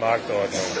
Marktordnung.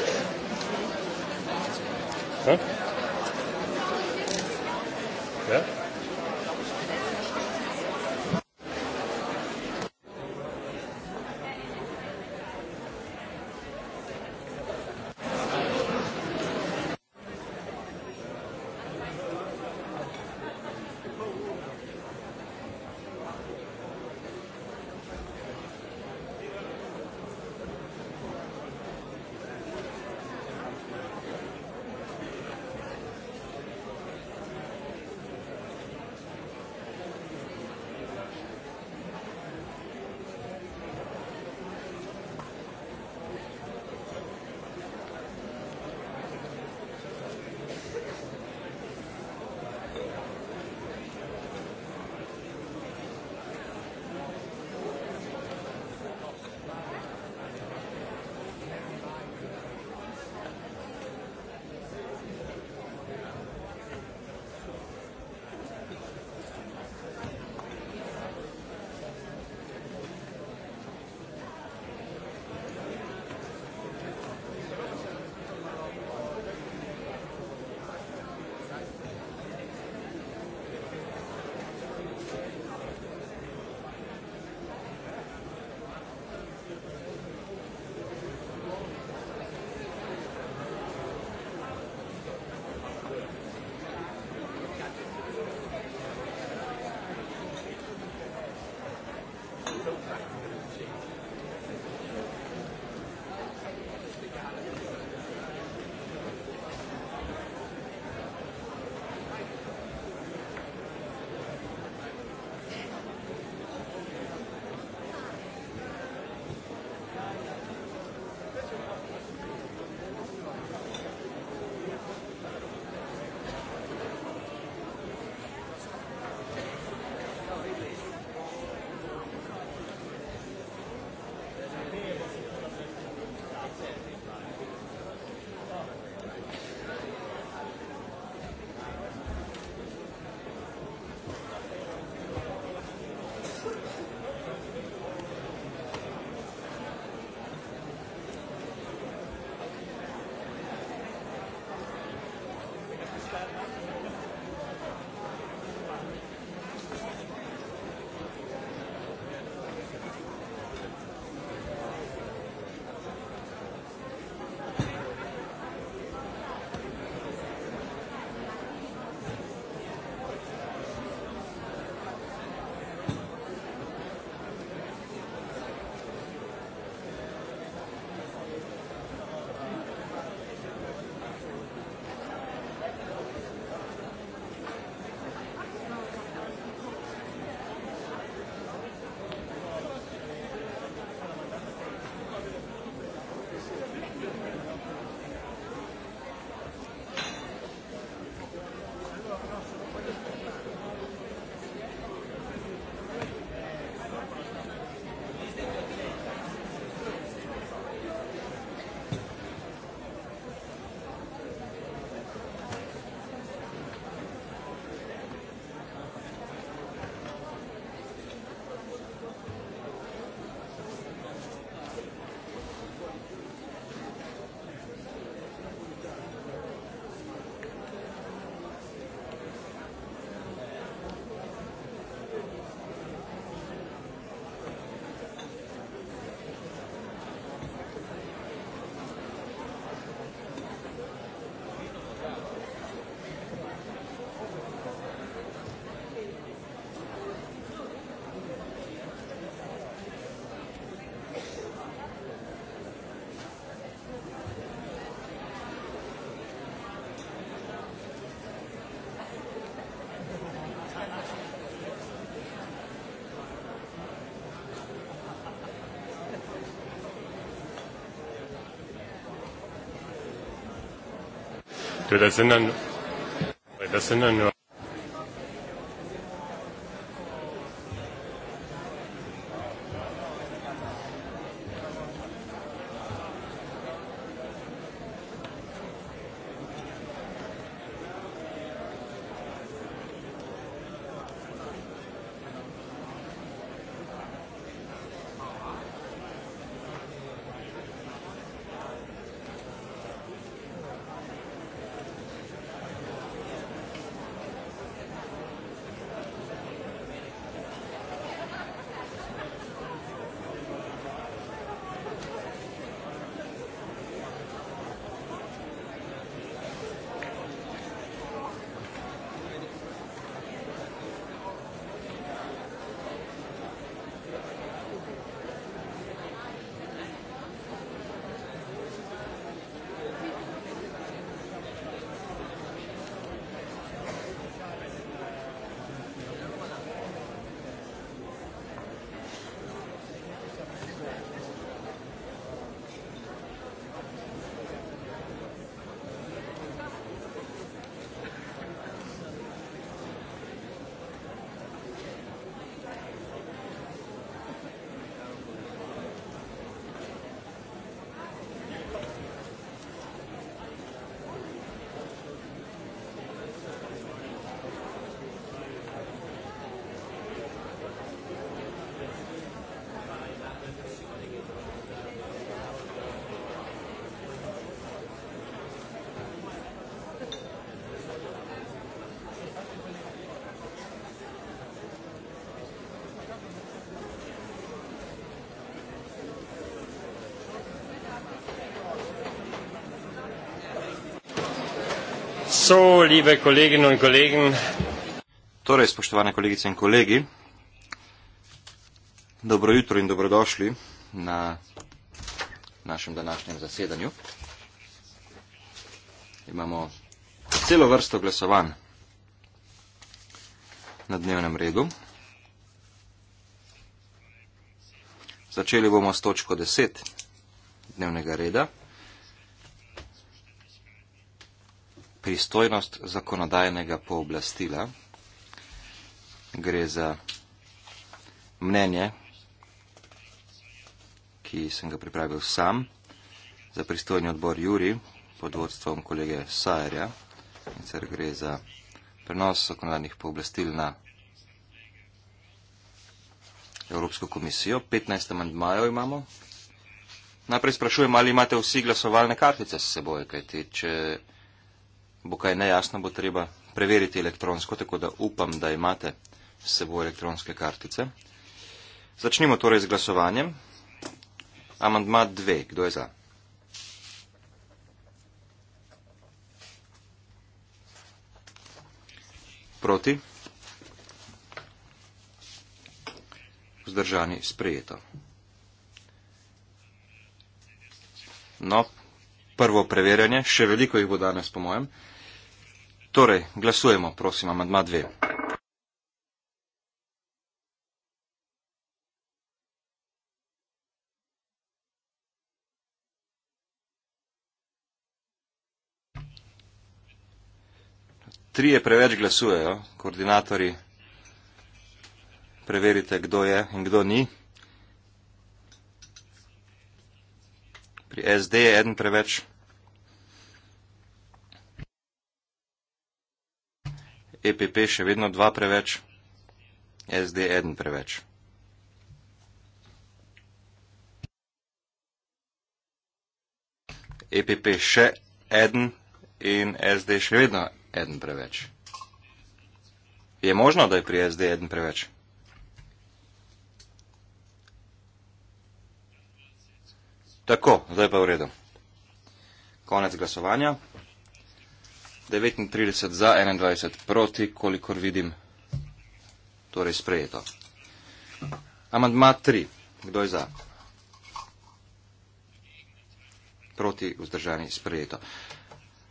对的，真的，对的，真的。so, liebe Kolleginnen und Kollegen. Torej, spoštovane kolegice in kolegi, dobro jutro in dobrodošli na našem današnjem zasedanju. Imamo celo vrsto glasovanj na dnevnem redu. Začeli bomo s točko 10 dnevnega reda. pristojnost zakonodajnega pooblastila. Gre za mnenje, ki sem ga pripravil sam, za pristojni odbor Juri pod vodstvom kolege Sajerja. In sicer gre za prenos zakonodajnih pooblastil na Evropsko komisijo. 15 amandmajev imamo. Najprej sprašujem, ali imate vsi glasovalne kartice s seboj, kajti če bo kaj nejasno, bo treba preveriti elektronsko, tako da upam, da imate s seboj elektronske kartice. Začnimo torej z glasovanjem. Amandma 2. Kdo je za? Proti? Vzdržani? Sprejeto. No, prvo preverjanje. Še veliko jih bo danes, po mojem. Torej, glasujemo, prosim, amadma dve. Trije preveč glasujejo, koordinatori, preverite, kdo je in kdo ni. Pri SD je eden preveč glasujejo. EPP še vedno dva preveč, SD eden preveč. EPP še eden in SD še vedno eden preveč. Je možno, da je pri SD eden preveč? Tako, zdaj pa v redu. Konec glasovanja. 39 za, 21 proti, kolikor vidim, torej sprejeto. Amandma 3. Kdo je za? Proti, vzdržani, sprejeto.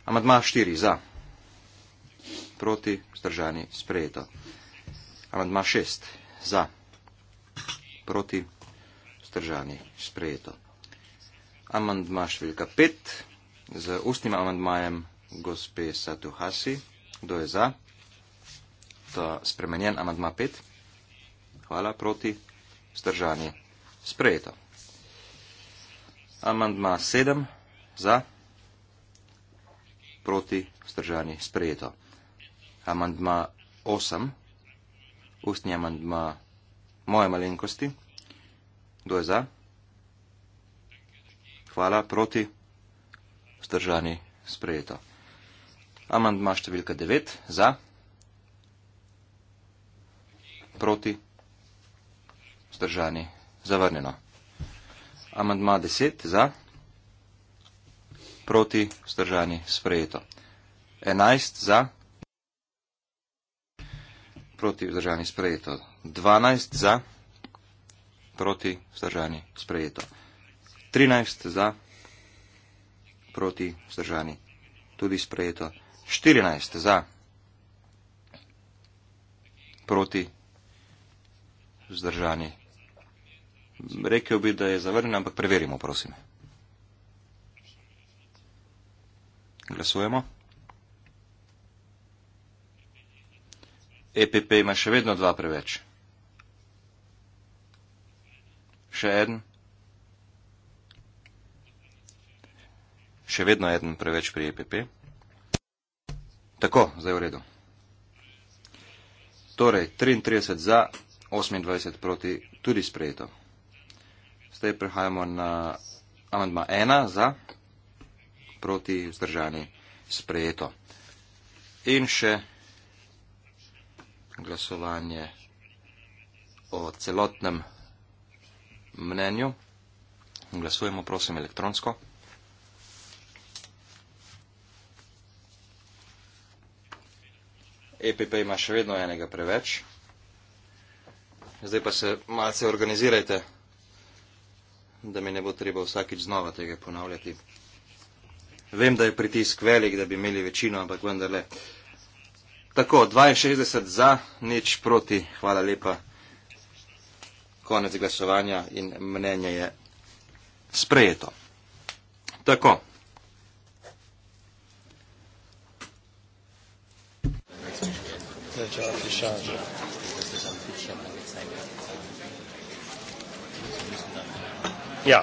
Amandma 4. Za. Proti, vzdržani, sprejeto. Amandma 6. Za. Proti, vzdržani, sprejeto. Amandma številka 5. Z ustnim amandmajem gospe Satuhasi. Kdo je za? To je spremenjen amadma 5. Hvala proti. Zdržanje. Sprejeto. Amandma 7 za, proti, vzdržani, sprejeto. Amandma 8, ustni amandma moje malenkosti. Kdo je za? Hvala, proti, vzdržani, sprejeto. Amandma številka 9 za. Proti. Zdržani. Zavrnjeno. Amandma 10 za. Proti. Zdržani. Sprejeto. 11 za. Proti. Zdržani. Sprejeto. 12 za. Proti. Zdržani. Sprejeto. 13 za. Proti. Zdržani. Tudi sprejeto. 14 za, proti, vzdržani. Rekel bi, da je zavrnjen, ampak preverimo, prosim. Glasujemo. EPP ima še vedno dva preveč. Še en. Še vedno eden preveč pri EPP. Tako, zdaj v redu. Torej, 33 za, 28 proti, tudi sprejeto. Zdaj prehajamo na amandma 1 za, proti, vzdržani, sprejeto. In še glasovanje o celotnem mnenju. Glasujemo, prosim, elektronsko. EPP ima še vedno enega preveč. Zdaj pa se malce organizirajte, da mi ne bo treba vsakič znova tega ponavljati. Vem, da je pritisk velik, da bi imeli večino, ampak vendarle. Tako, 62 za, nič proti, hvala lepa. Konec glasovanja in mnenje je sprejeto. Tako. Sveća Afišanža. Ja.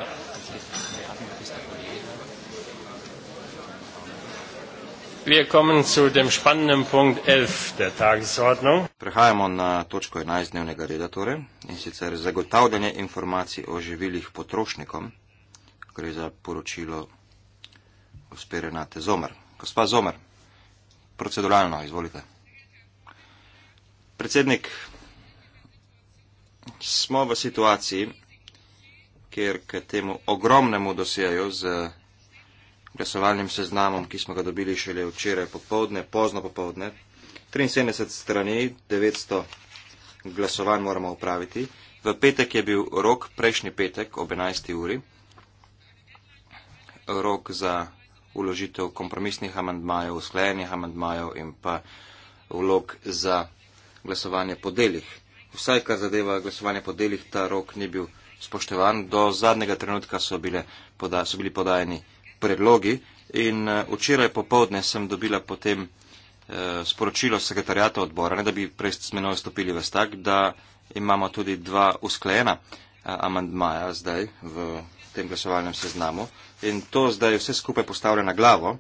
Wir kommen zu dem spannenden Punkt 11 der Tagesordnung. Prehajamo na točko 11 dnevnega reda, torej, in sicer zagotavljanje informacij o živilih potrošnikom, gre za poročilo gospe Renate Zomer. Gospa Zomer, proceduralno, izvolite predsednik, smo v situaciji, kjer k temu ogromnemu dosjeju z glasovalnim seznamom, ki smo ga dobili šele včeraj popovdne, pozno popovdne, 73 strani, 900 glasovanj moramo upraviti. V petek je bil rok, prejšnji petek ob 11. uri, rok za uložitev kompromisnih amandmajev, usklejenih amandmajev in pa vlog za glasovanje po delih. Vsaj, kar zadeva glasovanje po delih, ta rok ni bil spoštovan. Do zadnjega trenutka so, bile, so bili podajeni predlogi in eh, včeraj popovdne sem dobila potem eh, sporočilo sekretarjata odbora, ne da bi prej s menoj stopili v stak, da imamo tudi dva usklejena eh, amandmaja zdaj v tem glasovalnem seznamu. In to zdaj vse skupaj postavlja na glavo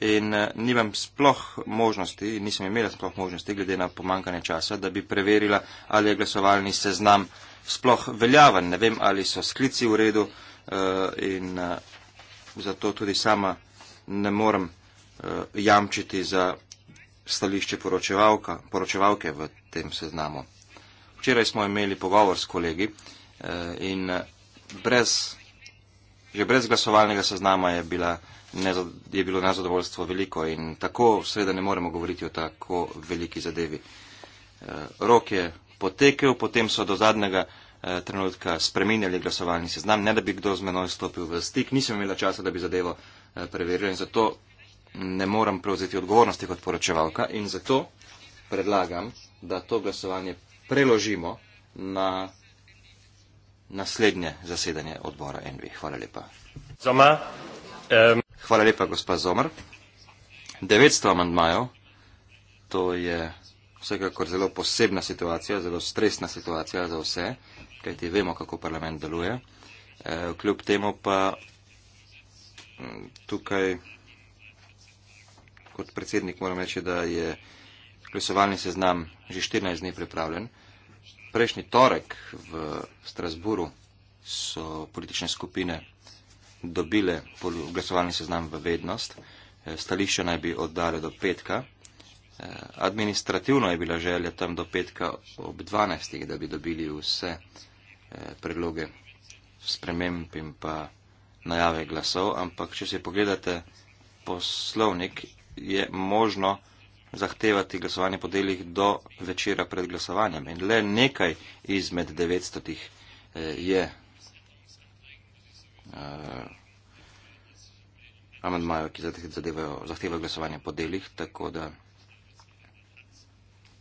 in eh, nimam sploh možnosti, nisem imela sploh možnosti, glede na pomankanje časa, da bi preverila, ali je glasovalni seznam sploh veljaven. Ne vem, ali so sklici v redu eh, in eh, zato tudi sama ne morem jamčiti za stališče poročevalke v tem seznamu. Včeraj smo imeli pogovor s kolegi in brez, že brez glasovalnega seznama je bila je bilo nezadovoljstvo veliko in tako seveda ne moremo govoriti o tako veliki zadevi. Eh, rok je potekel, potem so do zadnjega eh, trenutka spreminjali glasovalni seznam, ne da bi kdo z menoj stopil v stik, nisem imela časa, da bi zadevo eh, preverila in zato ne moram prevzeti odgovornosti kot poročevalka in zato predlagam, da to glasovanje preložimo na naslednje zasedanje odbora NV. Hvala lepa. Zoma, um... Hvala lepa, gospa Zomr. 900 amantmajev, to je vsekakor zelo posebna situacija, zelo stresna situacija za vse, kajti vemo, kako parlament deluje. E, kljub temu pa tukaj kot predsednik moram reči, da je glasovalni seznam že 14 dni pripravljen. Prejšnji torek v Strasburu so politične skupine dobile glasovalni seznam v vednost. Eh, Stališče naj bi oddale do petka. Eh, administrativno je bila želja tam do petka ob 12, da bi dobili vse eh, predloge sprememb in pa najave glasov, ampak če si pogledate poslovnik, je možno zahtevati glasovanje po delih do večera pred glasovanjem. In le nekaj izmed 900 je uh, amandmajev, ki zadevajo, zahtevajo glasovanje po delih, tako da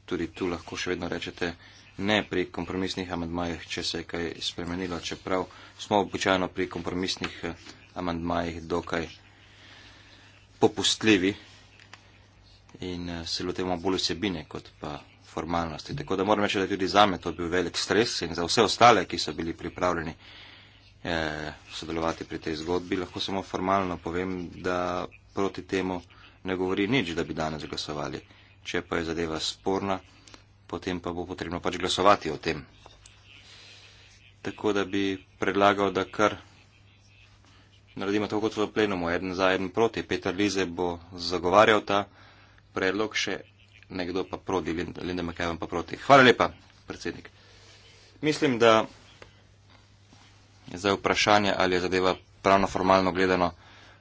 tudi tu lahko še vedno rečete ne pri kompromisnih amandmajih, če se je kaj spremenilo, čeprav smo običajno pri kompromisnih eh, amandmajih dokaj popustljivi in eh, se lotevamo bolj vsebine kot pa formalnosti. Tako da moram reči, da tudi za me to bil velik stres in za vse ostale, ki so bili pripravljeni uh, Eh, sodelovati pri tej zgodbi, lahko samo formalno povem, da proti temu ne govori nič, da bi danes glasovali. Če pa je zadeva sporna, potem pa bo potrebno pač glasovati o tem. Tako da bi predlagal, da kar naredimo tako, kot v plenumu, eden za en proti. Peter Lize bo zagovarjal ta predlog, še nekdo pa proti, Linda McKevin pa proti. Hvala lepa, predsednik. Mislim, da. Zdaj vprašanje, ali je zadeva pravno formalno gledano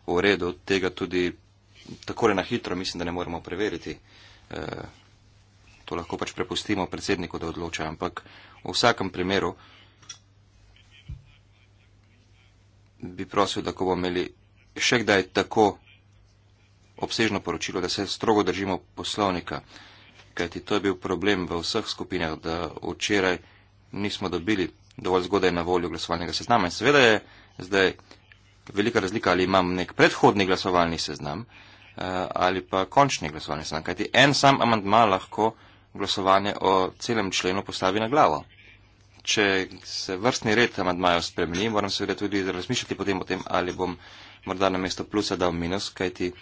v redu, tega tudi tako na hitro mislim, da ne moremo preveriti. E, to lahko pač prepustimo predsedniku, da odloča, ampak v vsakem primeru bi prosil, da ko bomo imeli še kdaj tako obsežno poročilo, da se strogo držimo poslovnika, kajti to je bil problem v vseh skupinah, da včeraj nismo dobili dovolj zgodaj na voljo glasovalnega seznama. In seveda je zdaj velika razlika, ali imam nek predhodni glasovalni seznam eh, ali pa končni glasovalni seznam. Kajti en sam amandma lahko glasovanje o celem členu postavi na glavo. Če se vrstni red amandmajev spremeni, moram seveda tudi razmišljati potem o tem, ali bom morda na mesto plusa dal minus, kajti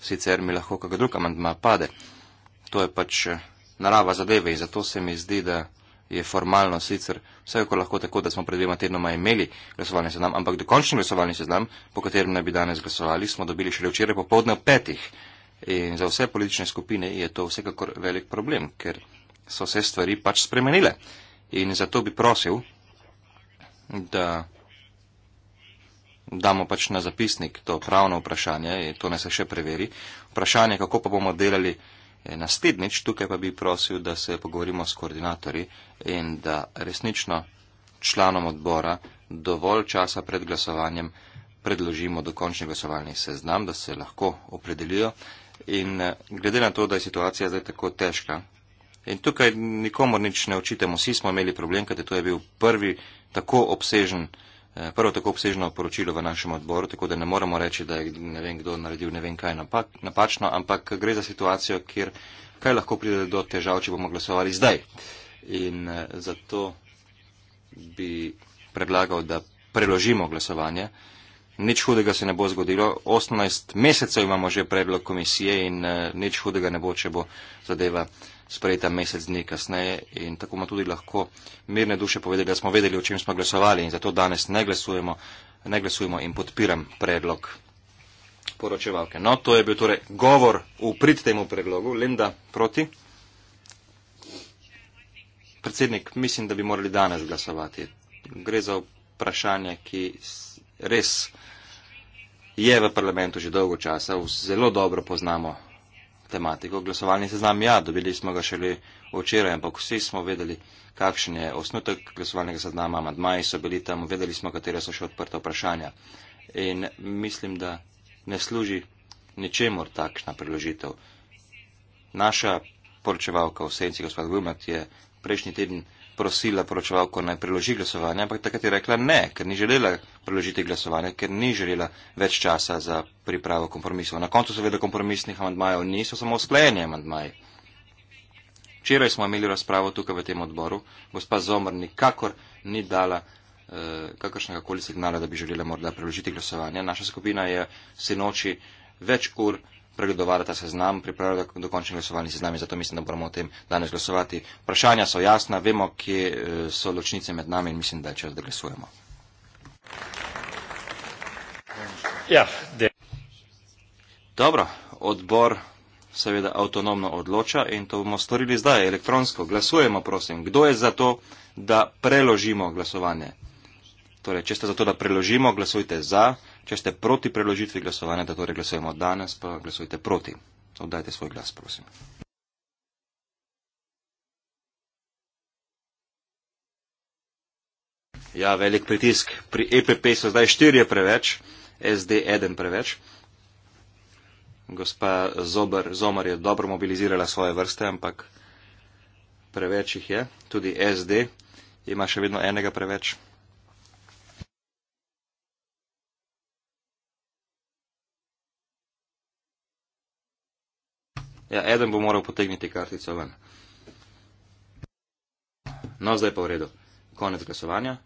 sicer mi lahko kakor drug amandma pade. To je pač eh, narava zadeve in zato se mi zdi, da je formalno sicer vse kako lahko tako, da smo pred dvema tednoma imeli glasovalni seznam, ampak dokončni glasovalni seznam, po katerem naj bi danes glasovali, smo dobili šele včeraj popovdne ob petih. In za vse politične skupine je to vsekakor velik problem, ker so se stvari pač spremenile. In zato bi prosil, da damo pač na zapisnik to pravno vprašanje, to ne se še preveri, vprašanje, kako pa bomo delali naslednjič, tukaj pa bi prosil, da se pogovorimo s koordinatorji in da resnično članom odbora dovolj časa pred glasovanjem predložimo dokončni glasovalni seznam, da se lahko opredelijo. In eh, glede na to, da je situacija zdaj tako težka, in tukaj nikomor nič ne očitamo, vsi smo imeli problem, kajte to je bil prvi tako obsežen. Eh, prvo tako obsežno poročilo v našem odboru, tako da ne moremo reči, da je ne vem kdo naredil ne vem kaj napak, napačno, ampak gre za situacijo, kjer kaj lahko pride do težav, če bomo glasovali zdaj. In eh, zato bi predlagal, da preložimo glasovanje. Nič hudega se ne bo zgodilo. 18 mesecev imamo že predlog komisije in eh, nič hudega ne bo, če bo zadeva sprejeta mesec dni kasneje in tako ima tudi lahko mirne duše povedali, da smo vedeli, o čem smo glasovali in zato danes ne glasujemo, ne glasujemo in podpiram predlog poročevalke. No, to je bil torej govor v prid temu predlogu. Linda proti. Predsednik, mislim, da bi morali danes glasovati. Gre za vprašanje, ki res je v parlamentu že dolgo časa, zelo dobro poznamo tematiko. Glasovalni seznam, ja, dobili smo ga šele včeraj, ampak vsi smo vedeli, kakšen je osnutek glasovalnega seznama, amadmaji so bili tam, vedeli smo, katere so še odprte vprašanja. In mislim, da ne služi ničemur takšna priložitev. Naša poročevalka v senci, gospod Vumet, je prejšnji teden prosila poročevalko naj preloži glasovanje, ampak takrat je rekla ne, ker ni želela preložiti glasovanje, ker ni želela več časa za pripravo kompromisov. Na koncu seveda kompromisnih amandmajev niso samo sklenjeni amandmaji. Včeraj smo imeli razpravo tukaj v tem odboru, gospa Zomr nikakor ni dala eh, kakršnega koli signala, da bi želela morda preložiti glasovanje. Naša skupina je se noči več ur pregledovati ta seznam, pripravljati dokončni glasovalni seznam in zato mislim, da moramo o tem danes glasovati. Vprašanja so jasna, vemo, kje eh, so ločnice med nami in mislim, da je čas, da glasujemo. Ja, de. Dobro, odbor seveda avtonomno odloča in to bomo storili zdaj elektronsko. Glasujemo, prosim. Kdo je za to, da preložimo glasovanje? Torej, če ste za to, da preložimo, glasujte za. Če ste proti preložitvi glasovanja, da torej glasujemo danes, pa glasujte proti. Oddajte svoj glas, prosim. Ja, velik pritisk. Pri EPP so zdaj štirje preveč, SD eden preveč. Gospa Zobar, Zomar je dobro mobilizirala svoje vrste, ampak preveč jih je. Tudi SD ima še vedno enega preveč. Ja, eden bo moral potegniti kartico ven. No, zdaj pa v redu. Konec glasovanja.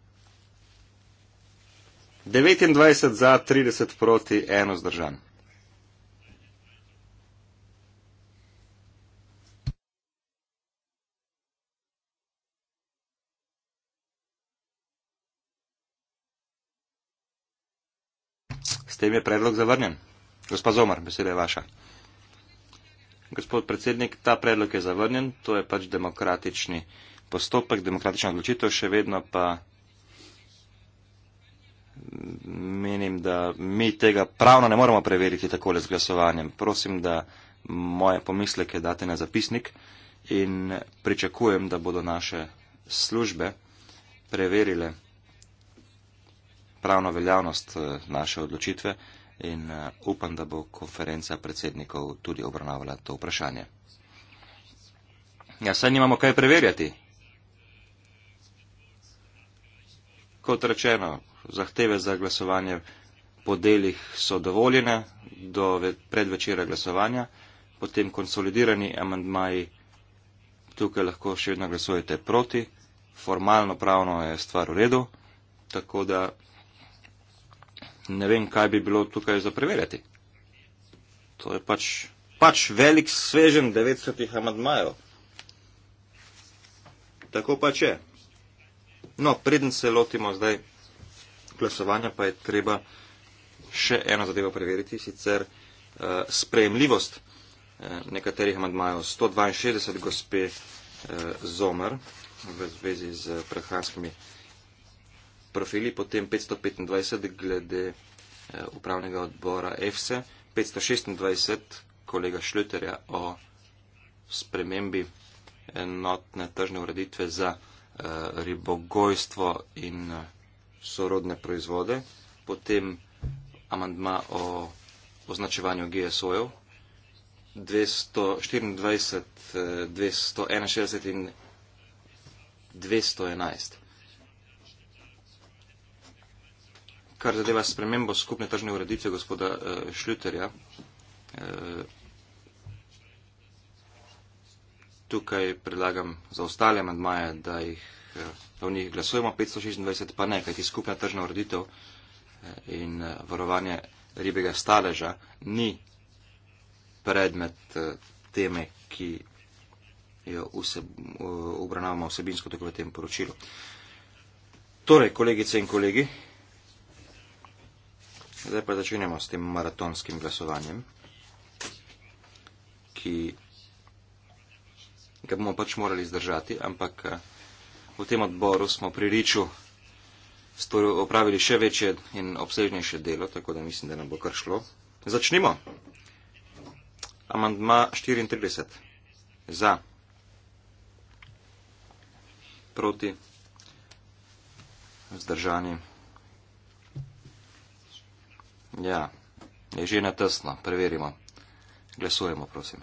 29 za, 30 proti, eno zdržan. S tem je predlog zavrnjen. Gospa Zomar, beseda je vaša gospod predsednik, ta predlog je zavrnjen, to je pač demokratični postopek, demokratična odločitev, še vedno pa menim, da mi tega pravno ne moremo preveriti takole z glasovanjem. Prosim, da moje pomisleke date na zapisnik in pričakujem, da bodo naše službe preverile pravno veljavnost eh, naše odločitve in eh, upam, da bo konferenca predsednikov tudi obravnavala to vprašanje. Ja, saj nimamo kaj preverjati. Kot rečeno, zahteve za glasovanje po delih so dovoljene do predvečera glasovanja, potem konsolidirani amandmaji, tukaj lahko še vedno glasujete proti, formalno pravno je stvar v redu, tako da ne vem, kaj bi bilo tukaj za preverjati. To je pač, pač velik svežen 900 amadmajev. Tako pač je. No, preden se lotimo zdaj glasovanja, pa je treba še eno zadevo preveriti, sicer uh, sprejemljivost uh, nekaterih amadmajev. 162 gospe uh, Zomer v zvezi z prehranskimi. Uh, profili, potem 525 glede eh, upravnega odbora EFSE, 526 kolega Šluterja o spremembi enotne tržne ureditve za eh, ribogojstvo in eh, sorodne proizvode, potem amandma o označevanju GSO-jev, 224, 261 in 211. kar zadeva spremembo skupne tržne ureditve gospoda uh, Šljuterja. Uh, tukaj predlagam za ostale madmaje, da jih da eh, v njih glasujemo, 526 pa ne, kajti skupna tržna ureditev in varovanje ribjega staleža ni predmet teme, ki jo vse, obravnavamo vsebinsko tako v tem poročilu. Torej, kolegice in kolegi, Zdaj pa začenjamo s tem maratonskim glasovanjem, ki ga bomo pač morali zdržati, ampak eh, v tem odboru smo pri Riču opravili še večje in obsežnejše delo, tako da mislim, da nam bo kar šlo. Začnimo. Amandma 34. Za. Proti. Zdržanje. Ja, je že na tesno. Preverimo. Glasujemo, prosim.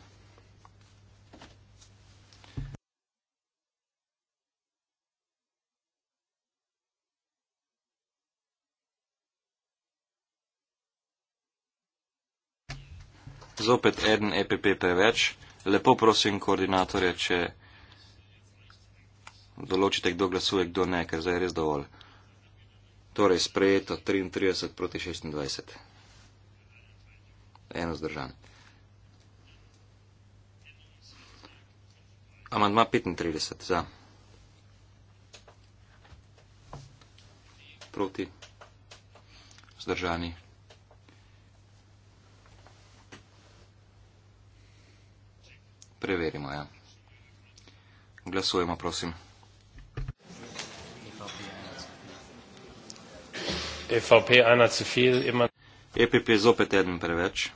Zopet en EPP preveč. Lepo prosim koordinatorje, če določite, kdo glasuje, kdo ne, ker zdaj je res dovolj torej sprejeto 33 proti 26. Eno zdržan. Amandma 35 za. Proti. Zdržani. Preverimo, ja. Glasujemo, prosim. EVP ena zu viel immer. EPP zopet eden preveč.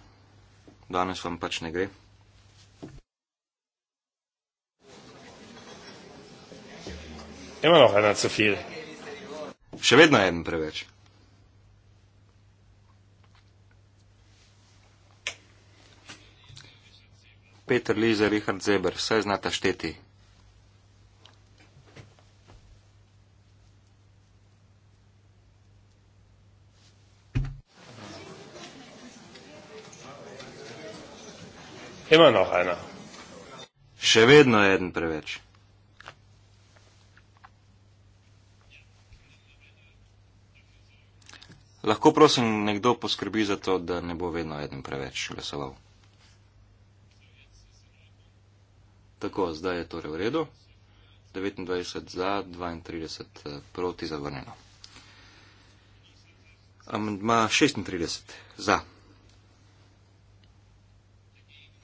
Danes vam pač ne gre. Ima noh ena zu viel. Še vedno je eden preveč. Peter Lize, Richard Zeber, vse znate šteti. Immer noch einer. Še vedno je eden preveč. Lahko prosim nekdo poskrbi za to, da ne bo vedno eden preveč glasoval. Tako, zdaj je torej v redu. 29 za, 32 eh, proti zavrnjeno. Amandma 36 za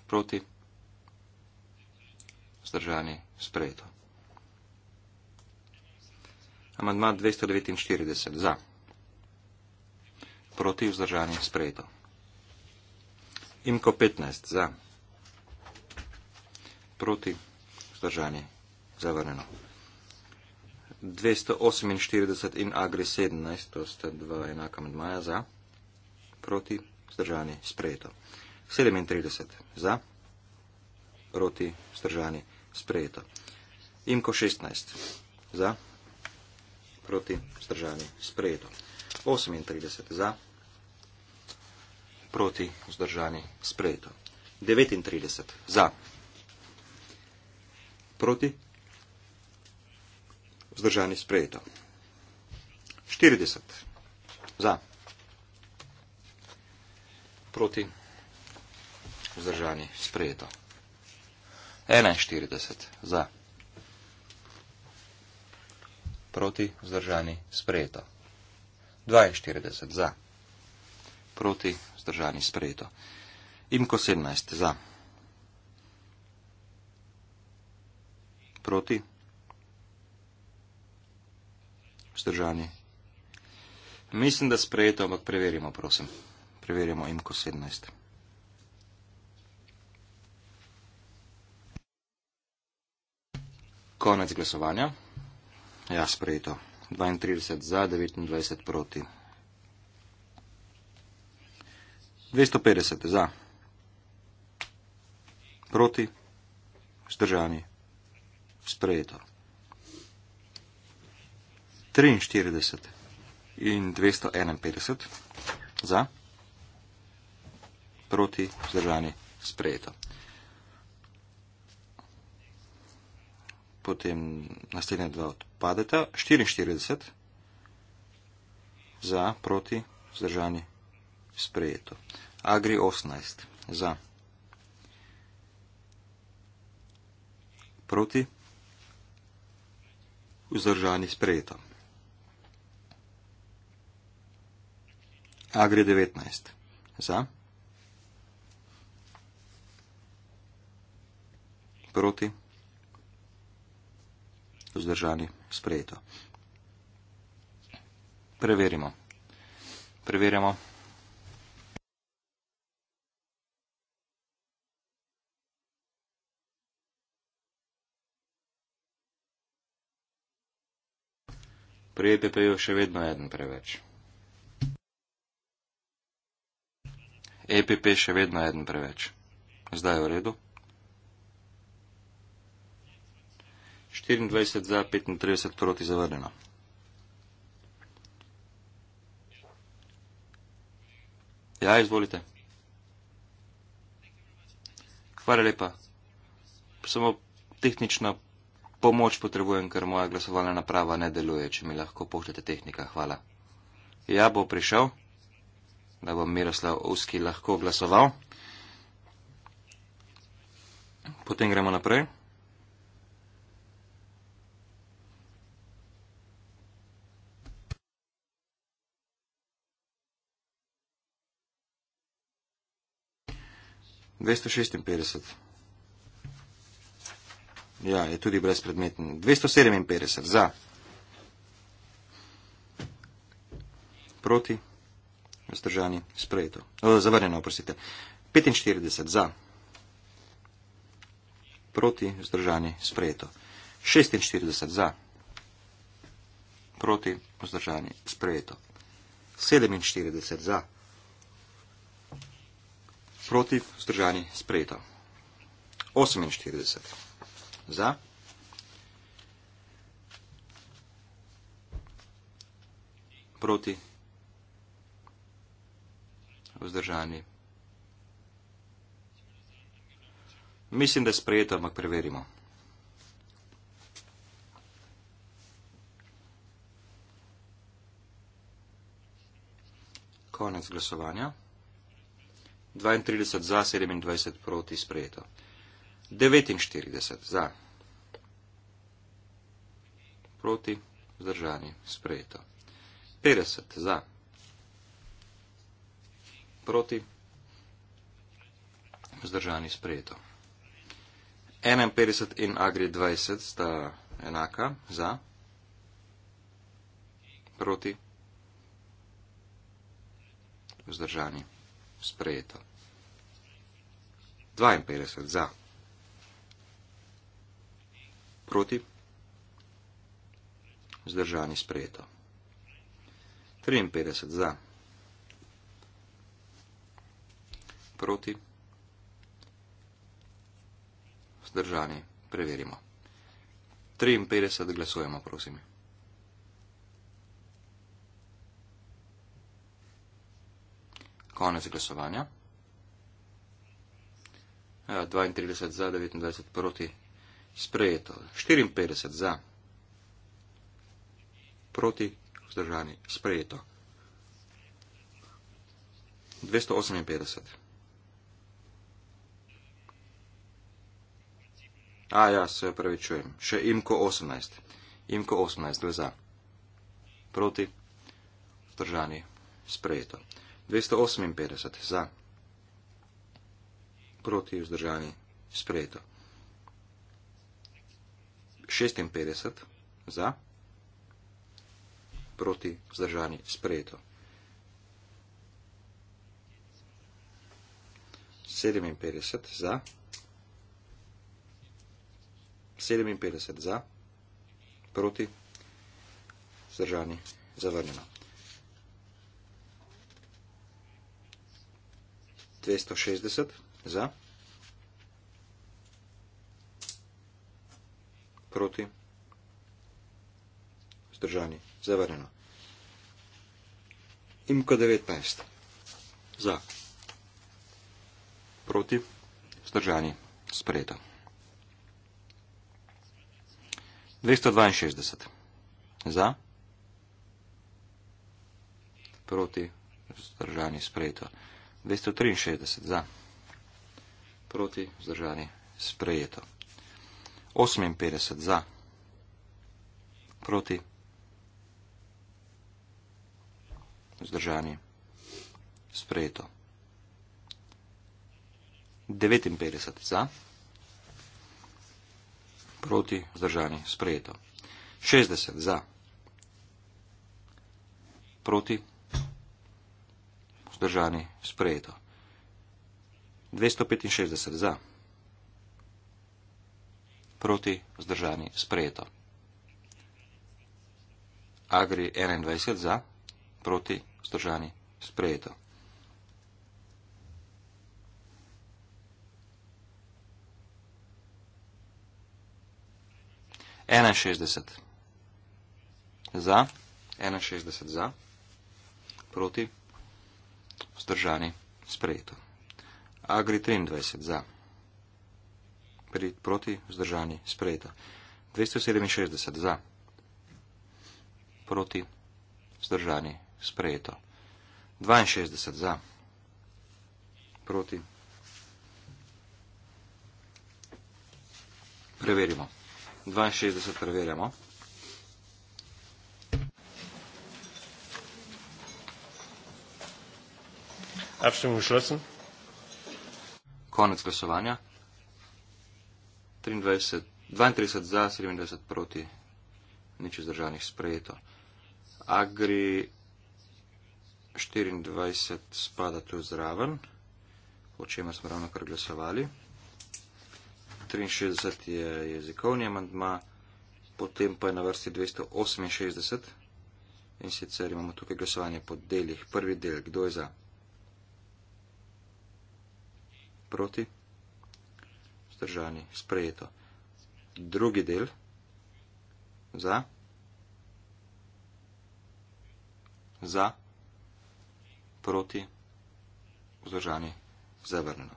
proti, zdržani, sprejeto. Amandma 249 za, proti, vzdržani, sprejeto. Imko 15 za, proti, vzdržani, zavrneno. 248 in agri 17, to sta dva enaka amandmaja za, proti, vzdržani, sprejeto. 37 za, proti, stržani, sprejeto. Imko 16 za, proti, stržani, sprejeto. 38 za, proti, stržani, sprejeto. 39 za, proti, stržani, sprejeto. 40 za, proti, stržani, sprejeto. Vzdržani. Sprejeto. 41. Za. Proti. Vzdržani. Sprejeto. 42. Za. Proti. Vzdržani. Sprejeto. Imko 17. Za. Proti. Vzdržani. Mislim, da sprejeto, ampak preverimo, prosim. Preverimo imko 17. Konec glasovanja. Ja, sprejeto. 32 za, 29 proti. 250 za. Proti. Zdržani. Sprejeto. 43 in 251 za. Proti. Zdržani. Sprejeto. potem naslednja dva odpadeta. 44 za, proti, vzdržani, sprejeto. Agri 18 za, proti, vzdržani, sprejeto. Agri 19 za. Proti, vzdržani, sprejeto. Preverimo. Preverjamo. Pri EPP-ju še vedno je en preveč. EPP še vedno je en preveč. Zdaj je v redu. 24 za 35 proti zavrnjeno. Ja, izvolite. Hvala lepa. Samo tehnična pomoč potrebujem, ker moja glasovalna naprava ne deluje, če mi lahko pošljete tehnika. Hvala. Ja, bo prišel, da bo Miroslav Uski lahko glasoval. Potem gremo naprej. 256. Ja, je tudi brezpredmeten. 257 za. Proti. Vzdržani. Sprejeto. O, zavrnjeno, prosite. 45 za. Proti. Vzdržani. Sprejeto. 46 za. Proti. Vzdržani. Sprejeto. 47 za proti, vzdržani, sprejeto. 48 za. Proti, vzdržani. Mislim, da je sprejeto, ampak preverimo. Konec glasovanja. 32 za, 27 proti sprejeto. 49 za. Proti zdržani sprejeto. 50 za. Proti zdržani sprejeto. 51 in agri 20 sta enaka za. Proti vzdržani sprejeto. 52 za. Proti? Zdržani sprejeto. 53 za. Proti? Zdržani, preverimo. 53 glasujemo, prosim. Konec glasovanja. 32 za, 29 proti, sprejeto. 54 za, proti, vzdržani, sprejeto. 258. A ja, se pravi čujem. Še imko 18. Imko 18, gre za. Proti, vzdržani, sprejeto. 258 za proti vzdržani sprejeto. 56 za, proti vzdržani sprejeto. 57 za, 57 za, proti vzdržani zavrnjeno. 260 za, proti, vzdržani, zavarjeno. Imko 19, za, proti, vzdržani, sprejeto. 262, za, proti, vzdržani, sprejeto. 263 za proti vzdržani sprejeto. 58 za proti vzdržani sprejeto. 59 za proti vzdržani sprejeto. 60 za proti vzdržani sprejeto. 265 za, proti vzdržani sprejeto. Agri 21 za, proti vzdržani sprejeto. Ena šestdeset za, ena šestdeset za, proti, vzdržani, sprejeto. Agri 23 za. Pri, proti vzdržani sprejeta. 267 za. Proti vzdržani sprejeto. 62 za. Proti. Preverimo. 62 preverjamo. Abstimmung geschlossen konec glasovanja. 23, 32 za, 27 proti, nič izdržanih sprejeto. Agri 24 spada tu zraven, o čemer smo ravno kar glasovali. 63 je jezikovni amandma, potem pa je na vrsti 268 in sicer imamo tukaj glasovanje po delih. Prvi del, kdo je za? Proti? Zdržani. Sprejeto. Drugi del? Za? Za? Proti? Zdržani. Zavrnjeno.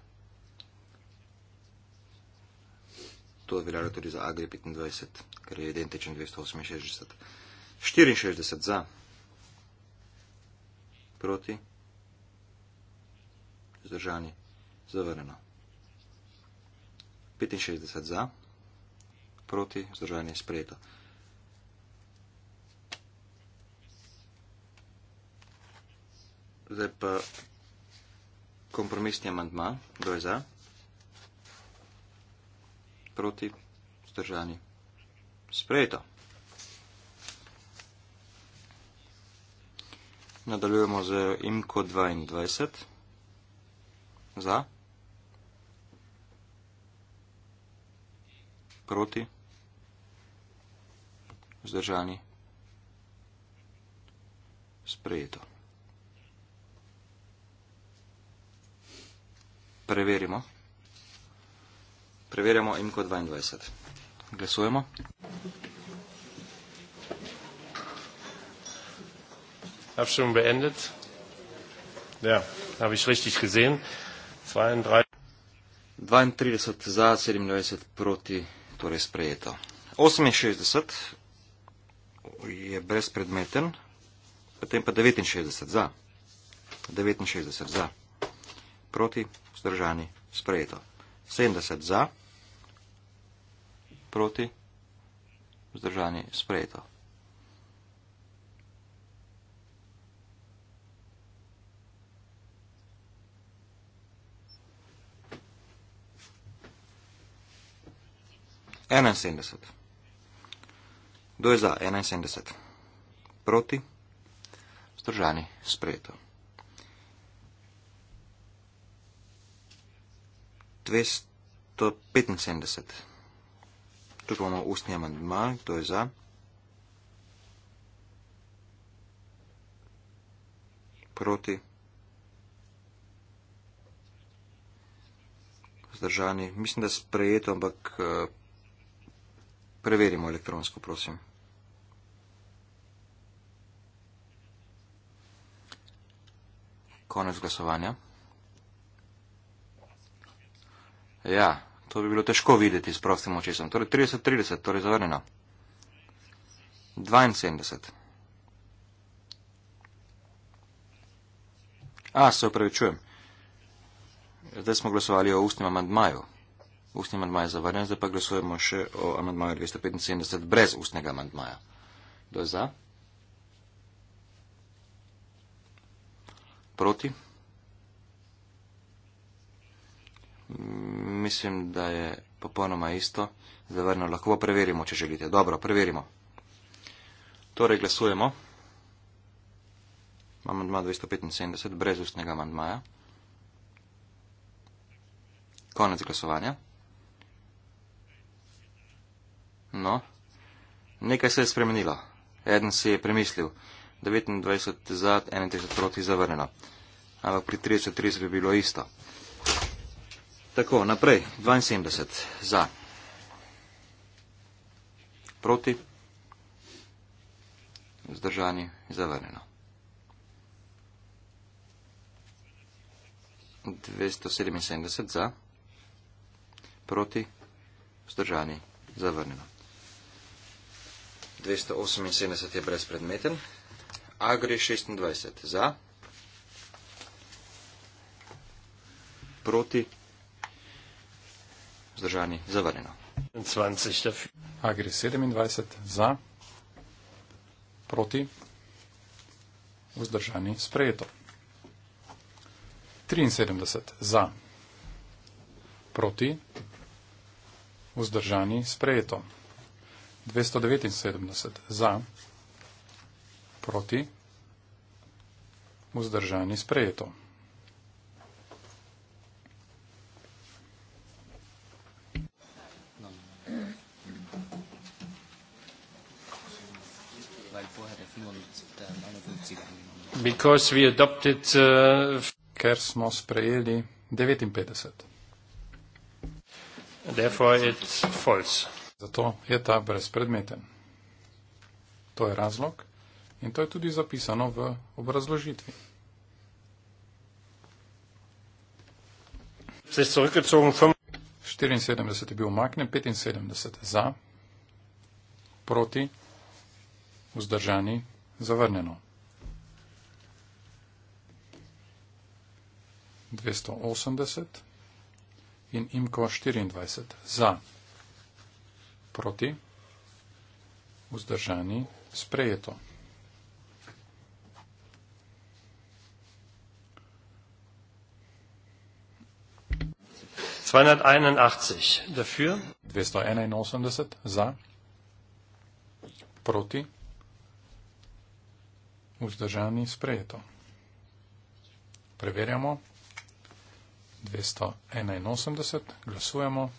To je veljalo tudi za Agri 25, ker je identičen 268. 64 za. Proti? Zdržani zavrnjeno. 65 za, proti, vzdržanje sprejeto. Zdaj pa kompromisni amantma, kdo je za, proti, vzdržanje sprejeto. Nadaljujemo z IMCO 22, za, proti, vzdržanje sprejeto. Proti. Zdržani. Sprejeto. Preverimo. Preverjamo imko 22. Glasujemo. Abstimmung beendet. Ja, habe ich richtig gesehen. 32. 32 za, 97 proti torej sprejeto. 68 je brezpredmeten, potem pa 69 za. 69 za. Proti, vzdržani, sprejeto. 70 za, proti, vzdržani, sprejeto. 71. Kdo je za 71? Proti? Združani sprejeto. 275. Tukaj imamo ustni amandma, kdo je za? Proti? Združani. Mislim, da sprejeto, ampak. Uh, Preverimo elektronsko, prosim. Konec glasovanja. Ja, to bi bilo težko videti s prostim očesom. Torej 30-30, torej zavrnjeno. 72. A, se opravičujem. Zdaj smo glasovali o ustnem amandmaju. Ustni amandmaj je zavrnjen, zdaj pa glasujemo še o amandmaju 275 brez ustnega amandmaja. Kdo je za? Proti? Mislim, da je popolnoma isto. Zavrnjeno lahko pa preverimo, če želite. Dobro, preverimo. Torej glasujemo. Amandma 275 brez ustnega amandmaja. Konec glasovanja. No, nekaj se je spremenilo. Eden si je premislil, 29 za, 31 proti zavrnjeno. Ampak pri 30-30 bi bilo isto. Tako, naprej, 72 za. Proti. Zdržani, zavrnjeno. 277 za. Proti. Zdržani, zavrnjeno. 278 je brezpredmeten. A gre 26 za. Proti. Zdržani. Zavarjeno. 20. A gre 27 za. Proti. Vzdržani. Sprejeto. 73 za. Proti. Vzdržani. Sprejeto. 279 za, proti, vzdržani sprejeto. Because we adopted, uh, ker smo sprejeli 59. Therefore it's false. Zato je ta brezpredmeten. To je razlog in to je tudi zapisano v obrazložitvi. Se 74 je bil umaknjen, 75 za, proti, vzdržani, zavrnjeno. 280 in imko 24 za proti, vzdržani, sprejeto. Dafür. 281 za, proti, vzdržani, sprejeto. Preverjamo. 281 glasujemo.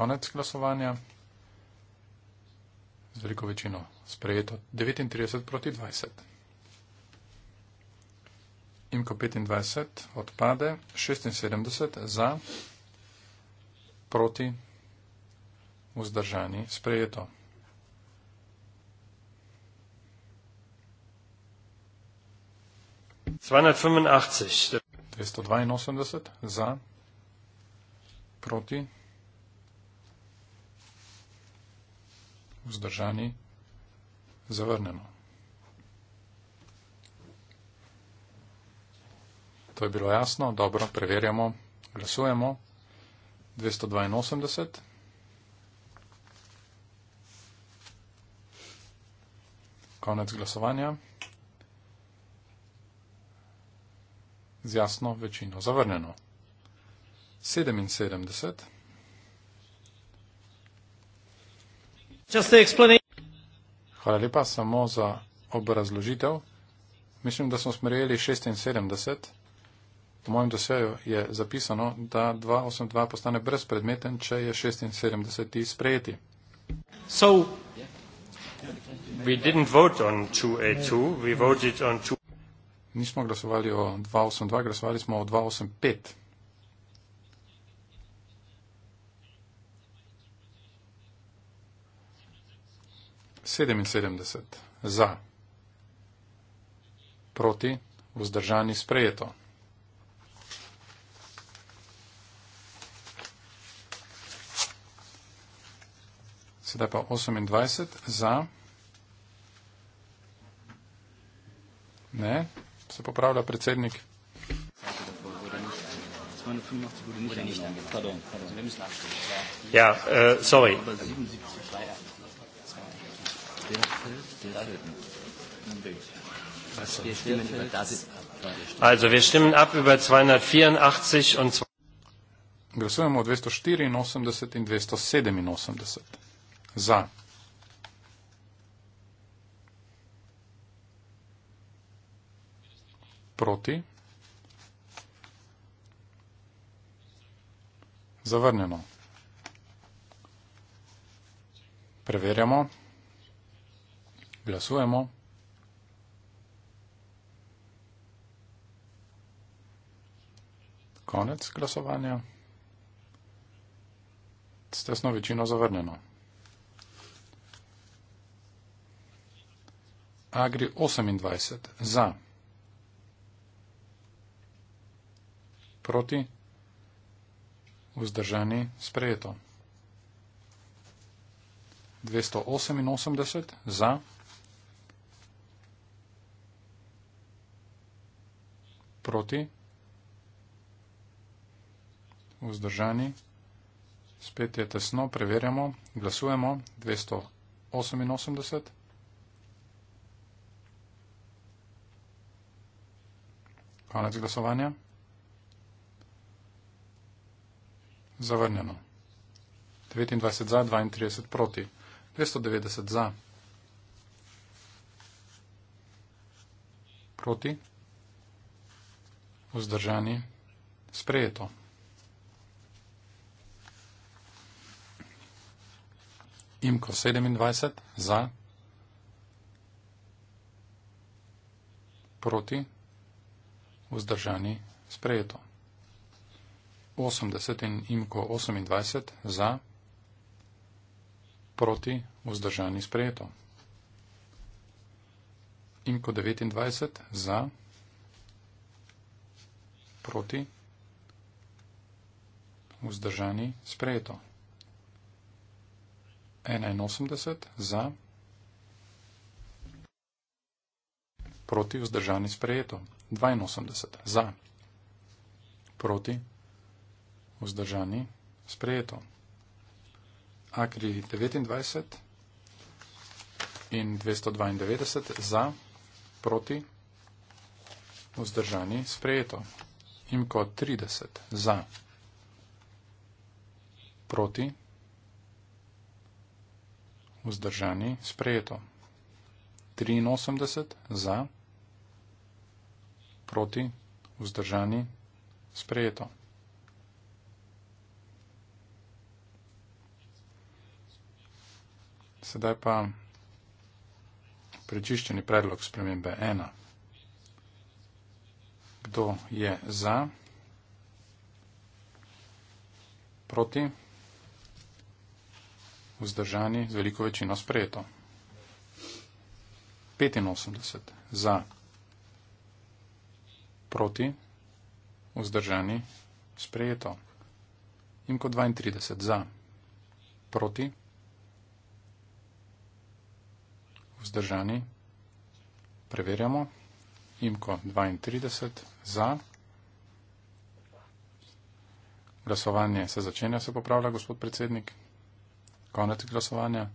konec glasovanja. Z veliko večino sprejeto 39 proti 20. Imko 25 odpade, 76 za, proti, vzdržani, sprejeto. 285 za, proti. vzdržani, zavrnjeno. To je bilo jasno, dobro, preverjamo, glasujemo. 282. Konec glasovanja. Z jasno večino zavrnjeno. 77. Hvala lepa samo za obrazložitev. Mislim, da smo smerjeli 76. V mojem doseju je zapisano, da 282 postane brezpredmeten, če je 76 sprejeti. So, Nismo glasovali o 282, glasovali smo o 285. 77 za, proti vzdržani sprejeto. Sedaj pa 28 za, ne, se popravlja predsednik. Ja, uh, sorry. Also, wir stimmen ab über 284 und 284 in 287. Za. Proti. Zavrnjeno. Preverjamo. Glasujemo. Konec glasovanja. S tesno večino zavrneno. Agri 28 za. Proti. Vzdržani sprejeto. 288 za. proti, vzdržani, spet je tesno, preverjamo, glasujemo, 288. Konec glasovanja. Zavrnjeno. 29 za, 32 proti. 290 za. Proti vzdržani, sprejeto. Imko 27 za, proti, vzdržani, sprejeto. 80 in imko 28 za, proti, vzdržani, sprejeto. Imko 29 za, proti, vzdržani, sprejeto proti, vzdržani, sprejeto. 81 za, proti, vzdržani, sprejeto. 82 za, proti, vzdržani, sprejeto. Akri 29 in 292 za, proti, vzdržani, sprejeto in kot 30 za, proti, vzdržani, sprejeto, 83 za, proti, vzdržani, sprejeto. Sedaj pa prečiščeni predlog spremembe 1. Kdo je za? Proti? Vzdržani z veliko večino sprejeto. 85 za. Proti? Vzdržani sprejeto. In kot 32 za. Proti? Vzdržani preverjamo. Imko 32 za. Glasovanje se začenja, se popravlja, gospod predsednik. Konec glasovanja.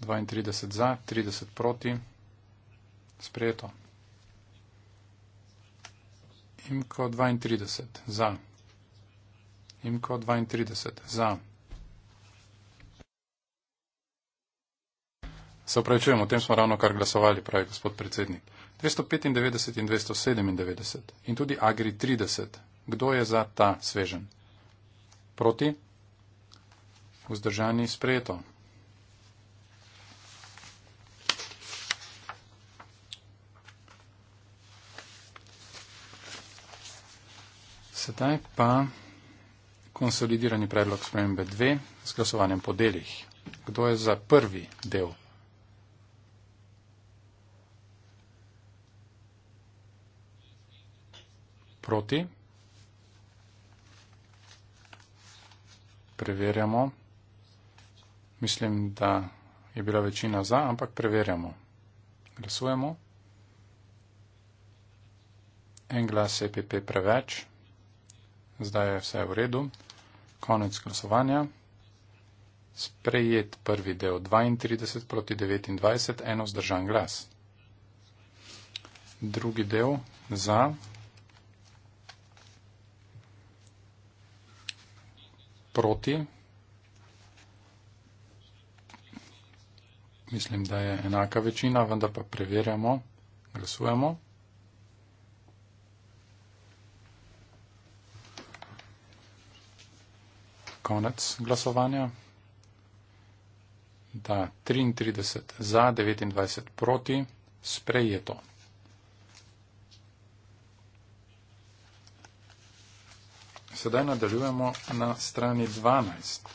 32 za, 30 proti. Sprejeto. Imko 32 za. Imko 32 za. Se upravičujem, o tem smo ravno kar glasovali, pravi gospod predsednik. 295 in 297 in tudi Agri 30. Kdo je za ta svežen? Proti? Vzdržani sprejeto. Sedaj pa konsolidirani predlog spremembe 2 s glasovanjem po delih. Kdo je za prvi del? proti. Preverjamo. Mislim, da je bila večina za, ampak preverjamo. Glasujemo. En glas EPP preveč. Zdaj je vse v redu. Konec glasovanja. Sprejet prvi del 32 proti 29, eno zdržan glas. Drugi del za proti. Mislim, da je enaka večina, vendar pa preverjamo, glasujemo. Konec glasovanja. Da, 33 za, 29 proti, sprejeto. Sedaj nadaljujemo na strani 12.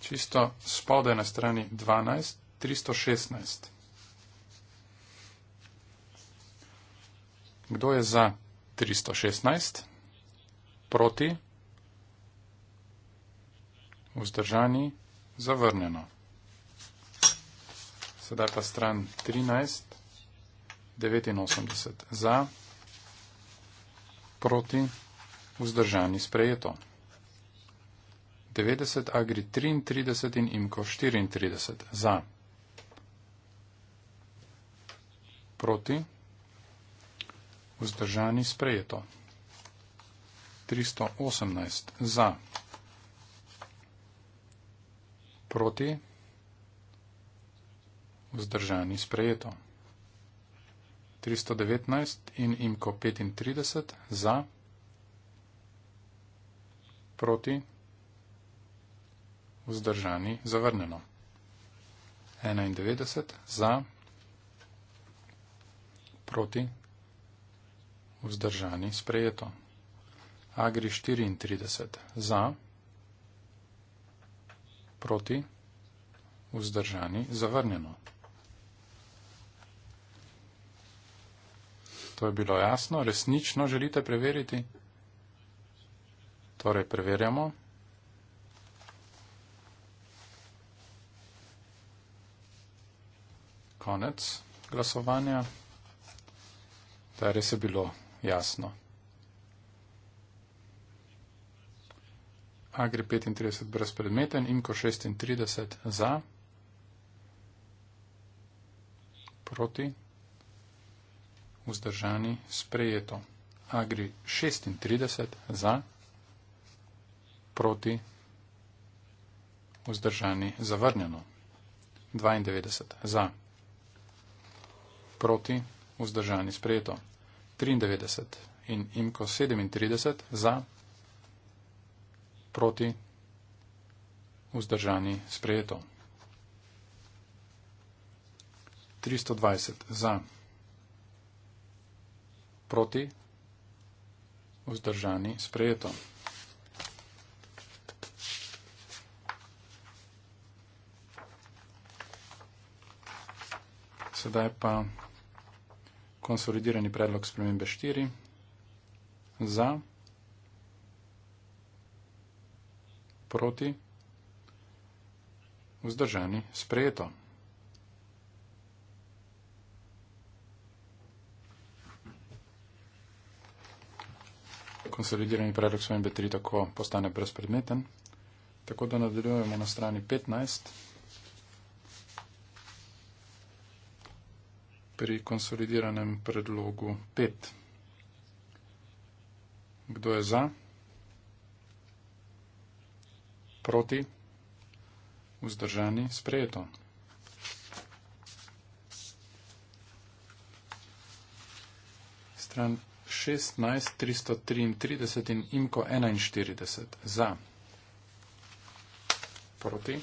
Čisto spodaj na strani 12, 316. Kdo je za 316? Proti? Vzdržani? Zavrnjeno. Sedaj pa stran 13. 89 za, proti, vzdržani sprejeto. 90 Agri 33 in Imko 34 za, proti, vzdržani sprejeto. 318 za, proti, vzdržani sprejeto. 319 in IMCO 35 za, proti, vzdržani, zavrnjeno. 91 za, proti, vzdržani, sprejeto. Agri 34 za, proti, vzdržani, zavrnjeno. To je bilo jasno, resnično želite preveriti? Torej, preverjamo. Konec glasovanja. Da, res je bilo jasno. A gre 35 brezpredmeten in ko 36 za. Proti vzdržani, sprejeto. Agri 36 za, proti, vzdržani, zavrnjeno. 92 za, proti, vzdržani, sprejeto. 93 in imko 37 za, proti, vzdržani, sprejeto. 320 za, proti, proti vzdržani sprejeto. Sedaj pa konsolidirani predlog spremembe 4 za proti vzdržani sprejeto. konsolidirani predlog spremembe 3 tako postane brezpredmeten. Tako da nadaljujemo na strani 15. Pri konsolidiranem predlogu 5. Kdo je za? Proti? Vzdržani? Sprejeto. Stran 16, 333 in IMKO 41 za. Proti.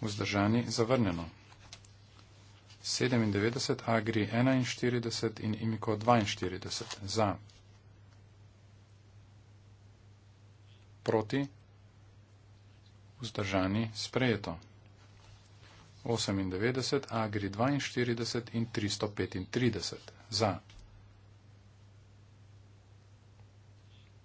Vzdržani zavrnjeno. 97, Agri 41 in IMKO 42 za. Proti. Vzdržani sprejeto. 98, Agri 42 in 335 za.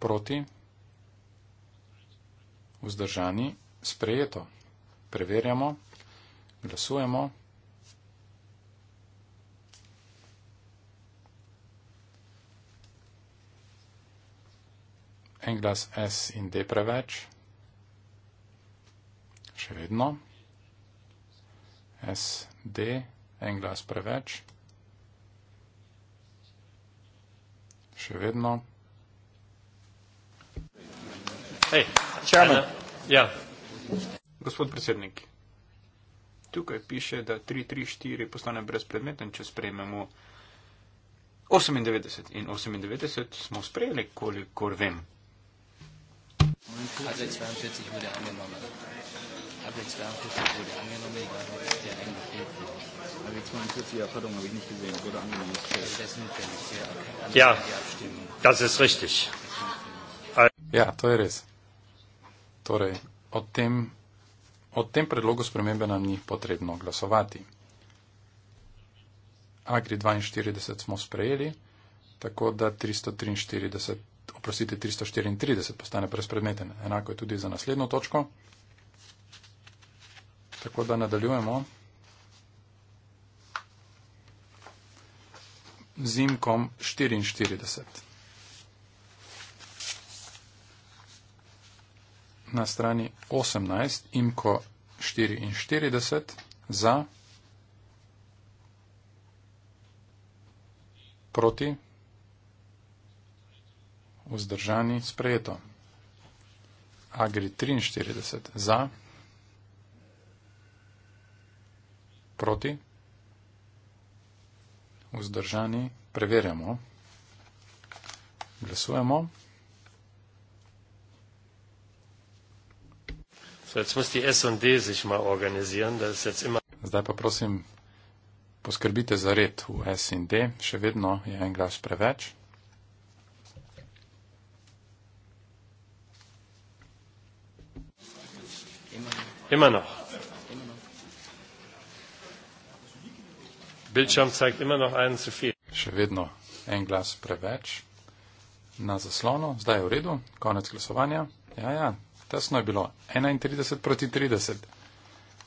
proti, vzdržani, sprejeto. Preverjamo, glasujemo. En glas S in D preveč. Še vedno. S, D, en glas preveč. Še vedno. Hey, uh, ena, ja. Gospod predsednik, tukaj piše, da 334 postane brezpredmeten, če sprejmemo 98 in 98 smo sprejeli, kolikor vem. Ja, das ist richtig. Ja, to je res. Torej, o tem, o tem predlogu spremembe nam ni potrebno glasovati. Agri 42 smo sprejeli, tako da 343, oprostite, 334 postane brezpredmeten. Enako je tudi za naslednjo točko. Tako da nadaljujemo. Zimkom 44. na strani 18, imko 44 za, proti, vzdržani, sprejeto. Agri 43 za, proti, vzdržani, preverjamo, glasujemo. Zdaj pa prosim, poskrbite za red v SND, še vedno je en glas preveč. Imano. Bildschirm zeigt immer noch einen zu viel. Še vedno en glas preveč na zaslonu. Zdaj je v redu, konec glasovanja. Ja, ja, tesno je bilo 31 proti 30.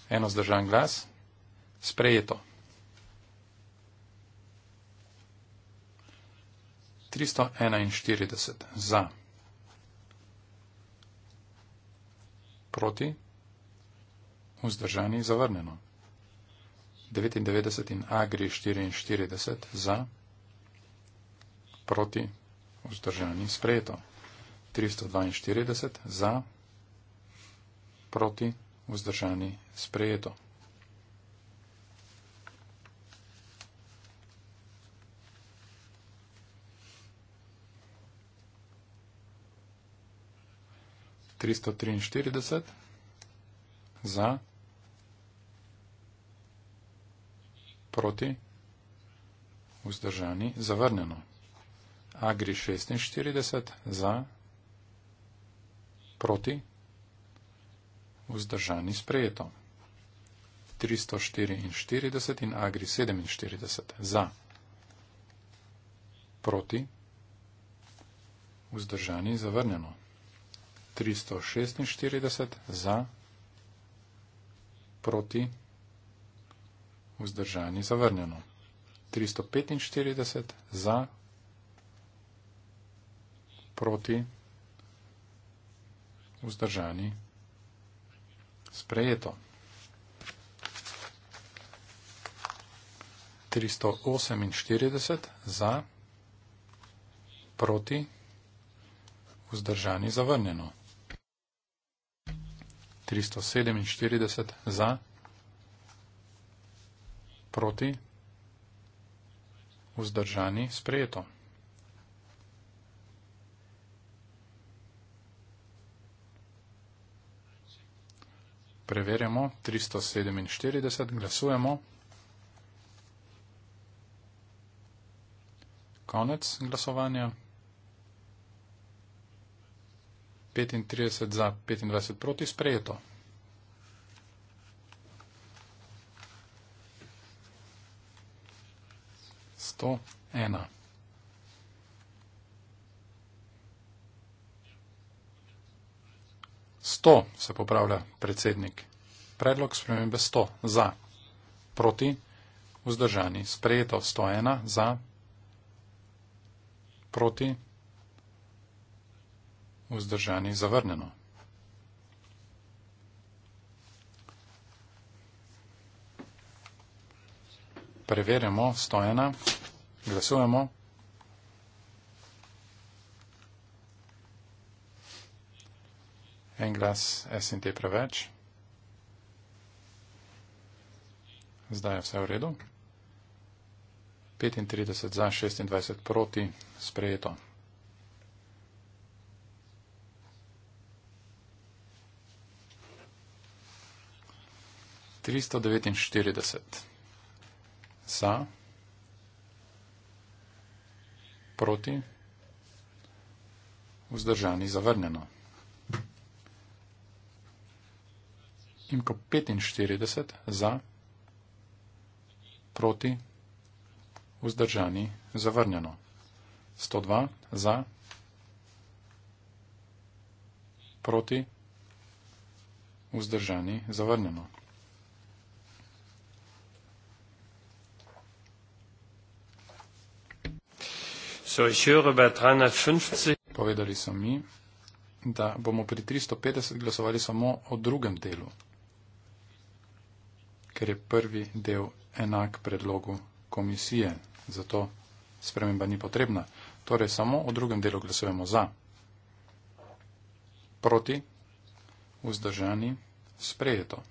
Eno zdržan glas, sprejeto. 341 za, proti, vzdržani, zavrnjeno. 99 in agri 44 za, proti, vzdržani, sprejeto. 342 za, proti vzdržani sprejeto. Tristo triinštirideset za proti vzdržani zavrnjeno. Agri šestinštirideset za proti vzdržani sprejeto vzdržani sprejeto. 344 in Agri 47 za. Proti. Vzdržani zavrnjeno. 346 za. Proti. Vzdržani zavrnjeno. 345 za. Proti. Vzdržani zavrnjeno sprejeto. 348 za, proti, vzdržani zavrnjeno. 347 za, proti, vzdržani sprejeto. Preverjamo 347, glasujemo. Konec glasovanja. 35 za 25 proti sprejeto. Sto ena. 100 se popravlja predsednik. Predlog spremembe 100 za. Proti. Vzdržani. Sprejeto 101 za. Proti. Vzdržani. Zavrnjeno. Preverjamo 101. Glasujemo. en glas SNT preveč. Zdaj je vse v redu. 35 za, 26 proti, sprejeto. Tristo devetinštirideset za, proti, vzdržani, zavrnjeno. in ko 45 za, proti, vzdržani, zavrnjeno. 102 za, proti, vzdržani, zavrnjeno. Povedali so mi, da bomo pri 350 glasovali samo o drugem delu ker je prvi del enak predlogu komisije. Zato sprememba ni potrebna. Torej, samo o drugem delu glasujemo za. Proti, vzdržani, sprejeto.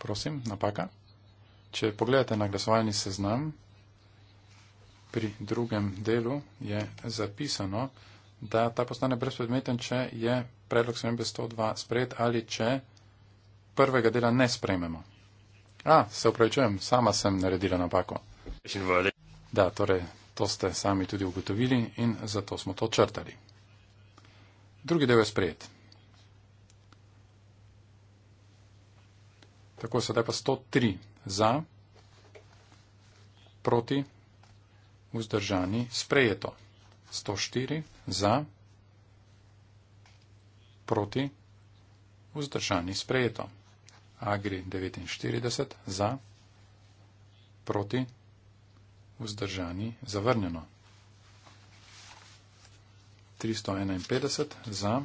Prosim, napaka. Če pogledate na glasovalni seznam, pri drugem delu je zapisano, da ta postane brezpredmeten, če je predlog smembe 102 sprejet ali če prvega dela ne sprejmemo. A, se upravičujem, sama sem naredila napako. Da, torej, to ste sami tudi ugotovili in zato smo to črtali. Drugi del je sprejet. Tako se da pa 103 za, proti, vzdržani, sprejeto. 104 za proti, vzdržani sprejeto. Agri 49 za, proti, vzdržani zavrnjeno. 351 za,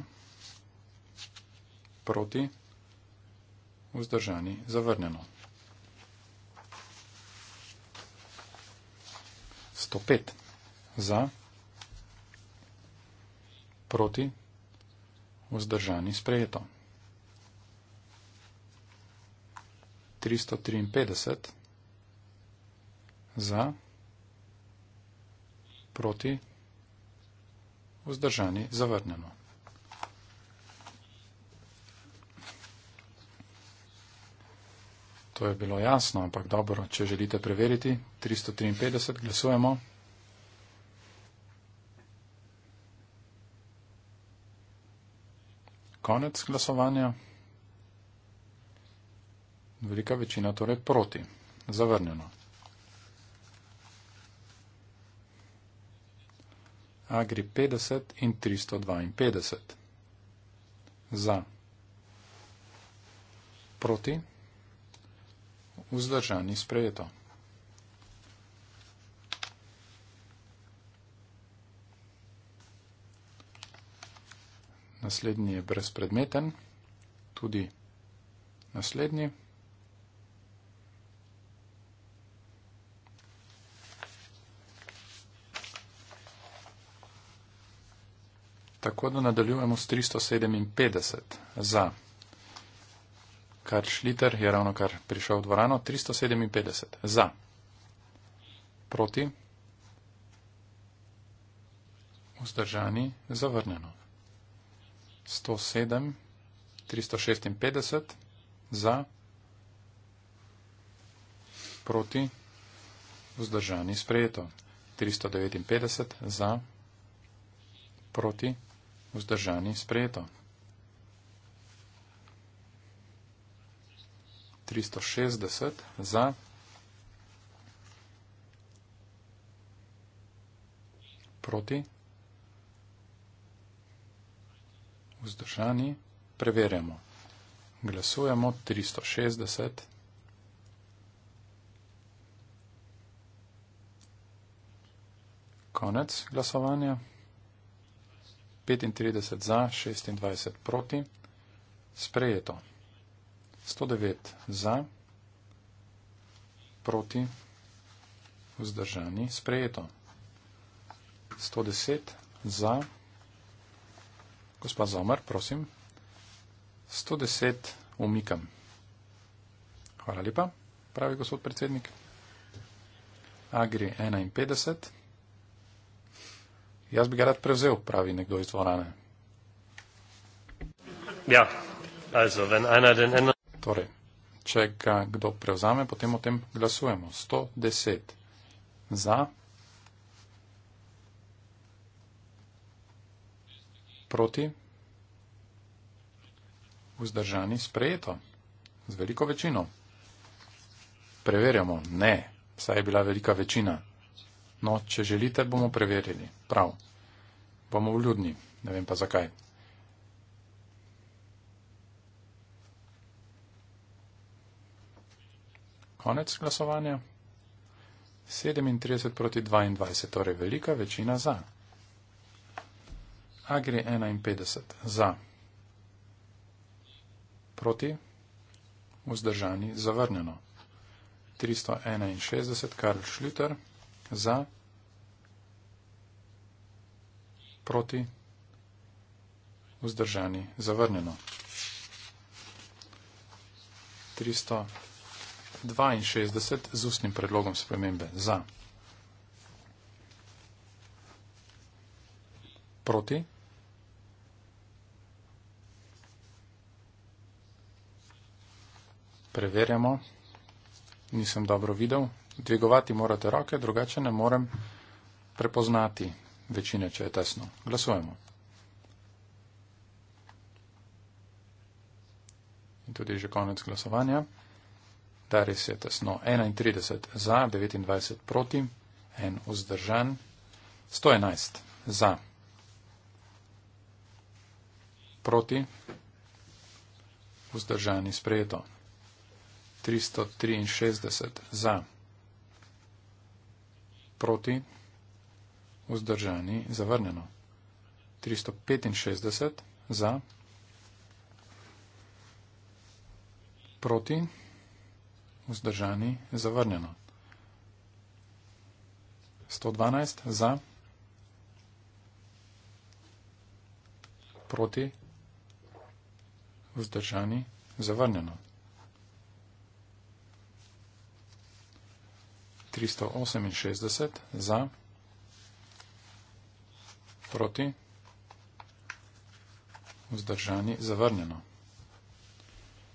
proti, vzdržani zavrnjeno. 105 za, proti, vzdržani sprejeto. 353 za, proti, vzdržani, zavrnjeno. To je bilo jasno, ampak dobro, če želite preveriti, 353 glasujemo. 353 glasujemo. konec glasovanja. Velika večina torej proti. Zavrnjeno. Agri 50 in 352. Za. Proti. Vzdržani sprejeto. naslednji je brezpredmeten, tudi naslednji. Tako da nadaljujemo s 357 za. Kar šliter je ravno kar prišel v dvorano. 357 za. Proti. Vzdržani. Zavrnjeno. 107, 356 za, proti, vzdržani sprejeto. 359 za, proti, vzdržani sprejeto. 360 za, proti, vzdržani sprejeto. vzdržani, preverjamo. Glasujemo 360. Konec glasovanja. 35 za, 26 proti. Sprejeto. 109 za, proti, vzdržani, sprejeto. 110 za, proti. Gospa Zomer, prosim. 110 umikam. Hvala lepa, pravi gospod predsednik. Agri 51. Jaz bi ga rad prevzel, pravi nekdo iz dvorane. Ja, also, ena den ena... Torej, če ga kdo prevzame, potem o tem glasujemo. 110 za, proti, vzdržani, sprejeto, z veliko večino. Preverjamo, ne, saj je bila velika večina. No, če želite, bomo preverili, prav, bomo vljudni, ne vem pa zakaj. Konec glasovanja. 37 proti 22, torej velika večina za. Agri 51 za, proti, vzdržani, zavrnjeno. 361 Karl Schlüter za, proti, vzdržani, zavrnjeno. 362 z ustnim predlogom spremembe za, proti, vzdržani, zavrnjeno. Preverjamo. Nisem dobro videl. Dvigovati morate roke, drugače ne morem prepoznati večine, če je tesno. Glasujemo. In tudi že konec glasovanja. Daris je tesno. 31 za, 29 proti, 1 vzdržan, 111 za, proti, vzdržani sprejeto. 363 za, proti, vzdržani, zavrnjeno, 365 za, proti, vzdržani, zavrnjeno, 112 za, proti, vzdržani, zavrnjeno. 368 za, proti, vzdržani, zavrnjeno.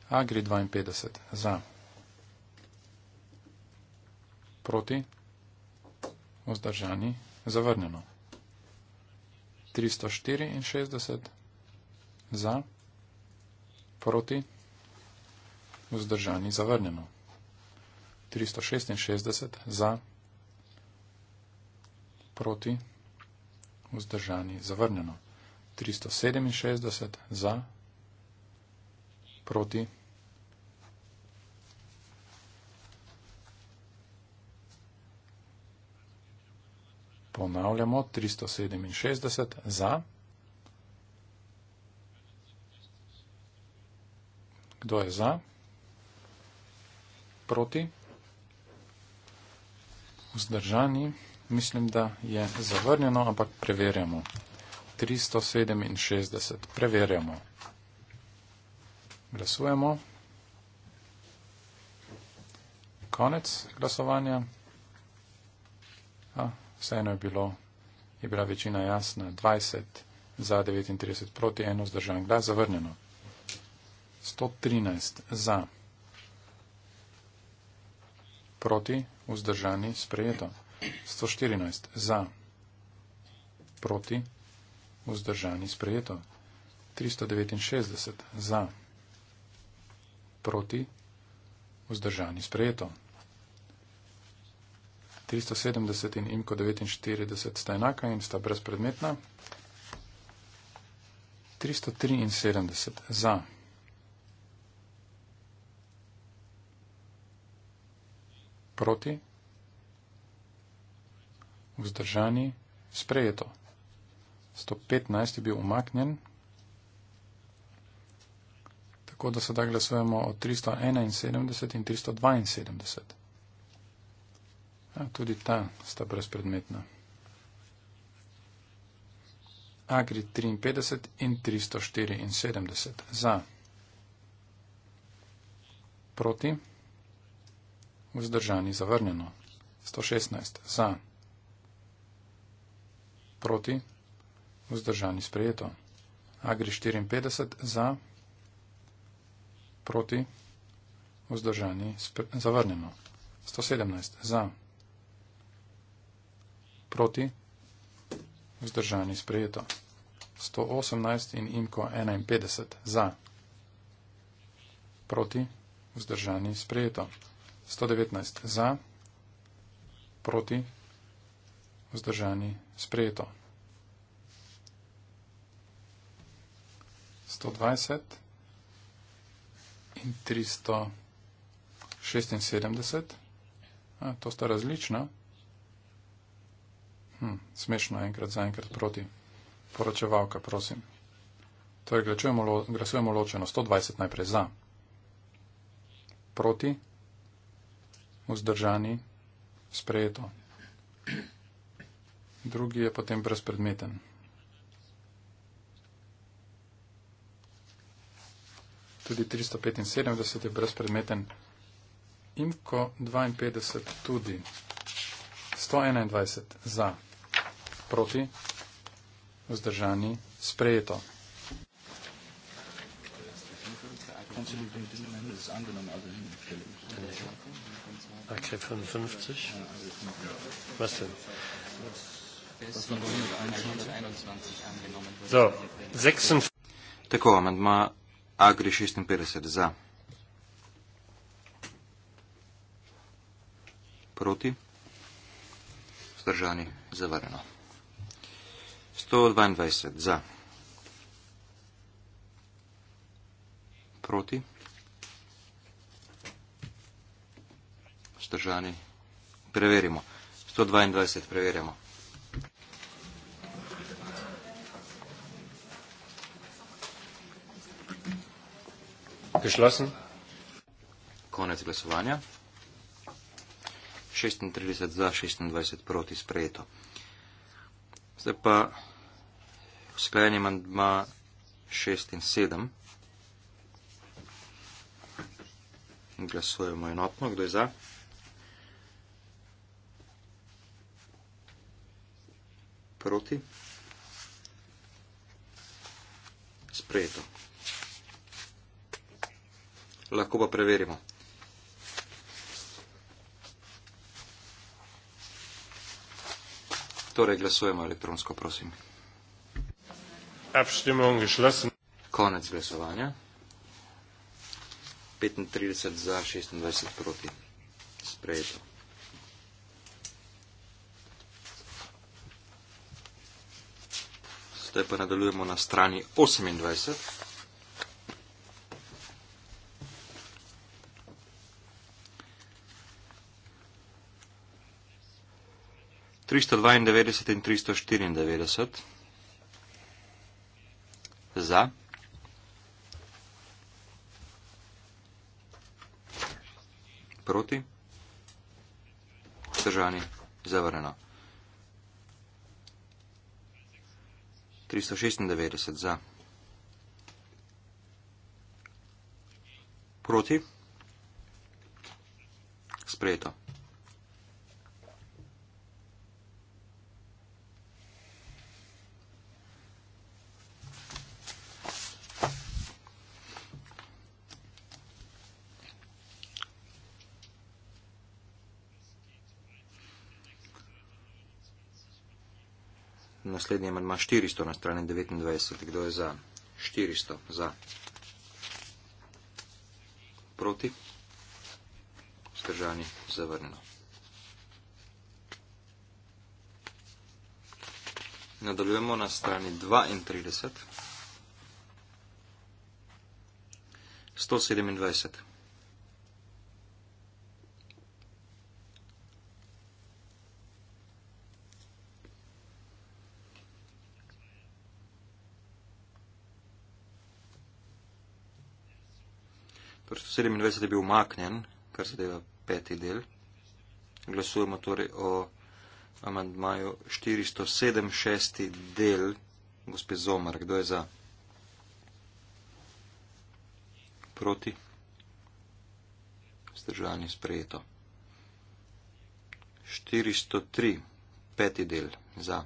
Agri 52 za, proti, vzdržani, zavrnjeno. 364 za, proti, vzdržani, zavrnjeno. 366 za, proti, vzdržani, zavrnjeno. 367 za, proti, ponavljamo, 367 za, kdo je za, proti, vzdržani. Mislim, da je zavrnjeno, ampak preverjamo. 367. Preverjamo. Glasujemo. Konec glasovanja. Vseeno je, je bila večina jasna. 20 za 39 proti 1 vzdržan glas. Zavrnjeno. 113 za. Proti vzdržani, sprejeto. 114. Za. Proti. Vzdržani, sprejeto. 369. Za. Proti. Vzdržani, sprejeto. 370 in imko 49 sta enaka in sta brezpredmetna. 373 za. proti, vzdržani, sprejeto. 115 je bil umaknjen, tako da sedaj glasujemo o 371 in 372. Ja, tudi ta sta brezpredmetna. Agri 53 in 374 za. Proti vzdržani zavrnjeno. 116 za. Proti, vzdržani sprejeto. Agri 54 za. Proti, vzdržani spre, zavrnjeno. 117 za. Proti, vzdržani sprejeto. 118 in imko 51 za. Proti, vzdržani sprejeto. 119 za, proti, vzdržani, sprejeto. 120 in 376, A, to sta različna. Hm, smešno, enkrat za, enkrat proti. Poročevalka, prosim. Torej, glasujemo ločeno. 120 najprej za, proti, vzdržani, sprejeto. Drugi je potem brezpredmeten. Tudi 375 je brezpredmeten. In ko 52 tudi. 121 za, proti, vzdržani, sprejeto. Konsolidierung des Amendments ist angenommen, also die Stelle. Artikel 55. Was denn? Was von 121 angenommen wird. So, 56. Tako, amandma Agri 56 za. Proti. Vzdržani zavarjeno. 122 za. proti? Zdržani. Preverimo. 122 preverjamo. Geschlossen. Konec glasovanja. 36 za, 26 proti sprejeto. Zdaj pa sklenjem ima 6 in 7. Glasujemo enotno, kdo je za. Proti. Sprejeto. Lahko pa preverimo. Torej, glasujemo elektronsko, prosim. Konec glasovanja. 35 za 26 proti. Sprejeto. Zdaj pa nadaljujemo na strani 28. Tristo dvaindevetdeset in tristo štiriindevetdeset za proti? Vzdržani, zavrneno. 396 za. Proti? Sprejeto. naslednji manj 400 na strani 29. Kdo je za? 400 za. Proti? Zdržani zavrnjeno. Nadaljujemo na strani 32. 127. 27 je bil umaknjen, kar zadeva peti del. Glasujemo torej o amandmaju 407, šesti del, gospe Zomar, kdo je za? Proti? Vzdržanje sprejeto. 403, peti del, za.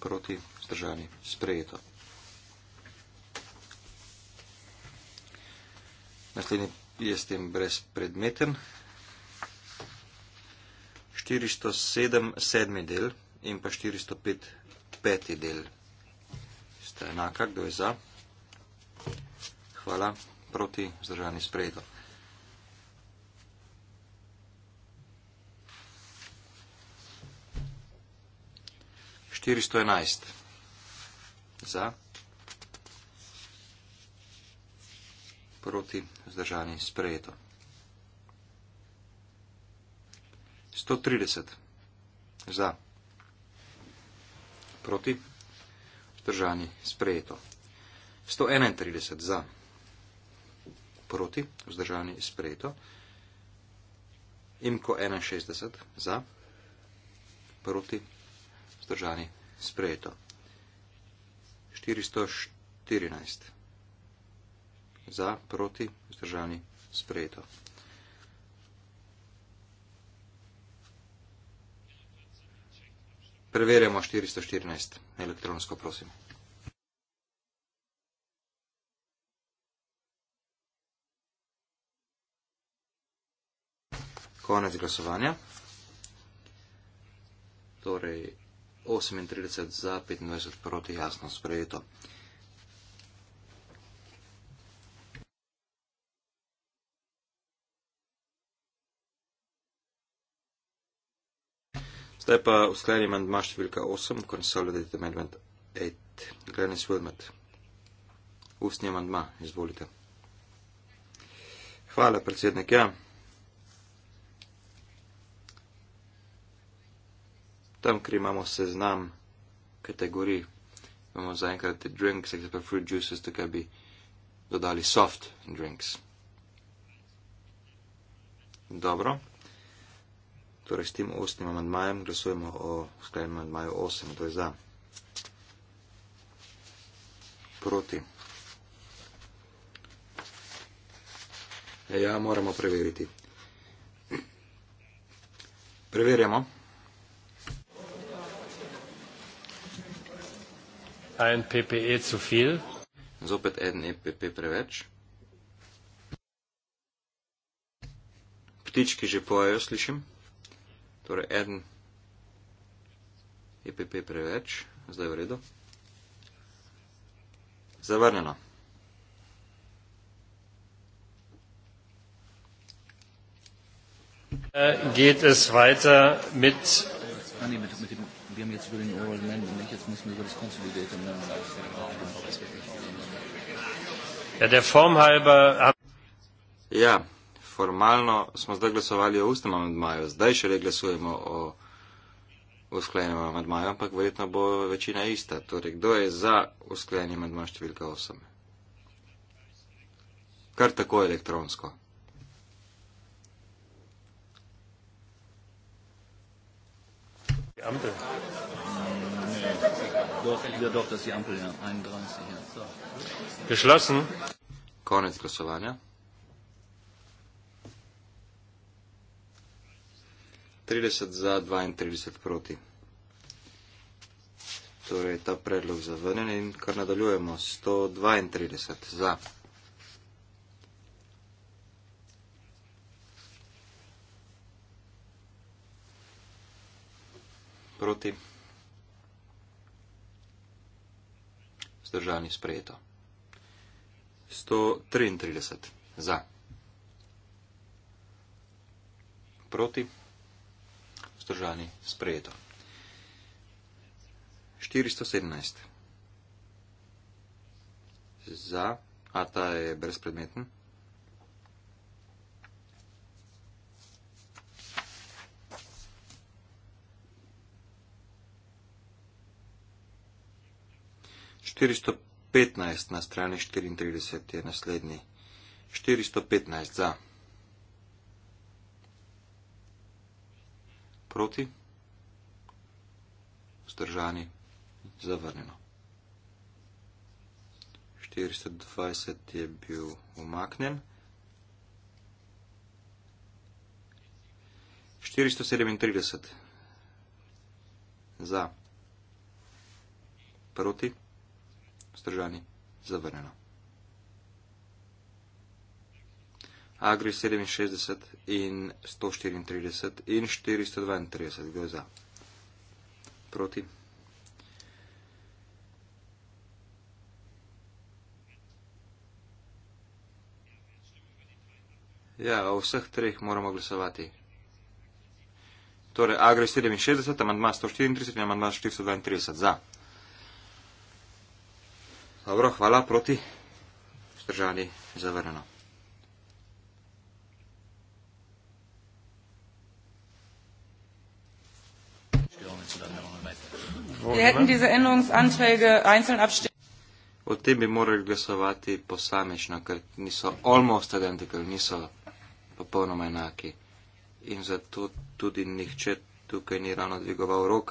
Proti? Vzdržanje sprejeto. Naslednji je s tem brezpredmeten. 407 sedmi del in pa 405 peti del. Sta enaka, kdo je za? Hvala. Proti zdržani sprejeto. Štiristo enajst. Za. proti zdržani sprejeto. 130 za proti zdržani sprejeto. 131 za proti zdržani sprejeto. Imko 61 za proti zdržani sprejeto. 414 za, proti, vzdržani, sprejeto. Preverjamo 414 elektronsko, prosim. Konec glasovanja. Torej 38 za, 25 proti, jasno sprejeto. Zdaj pa usklajeni mandma številka 8, Consolidated Amendment 8, Glenis Wilmot. Ustni mandma, izvolite. Hvala, predsednik, ja. Tam, kjer imamo seznam kategorij, imamo zaenkrat drinks, ali pa fruit juices, tukaj bi dodali soft drinks. Dobro. Torej, s tem ostnim amandmajem glasujemo o sklenem amandmaju 8, to je za. Proti. Ja, moramo preveriti. Preverjamo. En PPE zu viel. Zopet en EPP preveč. Ptički že pojejo, slišim. Torej, en EPP preveč, zdaj v redu. Zavrnjeno. Äh, geht es weiter mit. Ah, nee, mit, mit dem, wir haben jetzt über den Oral Amendment, nicht? Jetzt müssen wir über das Konsolidierte nennen. Ja, der Form halber. Ja formalno smo zdaj glasovali o ustnem amadmaju, zdaj še le glasujemo o usklenjenem amadmaju, ampak verjetno bo večina ista. Torej, kdo je za usklenjen amadma številka 8? Kar tako elektronsko. Ampel. Ja, ja ja, Geschlossen. Konec glasovanja. 30 za, 32 proti. Torej, ta predlog zavrnjen in kar nadaljujemo, 132 za. Proti. Zdržani sprejeto. 133 za. Proti vzdržani, sprejeto. 417. Za, a ta je brezpredmeten. Štiristo petnajst na strani štiriintrideset je naslednji. Štiristo petnajst za. proti, vzdržani, zavrnjeno. 420 je bil umaknen. 437 za proti, vzdržani, zavrnjeno. Agri 67 in 134 in 432 gre za. Proti. Ja, o vseh treh moramo glasovati. Torej, A gre 67, amandma 134 in amandma 432 za. Dobro, hvala, proti. Zdržani, zavrnjeno. O tem bi morali glasovati posamično, ker niso almost identical, niso popolnoma enaki. In zato tudi nihče tukaj ni ravno dvigoval rok,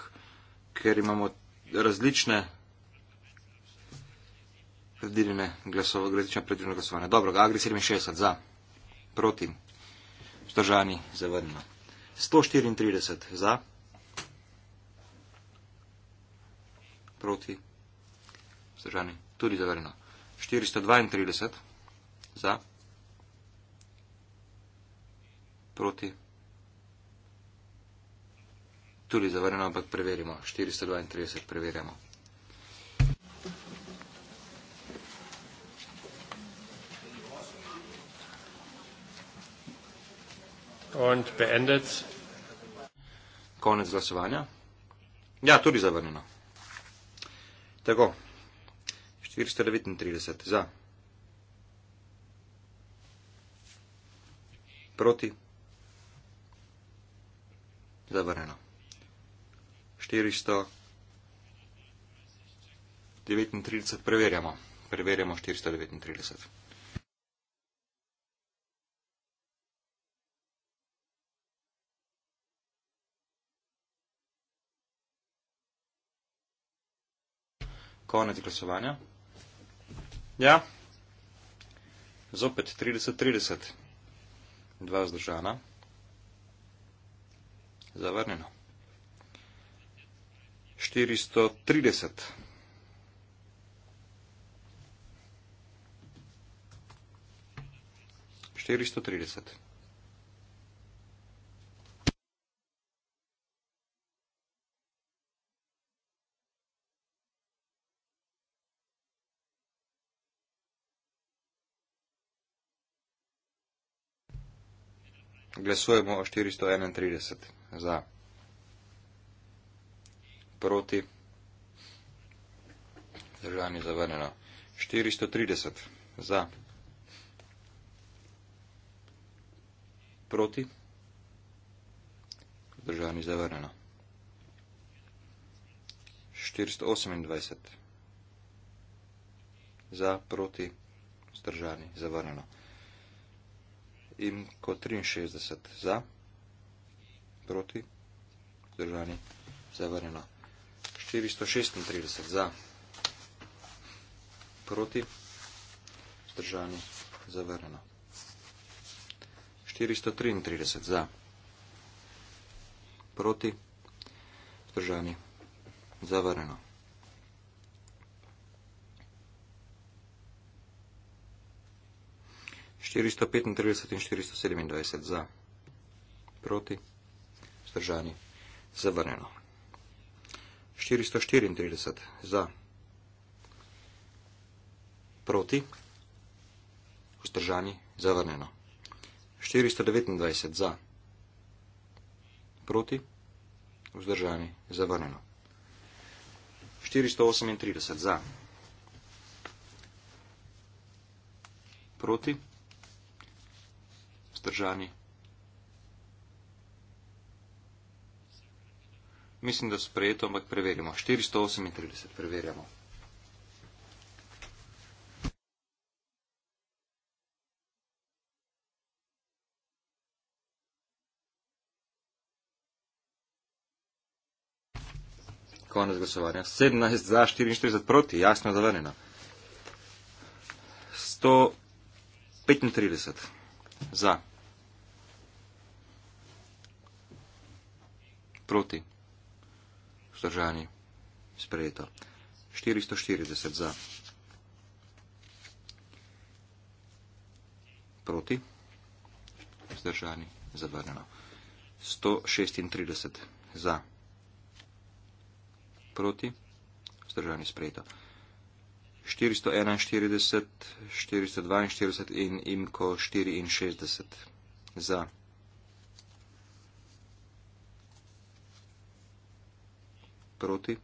ker imamo različne predvidene glasove, različne predvidene glasovanja. Dobro, Agri 67 za, proti, vzdržani, zavrnjeno. 134 za. proti vzdržani. Tudi zavrjeno. 432 za proti. Tudi zavrjeno, ampak preverimo. 432 preverjamo. Konec glasovanja. Ja, tudi zavrnjeno. Tako. 439 za. Proti. Zavrneno. 439 preverjamo. Preverjamo 439. konec glasovanja. Ja, zopet 30-30. Dva zdržana. Zavrnjeno. 430. Четыреста тридцать. glasujemo 431 za, proti, držanje zavrnjeno, 430 za, proti, držanje zavrnjeno, 428 za, proti, Zdržani, zavrneno in kot 63 za, proti, vzdržani, zavrnjeno. 436 za, proti, vzdržani, zavrnjeno. 433 za, proti, vzdržani, zavrnjeno. 435 in 427 za, proti, vzdržani, zavrnjeno. 434 za, proti, vzdržani, zavrnjeno. 429 za, proti, vzdržani, zavrnjeno. 438 za, proti, vzdržani, zavrnjeno vzdržani. Mislim, da sprejeto, ampak preverimo. 438 preverjamo. Konec glasovanja. 17 za, 44 proti, jasno zavrnjeno. 135 za. Proti. Vzdržani. Sprejeto. 440 za. Proti. Vzdržani. Zavrnjeno. 136 za. Proti. Vzdržani. Sprejeto. 441, 442 in imko 64 za. Proti. proti,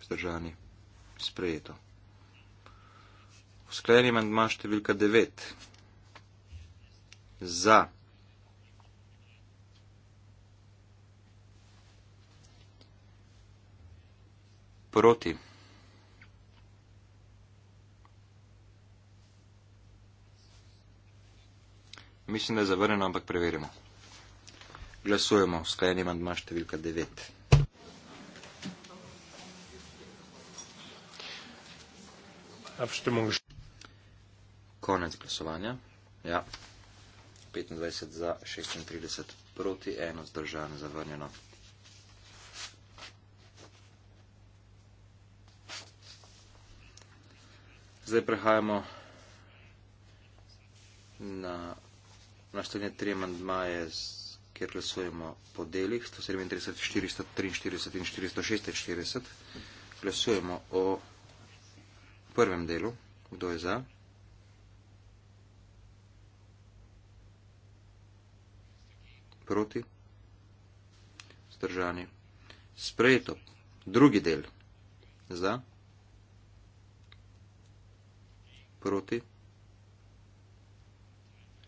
vzdržani, sprejeto. Vsklenim endma številka 9. Za. Proti. Mislim, da je zavrneno, ampak preverimo. Glasujemo, sklenim endma številka 9. abstimmung. Konec glasovanja. Ja. 25 za, 36 proti, 1 zdržan, zavrnjeno. Zdaj prehajamo na naslednje tri mandmaje, kjer glasujemo po delih 137, 443 in 446. Glasujemo o prvem delu. Kdo je za? Proti? Zdržani. Sprejeto. Drugi del. Za? Proti?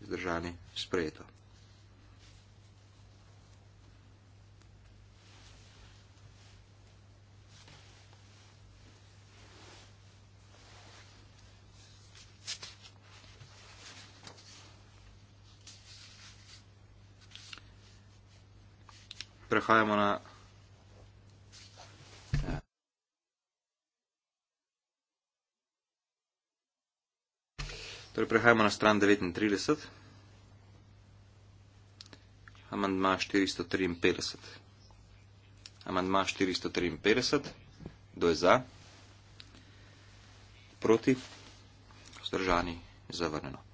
Zdržani. Sprejeto. prehajamo na. Torej, prehajamo na stran 39, amandma 453. Amandma 453, kdo je za, proti, vzdržani, zavrnjeno.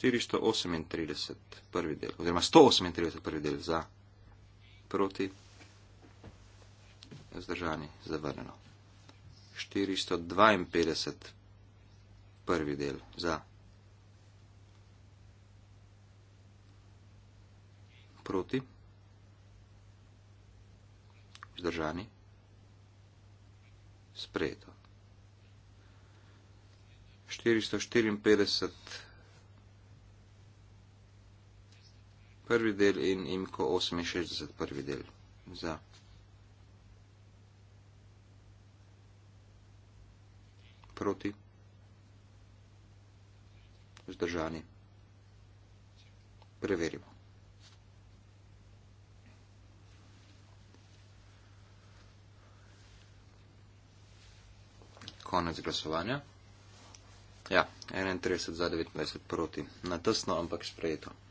438. prvi del, oziroma 138. prvi del za, proti, zdržani, zavrnjeno. 452. prvi del za, proti, zdržani, sprejeto. 454. prvi del in imko 68 prvi del. Za. Proti. Zdržani. Preverimo. Konec glasovanja. Ja, 31 za 29 proti. Natesno, ampak sprejeto.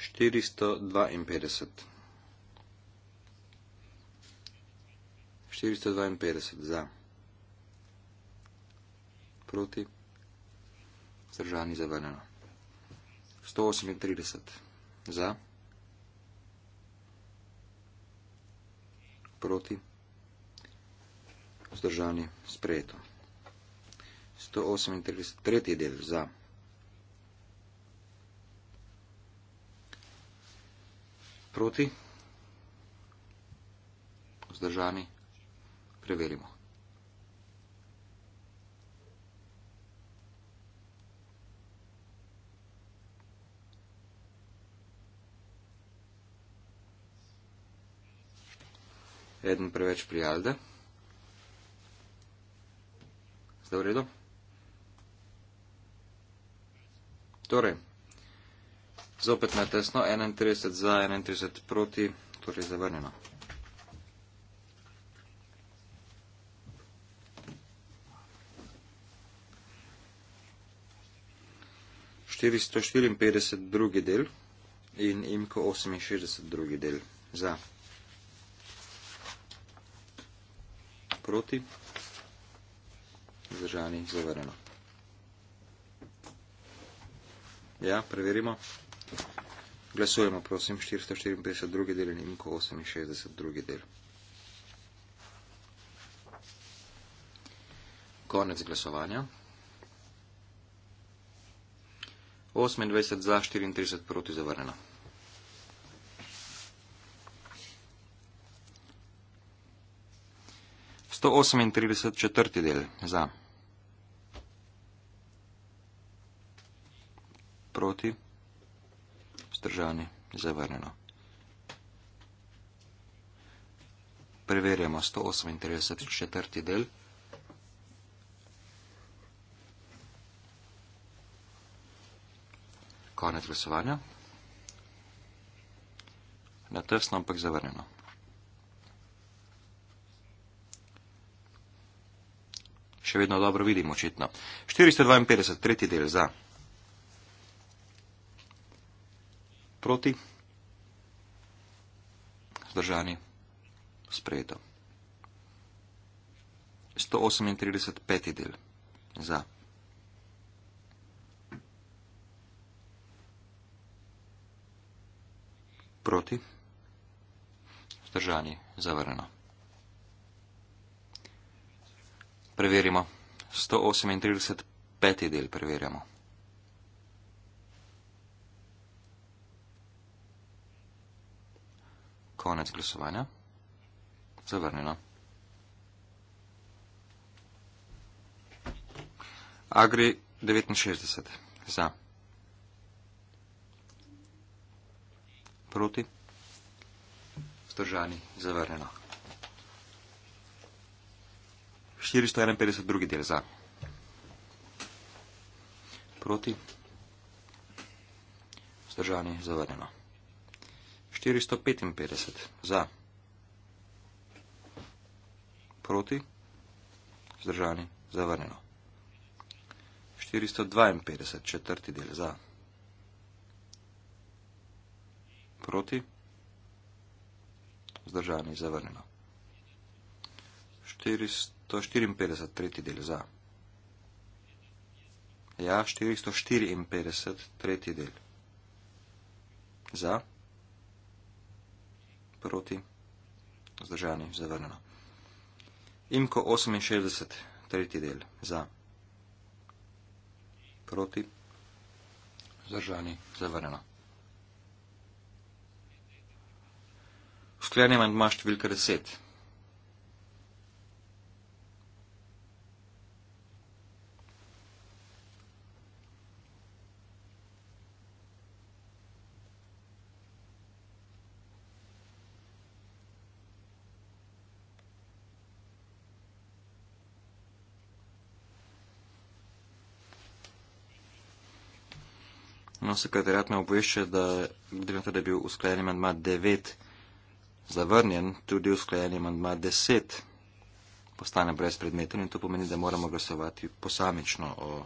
452. 452 za. Proti. Zdržani zavrnjeno. 138 za. Proti. Zdržani sprejeto. 138 tretji del za. proti, vzdržani, preverimo. Eden preveč prijalde. Zdaj v redu. Torej, Zopet na tesno, 31 za, 31 proti, torej zavrnjeno. Štiristo štirinpetdeset drugi del in imko oseminšestdeset drugi del za proti zdržani zavereno. Ja, preverimo. Glasujemo, prosim, 454. drugi del in imko 68. drugi del. Konec glasovanja. 28 za, 34 proti zavrnjeno. Sto osemintrideset četrti del za. Proti vzdržani, zavrnjeno. Preverjamo 138. četrti del. Konec glasovanja. Na tesno, ampak zavrnjeno. Še vedno dobro vidimo, očitno. 452. tretji del za. Proti? Zdržani? Sprejeto. 138. peti del. Za. Proti? Zdržani? Zavrneno. Preverimo. 138. peti del preverjamo. Konec glasovanja. Zavrnjeno. Agri 69. Za. Proti. Vzdržani. Zavrnjeno. 451. Drugi del. Za. Proti. Vzdržani. Zavrnjeno. 455 za, proti, zdržani, zavrnjeno. 452 četrti del za, proti, zdržani, zavrnjeno. 454 tretji del za, ja, 454 tretji del za, 454 tretji del za, proti, zdržani, zavrnjeno. Imko 68, tretji del, za, proti, zdržani, zavrnjeno. Sklenjem in maš številka 10. No, sekretariat me obvešča, da glede na to, da je bil usklajeni mandma 9 zavrnjen, tudi usklajeni mandma 10 postane brezpredmeten in to pomeni, da moramo glasovati posamično o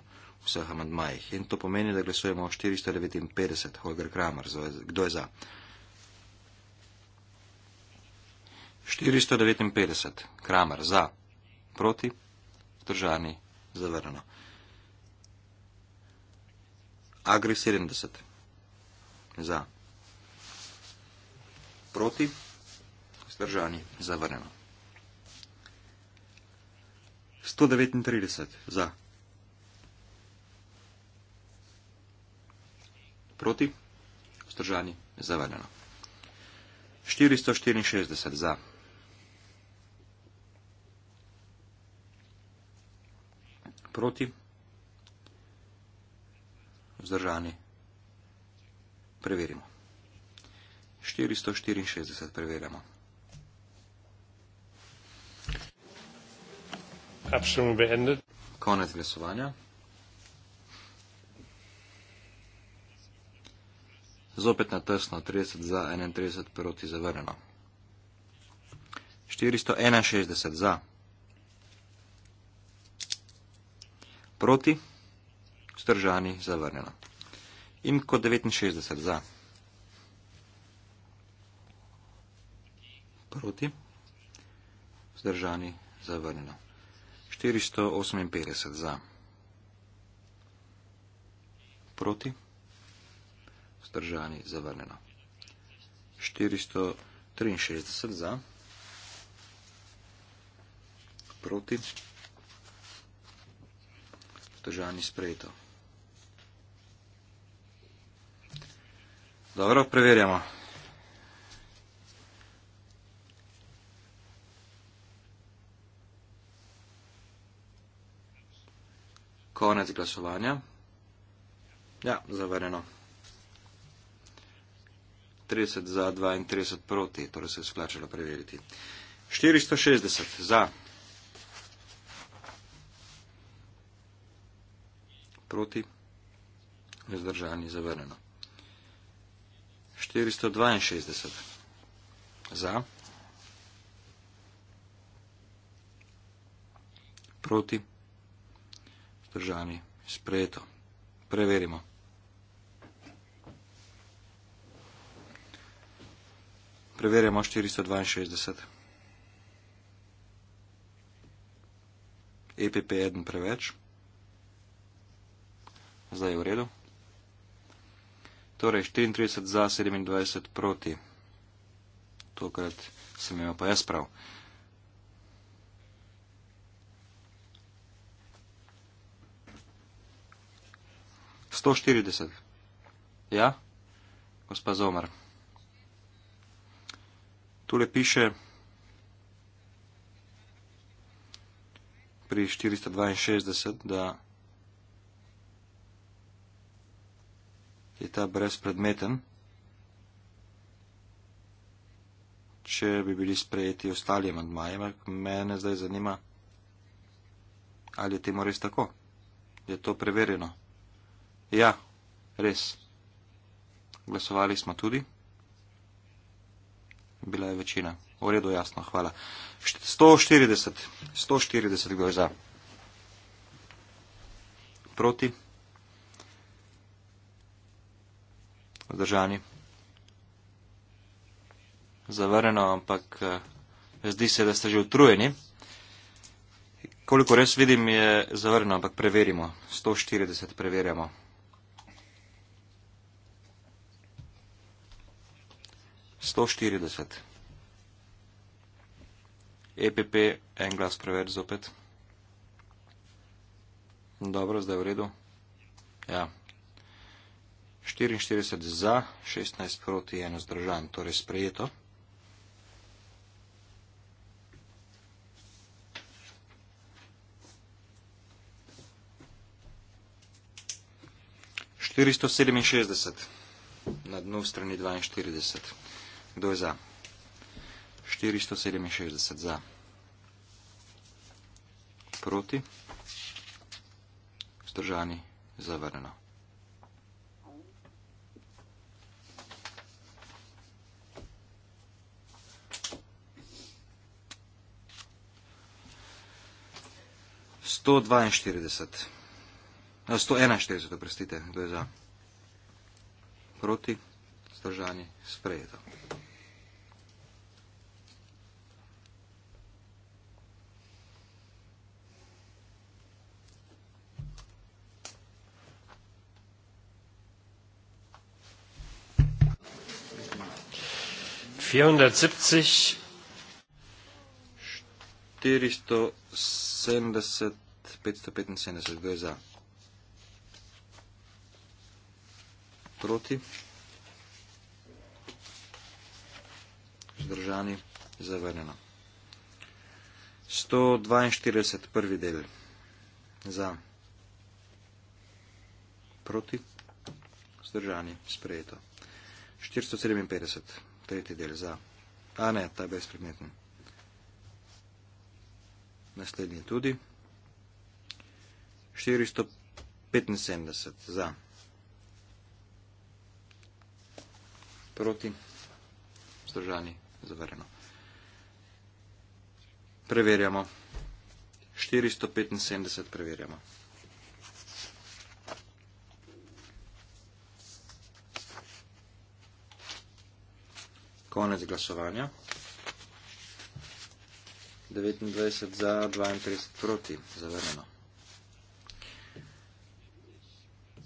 vseh amandmajih. In to pomeni, da glasujemo o 459, Holger Kramer, kdo je za. 459, Kramer za, proti, zdržani, zavrnjeno. Agri 70. Za. Proti. Zdržani. Zavrneno. 139. Za. Proti. Zdržani. Zavrneno. 464. Za. Proti vzdržani. Preverimo. 464 preverjamo. Konec glasovanja. Zopet na tesno 30 za 31 proti zavrneno. 461 za. Proti vzdržani, zavrnjeno. In kot 69 za. Proti, vzdržani, zavrnjeno. 458 za. Proti, vzdržani, zavrnjeno. 463 za. Proti, vzdržani, sprejeto. Dobro, preverjamo. Konec glasovanja. Ja, zavereno. 30 za, 32 proti, torej se je splačalo preveriti. 460 za, proti, vzdržani, zavereno. 462 za, proti, vzdržani, sprejeto. Preverimo. Preverjamo 462. EPP 1 preveč. Zdaj je v redu. Torej 34 za 27 proti. Tokrat sem imel pa jaz prav. Sto štirideset. Ja, gospa Zomar. Tule piše pri 462, da je ta brezpredmeten, če bi bili sprejeti ostali amantmaji. Mene zdaj zanima, ali je temu res tako. Je to preverjeno? Ja, res. Glasovali smo tudi. Bila je večina. V redu, jasno, hvala. 140, 140 gre za. Proti. vzdržani. Zavrneno, ampak eh, zdi se, da ste že utrujeni. Koliko res vidim, je zavrneno, ampak preverimo. 140 preverjamo. EPP, e en glas preverj zopet. Dobro, zdaj v redu. Ja, 44 za, 16 proti, 1 zdržan, torej sprejeto. Štiristo sedeminšestdeset, na dnu strani dvainštirideset. Kdo je za? Štiristo sedeminšestdeset za. Proti? Zdržani? Zavrneno. 142, 141, oprostite, kdo je za. Proti, zdržanje, sprejeto. Štiristo sedemdeset 575 gre za proti, zdržani, zavrnjeno. 142 prvi del za proti, zdržani, sprejeto. 457 tretji del za, a ne, ta je brezpredmetni. Naslednji tudi. 475 za. Proti. Zdržani. Zavereno. Preverjamo. 475 preverjamo. Konec glasovanja. 29 za, 32 proti. Zavereno.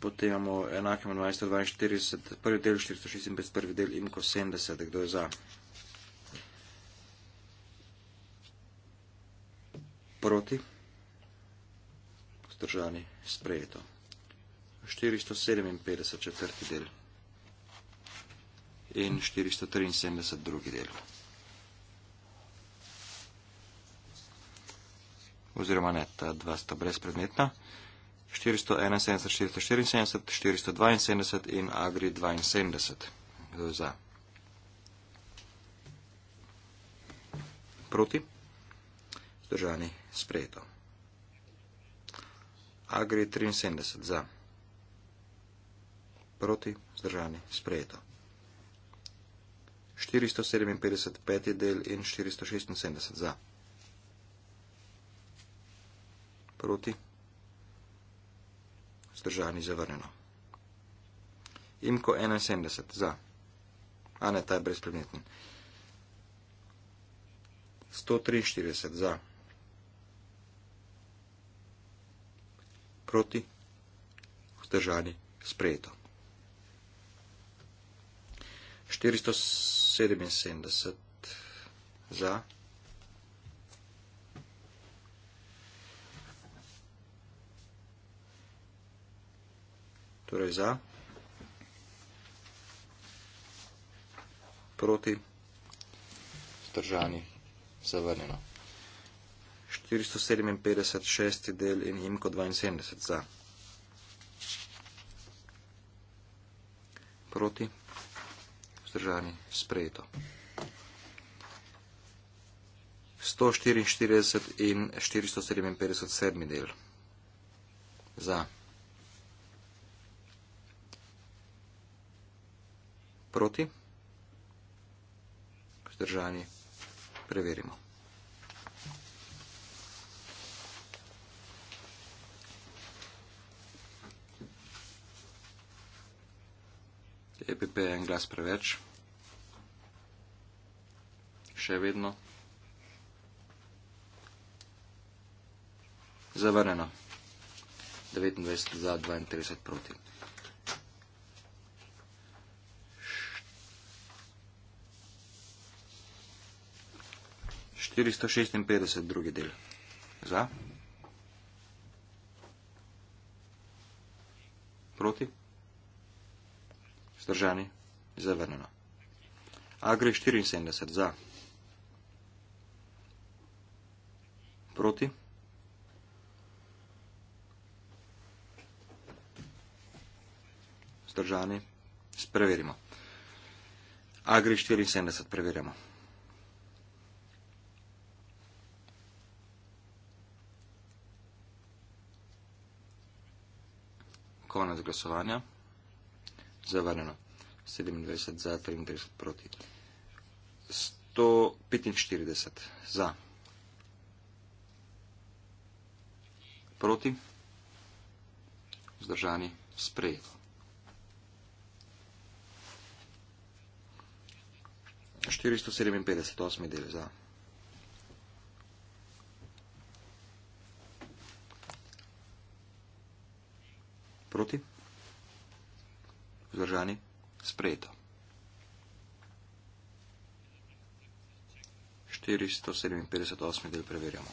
Potem imamo enake manj 142, prvi del 456, prvi del in ko 70, kdo je za. Proti. Zdržani, sprejeto. 457, četrti del. In 473, drugi del. Oziroma ne, ta dva sta brezpredmetna. 471, 474, 472 in Agri 72. Kdo je za? Proti? Zdržani sprejeto. Agri 73 za. Proti? Zdržani sprejeto. 457 peti del in 476 za. Proti? vzdržani zavrnjeno. Imko 71 za. A ne, ta je brezpredmeten. 143 za. Proti. Vzdržani sprejeto. 477 za. torej za, proti, vzdržani, zavrnjeno. 457 šesti del in imko 72 za. Proti, vzdržani, sprejeto. 144 in 457 del. Za. proti. Zdržani, preverimo. EPP je en glas preveč. Še vedno. Zavrneno. 29 za 32 proti. 456 drugi del. Za? Proti? Zdržani? Zavrnjeno. Agri 74 za. Proti? Zdržani? Spreverimo. Agri 74 preverjamo. konec glasovanja. Zavrnjeno. 27 za, 33 proti. 145 za. Proti. Zdržani. Sprejeto. Štiristo sedeminpetdeset osmi del za. Proti? Vzdržani? Sprejeto. 457. del preverjamo.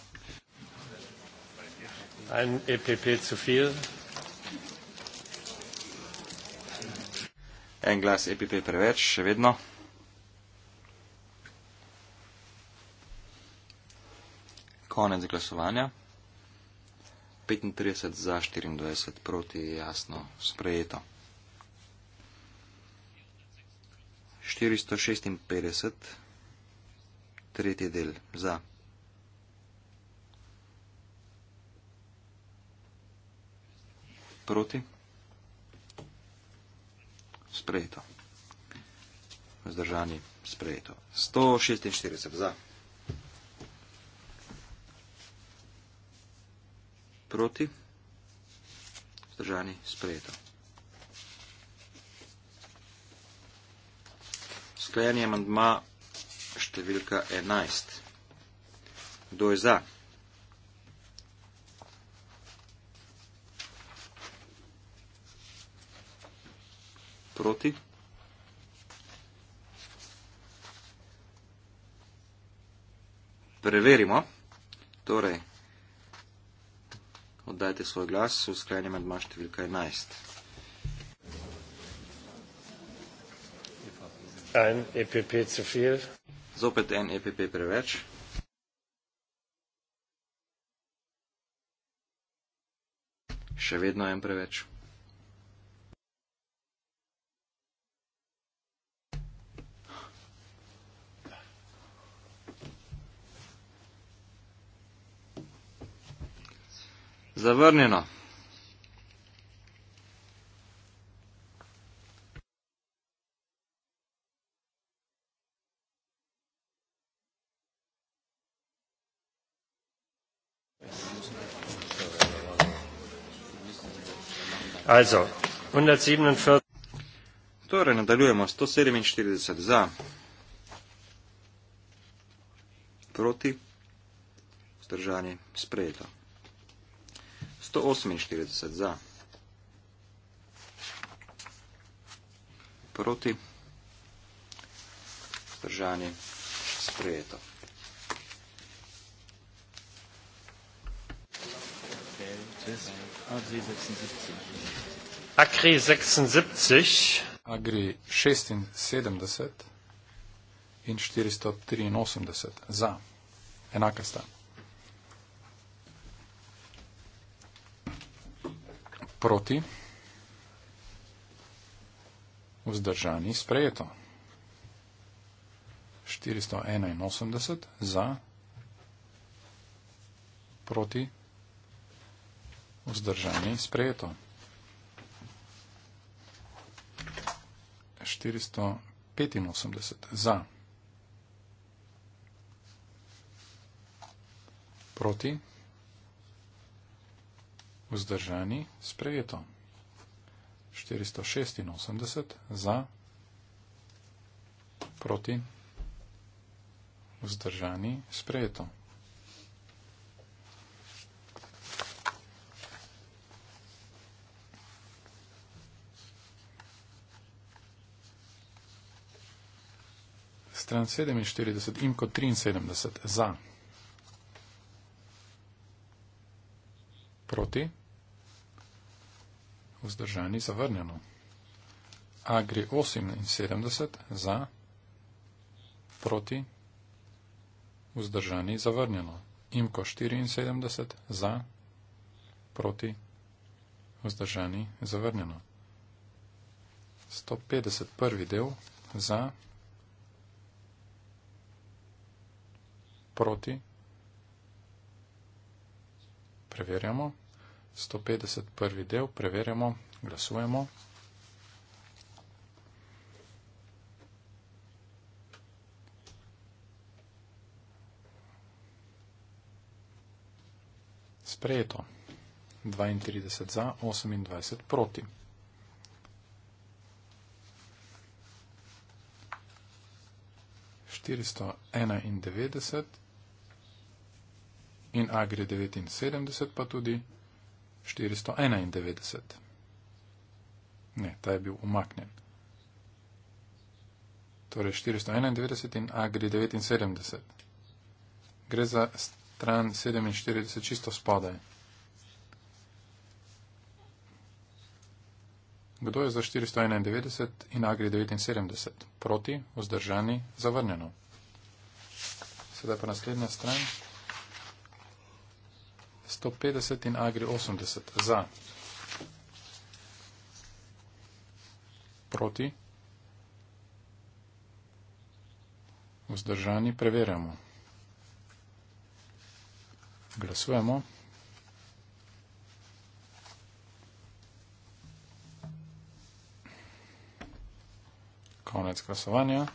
Ein EPP zu viel. En glas EPP preveč, še vedno. Konec glasovanja. 35 za 24 proti jasno sprejeto. 456, tretji del za. Proti. Sprejeto. Zdržani sprejeto. 146 za. proti. Zdržani sprejeto. Sklenje mandma številka 11. Kdo je za? Proti. Preverimo. Torej, oddajte svoj glas v sklenji med maš številka 11. En EPP zu viel. Zopet en EPP preveč. Še vedno en preveč. Zavrnjeno. Also, 147. Torej, nadaljujemo 147 za, proti, vzdržanje, sprejeto. 148 za, proti, vzdržani, sprejeto. Agri 76. Agri 76 in 483 za, enaka stanja. proti, vzdržani, sprejeto. 481 za, proti, vzdržani, sprejeto. 485 za, proti, vzdržani, sprejeto vzdržani, sprejeto. 486 za, proti, vzdržani, sprejeto. Stran 47 in kot 73 za. proti, vzdržani zavrnjeno. Agri 78 za, proti, vzdržani zavrnjeno. Imko 74 za, proti, vzdržani zavrnjeno. 150 prvi del za, proti, preverjamo. 151. del, preverjamo, glasujemo. Sprejeto. 32 za, 28 proti. In agri 79 pa tudi 491. Ne, ta je bil umaknjen. Torej 491 in agri 79. Gre za stran 47 čisto spodaj. Kdo je za 491 in agri 79? Proti, vzdržani, zavrnjeno. Sedaj pa naslednja stran. 150 in Agri 80 za. Proti. Vzdržani preverjamo. Glasujemo. Konec glasovanja.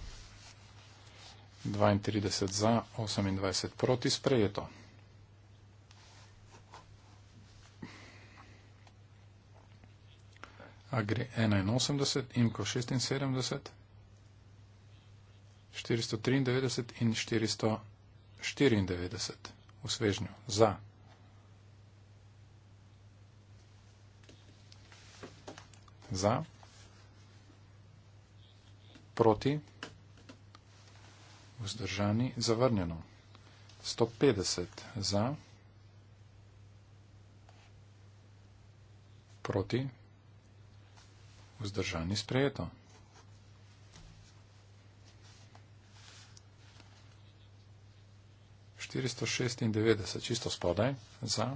32 za, 28 proti sprejeto. Agri 81, Imko 76, 493 in 494 v svežnju za. Za. Proti. Vzdržani. Zavrnjeno. 150 za. Proti vzdržani sprejeto. Štiristo šestindevetdeset, čisto spodaj, za,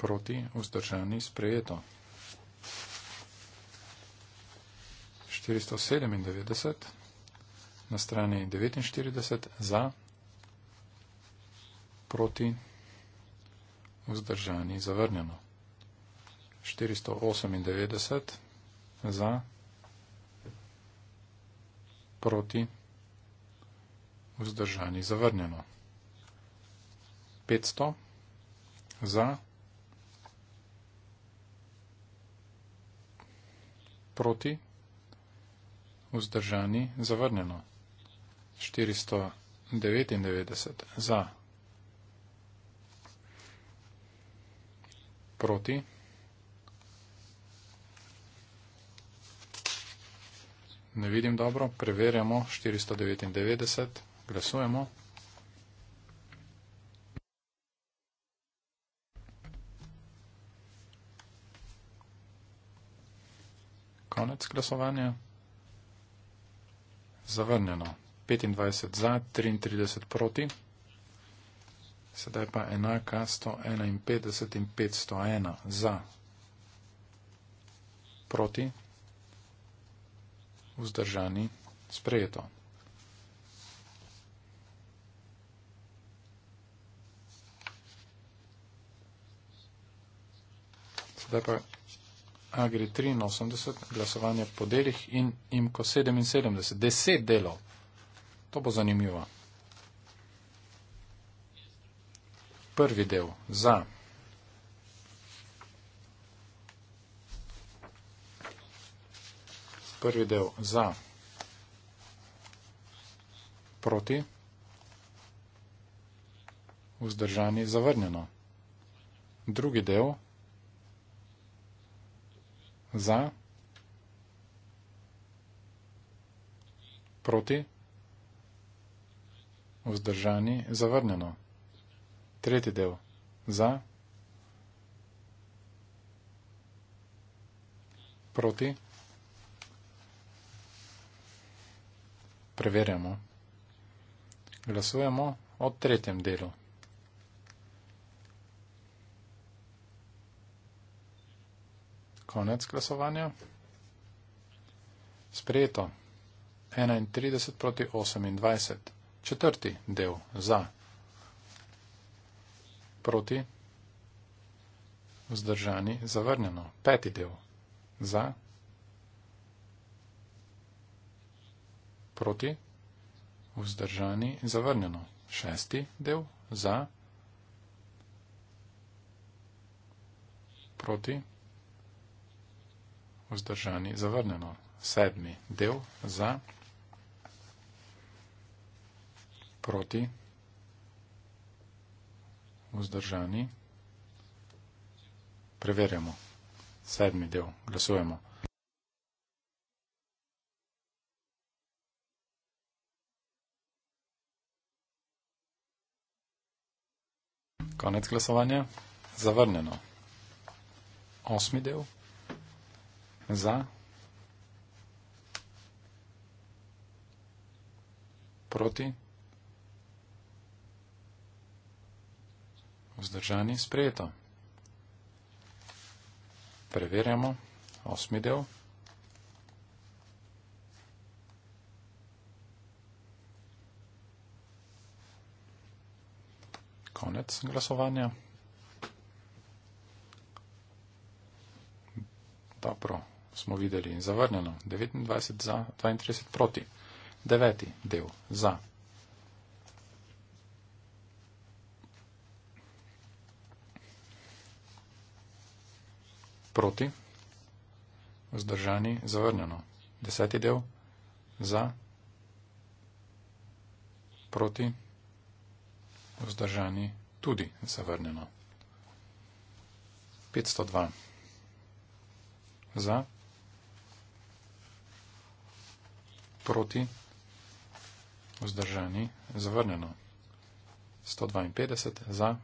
proti, vzdržani, sprejeto. Štiristo sedemindevetdeset, na strani devetinštirideset, za, proti, vzdržani, zavrnjeno. 498 za, proti, vzdržani, zavrnjeno. 500 za, proti, vzdržani, zavrnjeno. 499 za, proti, vzdržani, zavrnjeno. Ne vidim dobro, preverjamo 499, glasujemo. Konec glasovanja. Zavrnjeno. 25 za, 33 proti. Sedaj pa enaka 151 in 501 za. Proti vzdržani, sprejeto. Zdaj pa Agri 83, glasovanje po delih in imko 77, 10 delov. To bo zanimivo. Prvi del za. prvi del za proti, vzdržani zavrnjeno. Drugi del za proti, vzdržani zavrnjeno. Tretji del za proti, vzdržani zavrnjeno. preverjamo. Glasujemo o tretjem delu. Konec glasovanja. Sprejeto. 31 proti 28. Četrti del za. Proti. Vzdržani. Zavrnjeno. Peti del za. proti, vzdržani, zavrnjeno. Šesti del, za, proti, vzdržani, zavrnjeno. Sedmi del, za, proti, vzdržani, preverjamo. Sedmi del, glasujemo. Konec glasovanja. Zavrnjeno. Osmi del. Za. Proti. Vzdržani. Sprejeto. Preverjamo. Osmi del. konec glasovanja. Dobro, smo videli in zavrnjeno. 29 za, 32 proti. Deveti del za. Proti. Vzdržani, zavrnjeno. Deseti del za. Proti vzdržani tudi zavrnjeno. 502. Za. Proti. Vzdržani zavrnjeno. 152. Za.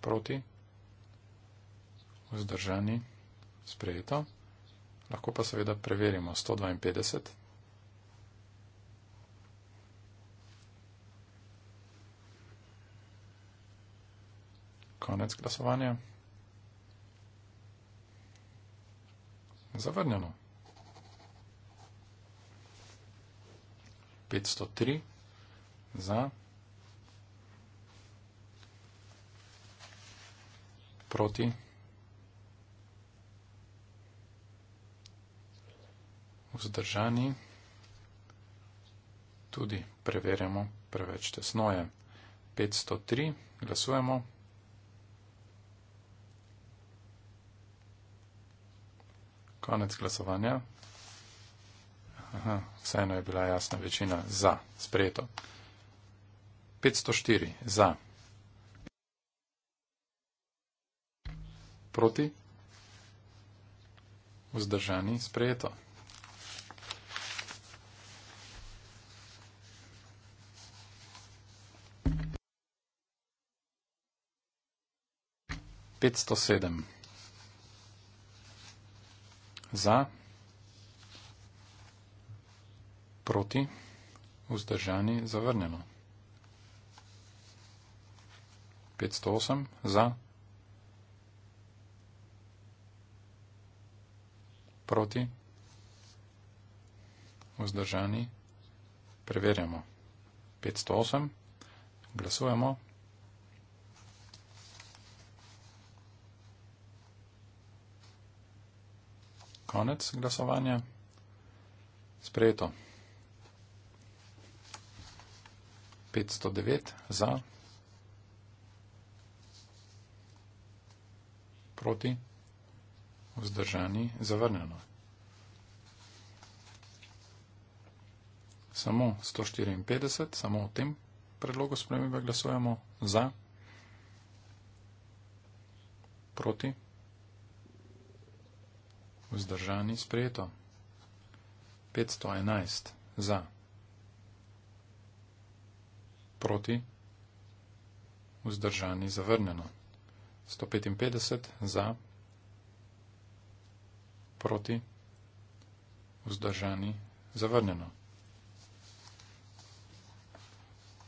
Proti. Vzdržani sprejeto. Lahko pa seveda preverimo 152. Konec glasovanja. Zavrnjeno. 503 za, proti. Vzdržani. Tudi preverjamo, preveč tesno je. 503 glasujemo. Konec glasovanja. Vseeno je bila jasna večina za sprejeto. 504 za. Proti. Vzdržani sprejeto. Petsto sedem za, proti, vzdržani, zavrnjeno. 508 za, proti, vzdržani, preverjamo. 508, glasujemo. 508. konec glasovanja. Sprejeto. 509 za. Proti. Vzdržani. Zavrnjeno. Samo 154, samo v tem predlogu spremembe glasujemo za. Proti. Proti. Vzdržani sprejeto. 511 za. Proti. Vzdržani zavrnjeno. 155 za. Proti. Vzdržani zavrnjeno.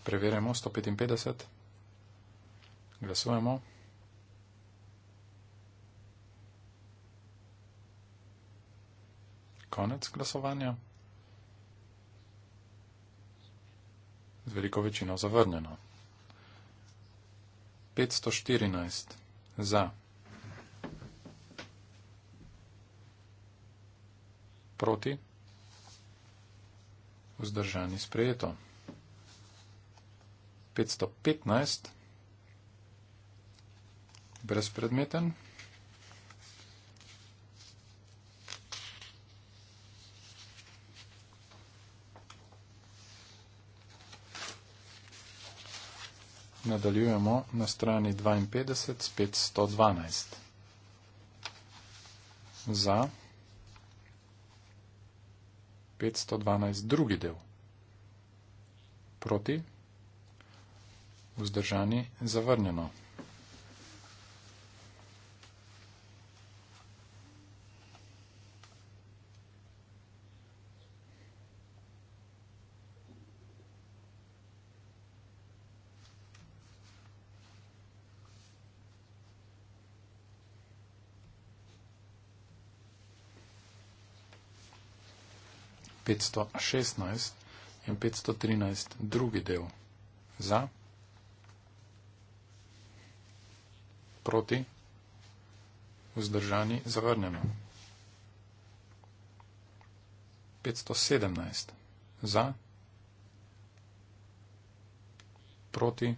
Preverjamo 155. Glasujemo. 155. konec glasovanja? Z veliko večino zavrnjeno. 514 za. Proti. Vzdržani sprejeto. 515 brezpredmeten. nadaljujemo na strani 52, spet 112. Za 512 drugi del. Proti vzdržani zavrnjeno. 516 in 513 drugi del za, proti, vzdržani, zavrnjeno. 517 za, proti,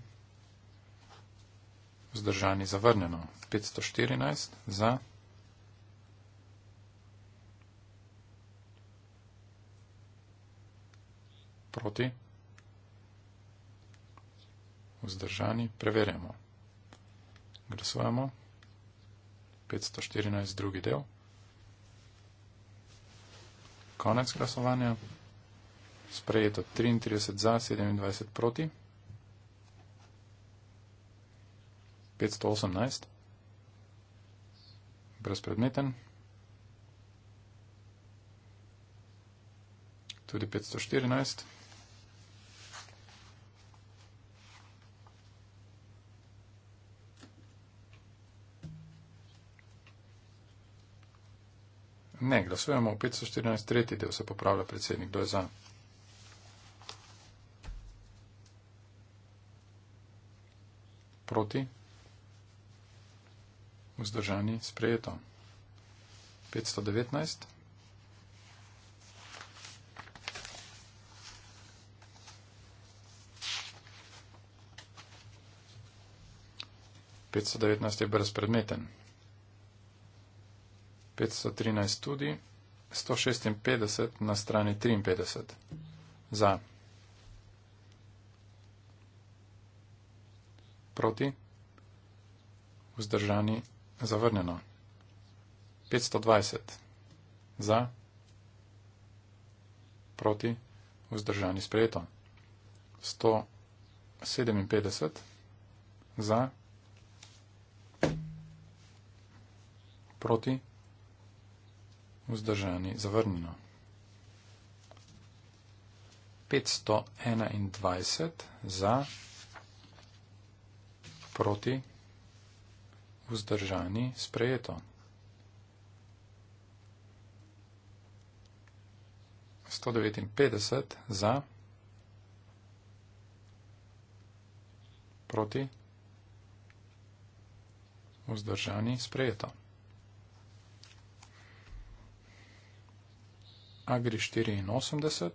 vzdržani, zavrnjeno. 514 za, proti, vzdržani, zavrnjeno. proti, vzdržani, preverjamo. Glasujemo. 514 drugi del. Konec glasovanja. Sprejeto 33 za, 27 proti. 518. Brezpredmeten. Tudi 514. Ne, glasujemo v 514. tretji del, se popravlja predsednik, kdo je za. Proti? Vzdržani, sprejeto. 519. Petsto devetnajst je brezpredmeten. 513 tudi, 156 na strani 53 za. Proti, vzdržani, zavrnjeno. 520 za, proti, vzdržani, sprejeto. 157 za, proti, vzdržani, sprejeto vzdržani zavrnjeno. 521 za, proti, vzdržani sprejeto. Sto devetinpetdeset za, proti, vzdržani sprejeto. Agri 84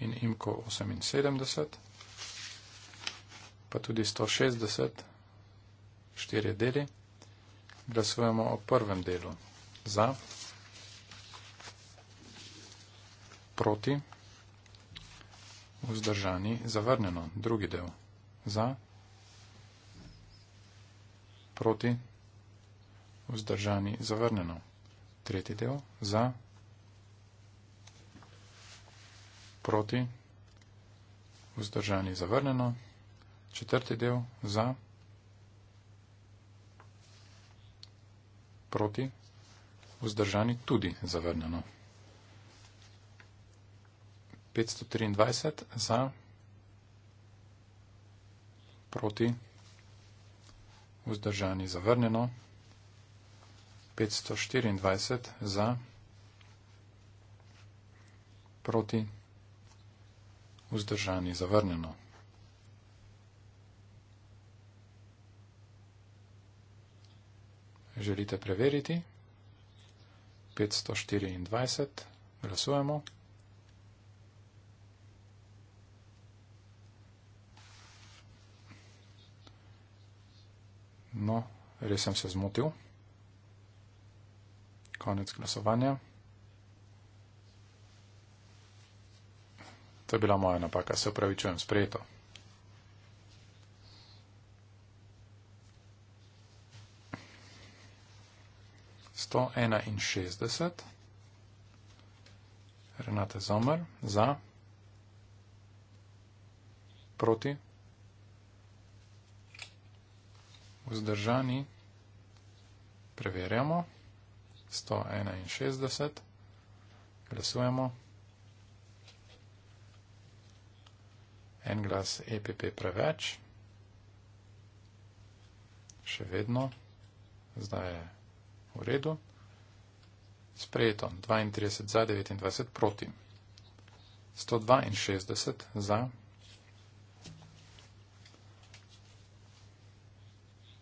in Imko 78, pa tudi 160, štiri deli. Glasujemo o prvem delu. Za, proti, vzdržani, zavrnjeno. Drugi del. Za, proti, vzdržani, zavrnjeno tretji del, za, proti, vzdržani zavrnjeno, četrti del, za, proti, vzdržani tudi zavrnjeno. 523 za, proti, vzdržani zavrnjeno. 524 za, proti, vzdržani, zavrnjeno. Želite preveriti? 524, glasujemo. No, res sem se zmotil. Konec glasovanja. To je bila moja napaka, se upravičujem, sprejeto. Sto ena in šestdeset. Renate Zomer za. Proti. Vzdržani. Preverjamo. 161, glasujemo. En glas EPP preveč, še vedno, zdaj je v redu. Sprejeto 32 za, 29 proti. 162 za,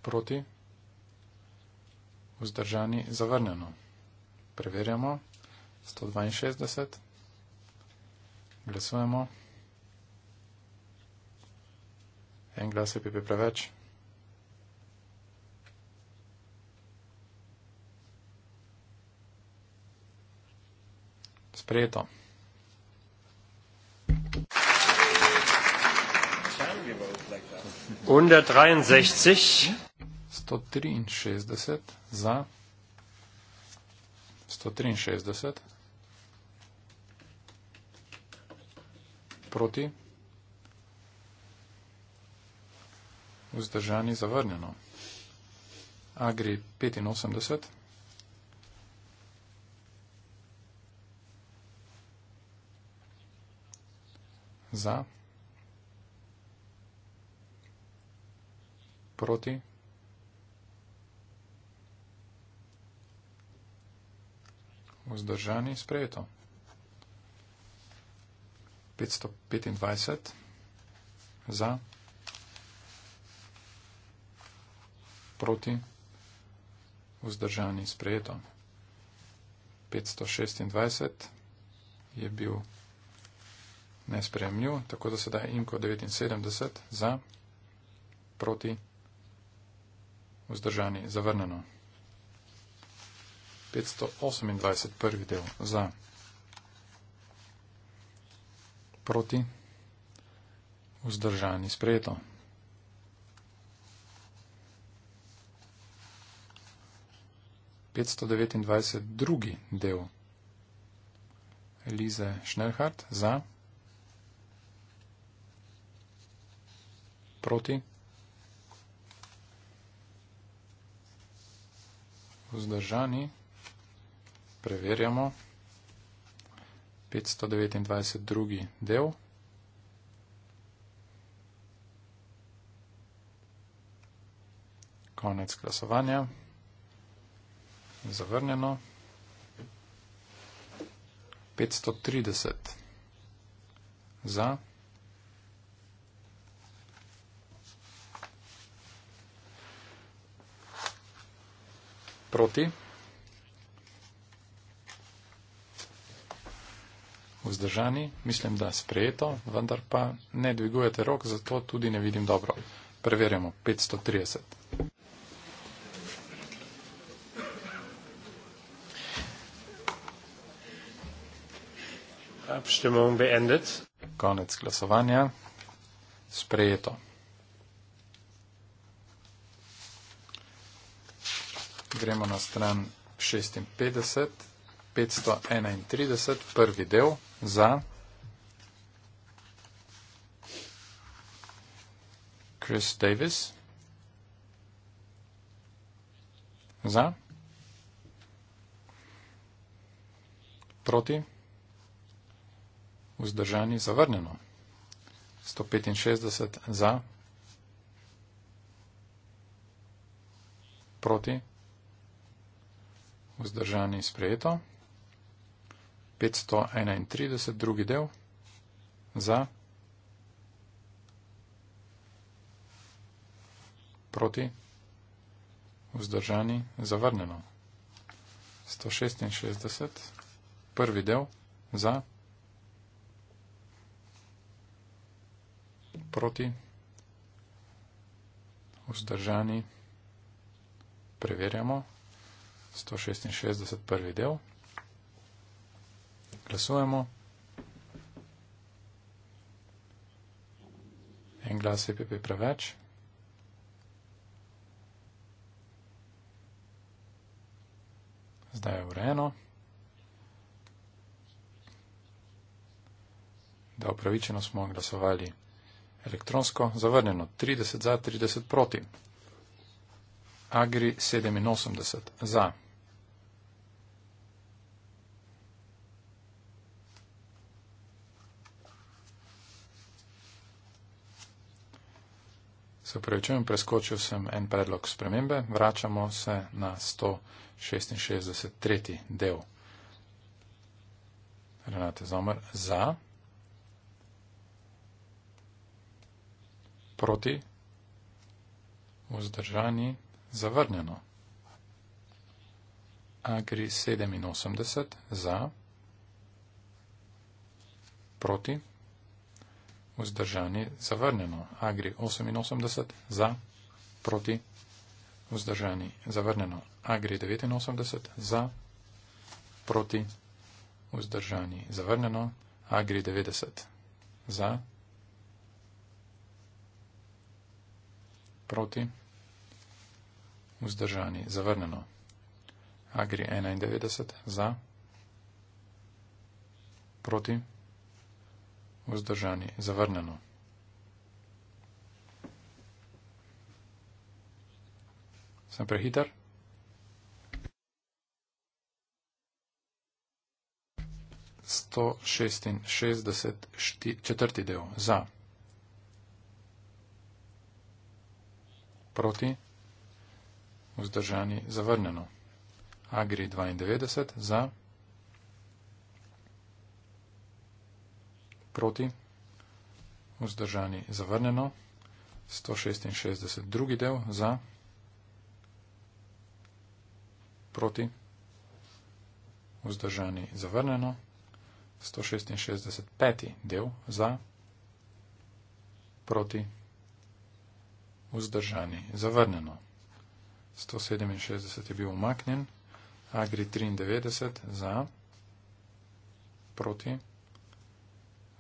proti vzdržani zavrnjeno. Preverjamo. 162. Glasujemo. En glas je pipi preveč. Sprejeto. Like 163. 163 za 163 proti vzdržani zavrnjeno. Agri 85 za proti vzdržani sprejeto. 525 za, proti, vzdržani sprejeto. 526 je bil nespremljiv, tako da sedaj imko 79 za, proti, vzdržani zavrneno. 528 prvi del za proti vzdržani sprejeto. Petsto devetindvajset drugi del Elize Schnellhardt za proti vzdržani sprejeto preverjamo. 529 drugi del. Konec glasovanja. Zavrnjeno. 530 za. vzdržani, mislim, da sprejeto, vendar pa ne dvigujete rok, zato tudi ne vidim dobro. Preverjamo, 530. Abstimmung beendet. Konec glasovanja. Sprejeto. Gremo na stran 56. 531, prvi del za Chris Davis. Za. Proti. Vzdržani zavrnjeno. 165 za. Proti. Vzdržani sprejeto. 531, drugi del za proti vzdržani zavrnjeno. 166, prvi del za proti vzdržani preverjamo. 166, prvi del. Glasujemo. En glas je pepe preveč. Zdaj je urejeno. Da upravičeno smo glasovali elektronsko, zavrnjeno 30 za, 30 proti. Agri 87 za. Se upravičujem, preskočil sem en predlog spremembe, vračamo se na 166. del. Renate Zomer za, proti, vzdržani, zavrnjeno. Agri 87 za, proti, vzdržanje zavrnjeno. Agri 88 za, proti vzdržanje zavrnjeno. Agri 89 za, proti vzdržanje zavrnjeno. Agri 90 za, proti vzdržanje zavrnjeno. Agri 91 za, proti vzdržanje zavrnjeno vzdržani, zavrnjeno. Sem prehiter? Sto šestinšestdeset četrti del za. Proti. Vzdržani zavrnjeno. Agri 92 za. proti, vzdržani zavrnjeno, 166 drugi del za, proti, vzdržani zavrnjeno, 166 peti del za, proti, vzdržani zavrnjeno, 167 je bil umaknjen, agri 93 za, proti, vzdržani zavrnjeno,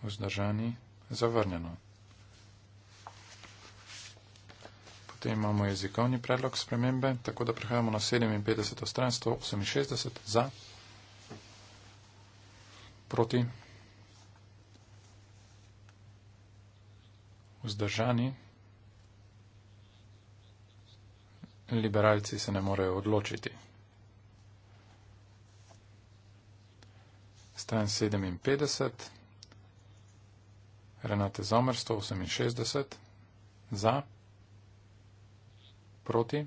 vzdržani, zavrnjeno. Potem imamo jezikovni predlog spremembe, tako da prehajamo na 57. stran 168 za, proti, vzdržani, liberalci se ne morejo odločiti. Stran 57. Renate Zomer 168 za, proti,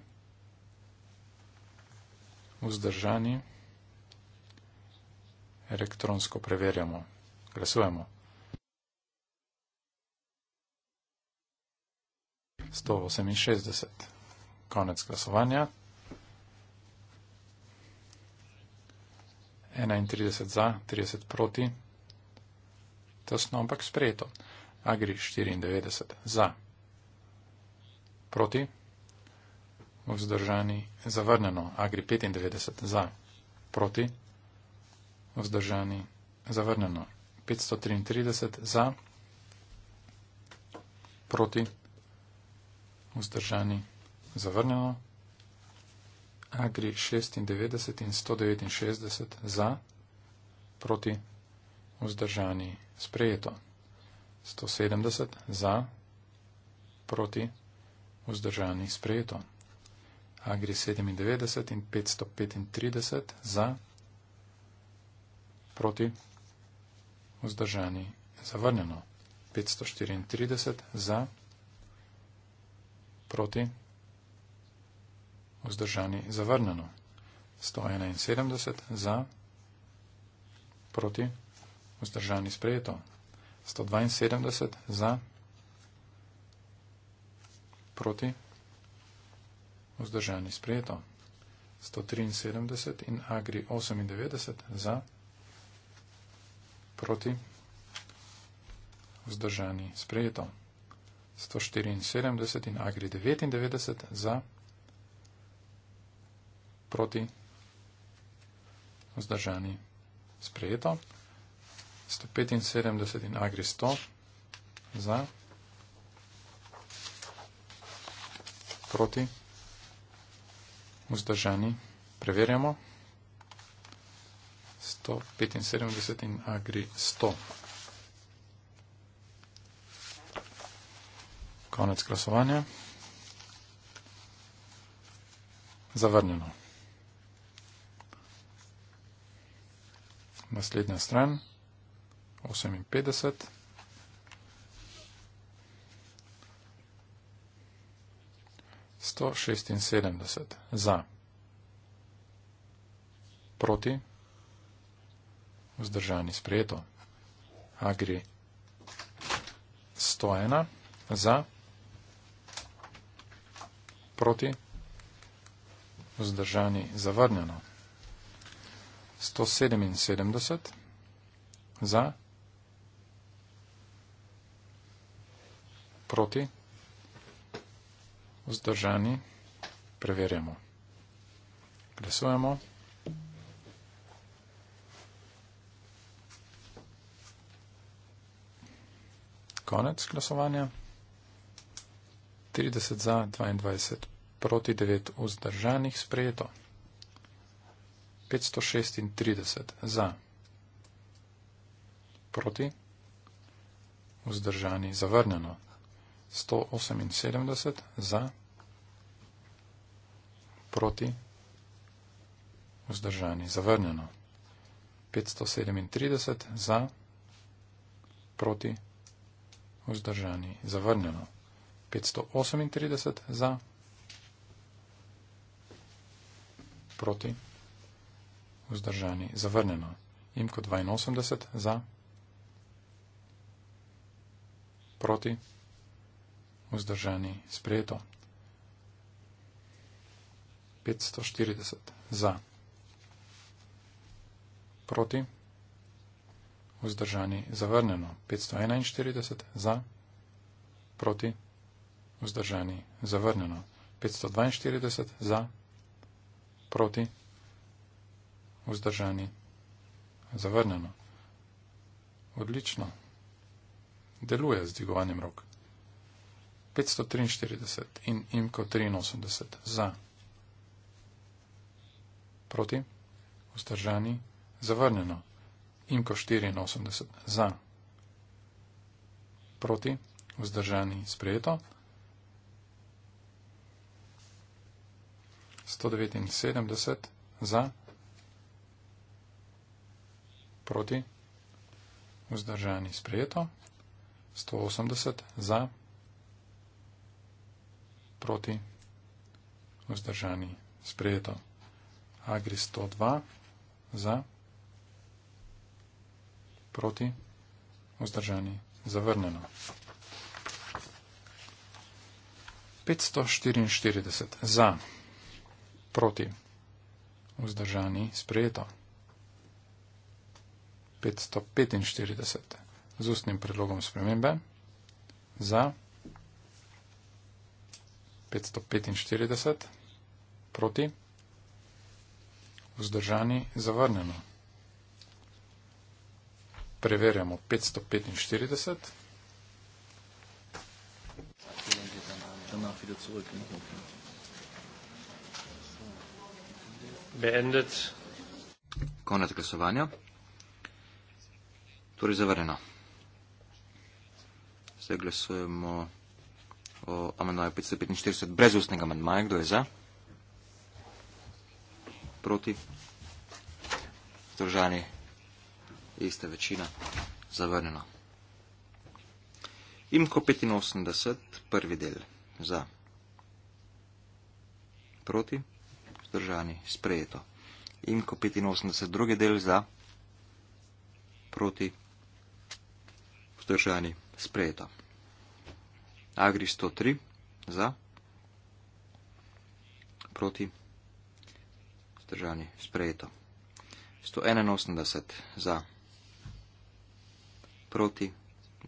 vzdržani, elektronsko preverjamo, glasujemo. 168. Konec glasovanja. 31 za, 30 proti tesno, ampak sprejeto. Agri 94 za. Proti. Vzdržani zavrnjeno. Agri 95 za. Proti. Vzdržani zavrnjeno. 533 za. Proti. Vzdržani zavrnjeno. Agri 96 in 169 za. Proti. Vzdržani zavrnjeno sprejeto. 170 za, proti, vzdržani sprejeto. Agri 97 in 535 za, proti, vzdržani zavrnjeno. 534 za, proti, vzdržani zavrnjeno. 171 za, proti, vzdržani zavrnjeno vzdržani sprejeto. 172 za, proti, vzdržani sprejeto. 173 in agri 98 za, proti, vzdržani sprejeto. 174 in agri 99 za, proti, vzdržani sprejeto. 175 in agri 100 za, proti, vzdržani, preverjamo, 175 in agri 100. Konec glasovanja. Zavrnjeno. Naslednja stran. 58. Sto šestinsedemdeset za, proti, vzdržani sprejeto, agri sto ena za, proti, vzdržani zavrnjeno, sto sedeminsedemdeset za, proti, proti, vzdržani, preverjamo. Glasujemo. Konec glasovanja. 30 za, 22 proti, 9 vzdržanih, sprejeto. 536 za, proti, vzdržani, zavrnjeno, 178 za, proti, vzdržani, zavrnjeno. 537 za, proti, vzdržani, zavrnjeno. 538 za, proti, vzdržani, zavrnjeno. Imko 82 za, proti, vzdržani vzdržani, sprejeto. 540 za, proti, vzdržani, zavrnjeno. 541 za, proti, vzdržani, zavrnjeno. 542 za, proti, vzdržani, zavrnjeno. Odlično. Deluje z dvigovanjem rok. 543 in imko 83 za. Proti, vzdržani, zavrnjeno, imko 84 za. Proti, vzdržani, sprejeto. 179 za, proti, vzdržani sprejeto, 180 za, proti proti, vzdržani, sprejeto. Agri 102, za, proti, vzdržani, zavrnjeno. 544, za, proti, vzdržani, sprejeto. 545, z ustnim predlogom spremembe, za, proti, 545 proti, vzdržani zavrnjeno. Preverjamo 545. Beendet. Konec glasovanja. Torej zavrnjeno. Zdaj glasujemo o amandmaju 545 brez ustnega amandmaja. Kdo je za? Proti? Zdržani? Ista večina? Zavrnjeno. Imko 85, prvi del. Za. Proti? Zdržani? Sprejeto. Imko 85, drugi del. Za. Proti? Vzdržani, sprejeto. Agri 103 za, proti, zdržani, sprejeto. 181 za, proti,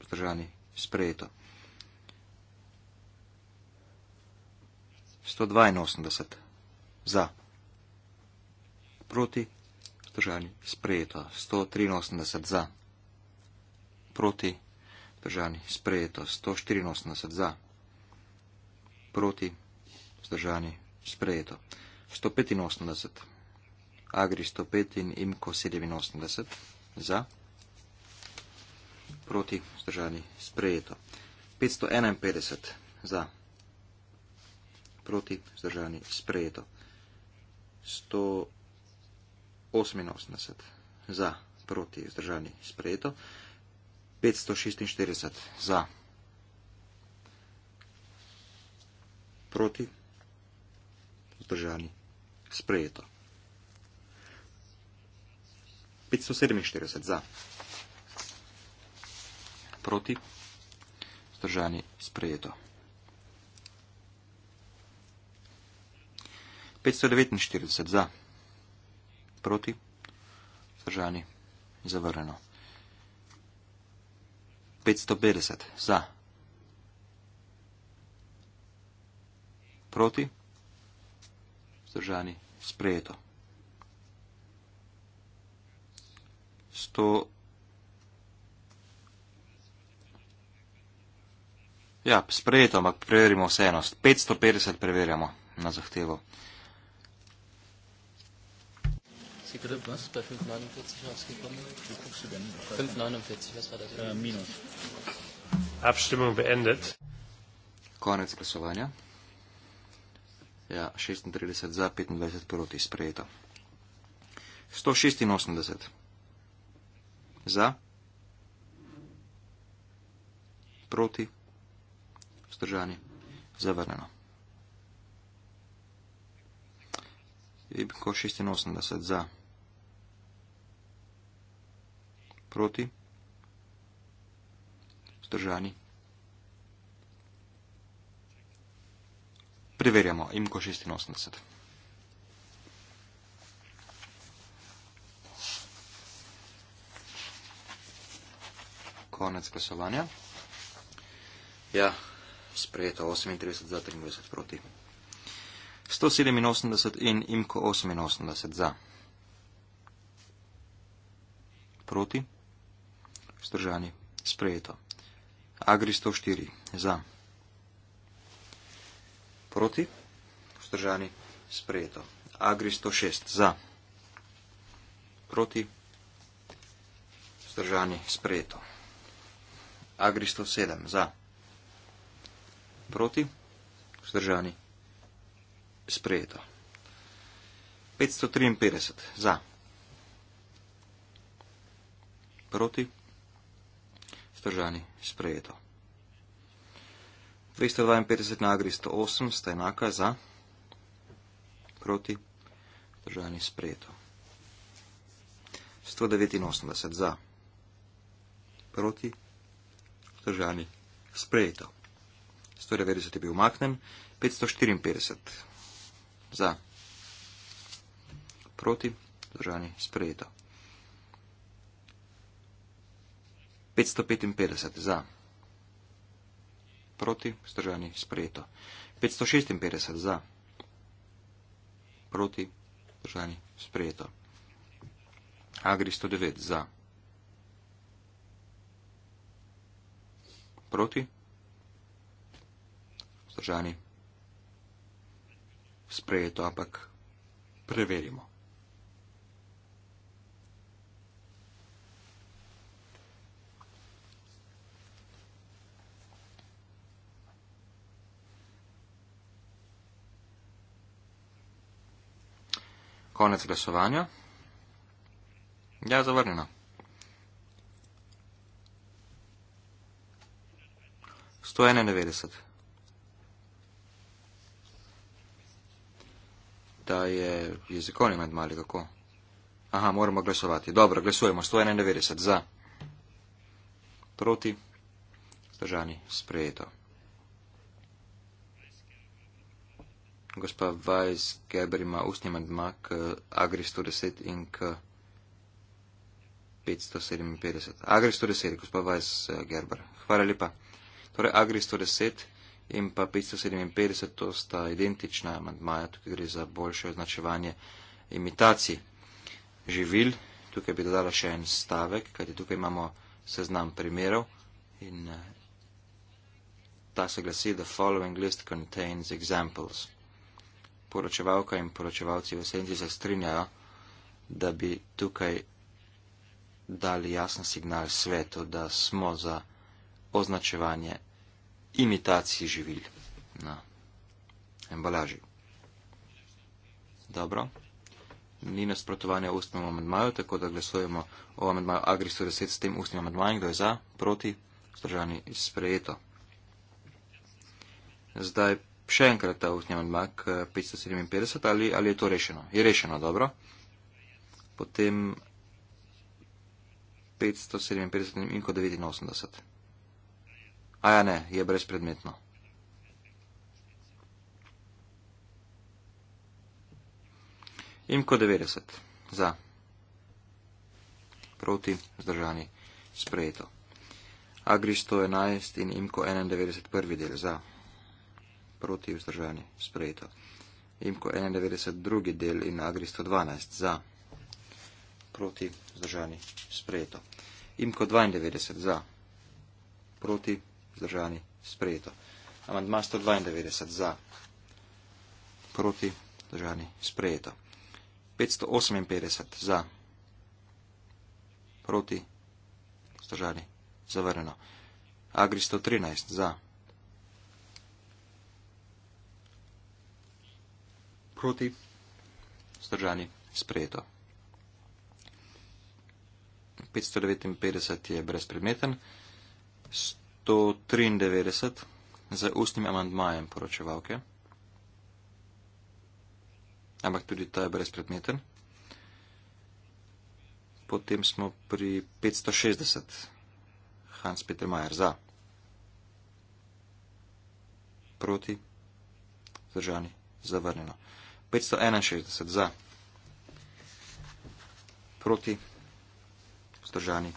zdržani, sprejeto. 182 za, proti, zdržani, sprejeto. 183 za, proti, zdržani, sprejeto. Zdržani, sprejeto 184 za, proti, zdržani, sprejeto 185, agri 105 in imko 87 za, proti, zdržani, sprejeto 551 za, proti, zdržani, sprejeto 188 za, proti, zdržani, sprejeto 546 za, proti, vzdržani, sprejeto. 547 za, proti, vzdržani, sprejeto. 549 za, proti, vzdržani, zavrljeno. 550 za. Proti? Zdržani. Sprejeto. 100. Ja, sprejeto, ampak preverimo vseeno. 550 preverjamo na zahtevo die Grippe. Was? Bei 5,49 rausgekommen? Wie guckst du denn? 5,49, was war das? Äh, minus. Abstimmung beendet. Konec glasovanja. Ja, 36 za, 25 proti sprejeto. 186 za, proti, vzdržani, zavrnjeno. Ko 86 za. proti, zdržani. Preverjamo imko 86. Konec glasovanja. Ja, sprejeto 38 za 23 proti. 187 in imko 88 za. Proti. Vzdržani. Sprejeto. Agri 104. Za. Proti. Vzdržani. Sprejeto. Agri 106. Za. Proti. Vzdržani. Sprejeto. Agri 107. Za. Proti. Vzdržani. Sprejeto. 553. Za. Proti vzdržani, sprejeto. 352 na agri 108 sta enaka za, proti, vzdržani, sprejeto. 189 za, proti, vzdržani, sprejeto. 190 je bil umaknen, 554 za, proti, vzdržani, sprejeto. 555 za, proti, vzdržani, sprejeto. 556 za, proti, vzdržani, sprejeto. Agri 109 za, proti, vzdržani, sprejeto, ampak preverimo. konec glasovanja. Ja, zavrnjeno. Sto enaindevetdeset. Da je jezikovni med mali, kako? Aha, moramo glasovati. Dobro, glasujemo. 191 za. Proti. Zdržani. Sprejeto. gospa Vajz Geber ima ustni amandma k Agri 110 in k 557. Agri 110, gospa Vajz eh, Geber. Hvala lepa. Torej, Agri 110 in pa 557, to sta identična amandmaja, tukaj gre za boljše označevanje imitacij živil. Tukaj bi dodala še en stavek, kajti tukaj imamo seznam primerov in eh, ta se glasi The following list contains examples poročevalka in poročevalci v senci se strinjajo, da bi tukaj dali jasen signal svetu, da smo za označevanje imitacij živil na embalaži. Dobro. Ni nasprotovanja ustnemu amadmaju, tako da glasujemo o amadmaju Agristo 10 s tem ustnim amadmajem, kdo je za, proti, vzdržani sprejeto. Zdaj še enkrat ta ustni amandma k 557 ali, ali je to rešeno? Je rešeno, dobro. Potem 557 in kot 89. A ja ne, je brezpredmetno. Imko 90 za. Proti, zdržani, sprejeto. Agri 111 in Imko 91 prvi del za proti vzdržani, sprejeto. Imko 91, drugi del in Agri 112, za, proti vzdržani, sprejeto. Imko 92, za, proti vzdržani, sprejeto. Amandma 192, za, proti vzdržani, sprejeto. 558, za, proti vzdržani, zavrneno. Agri 113, za, proti vzdržani, sprejeto. proti? Zdržani, sprejeto. 559 je brezpredmeten, 193 za ustnim amandmajem poročevalke, ampak tudi ta je brezpredmeten. Potem smo pri 560, Hans Peter Majer za, proti, zdržani, zavrnjeno. 561 za, proti, vzdržani,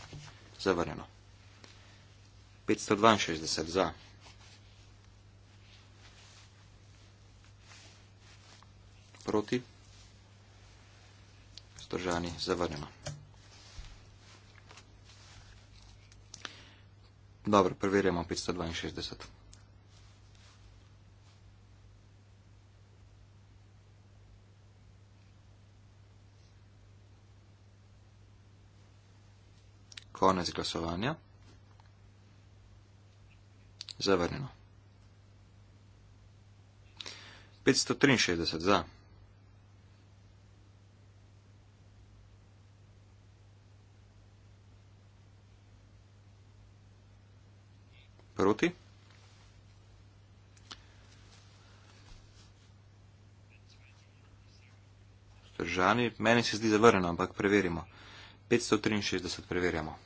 zavrnjeno. 562 za, proti, vzdržani, zavrnjeno. Dobro, preverjamo 562. Konec glasovanja. Zavrnjeno. 563 za. Proti. Zdržani. Meni se zdi zavrnjeno, ampak preverimo. 563 preverjamo.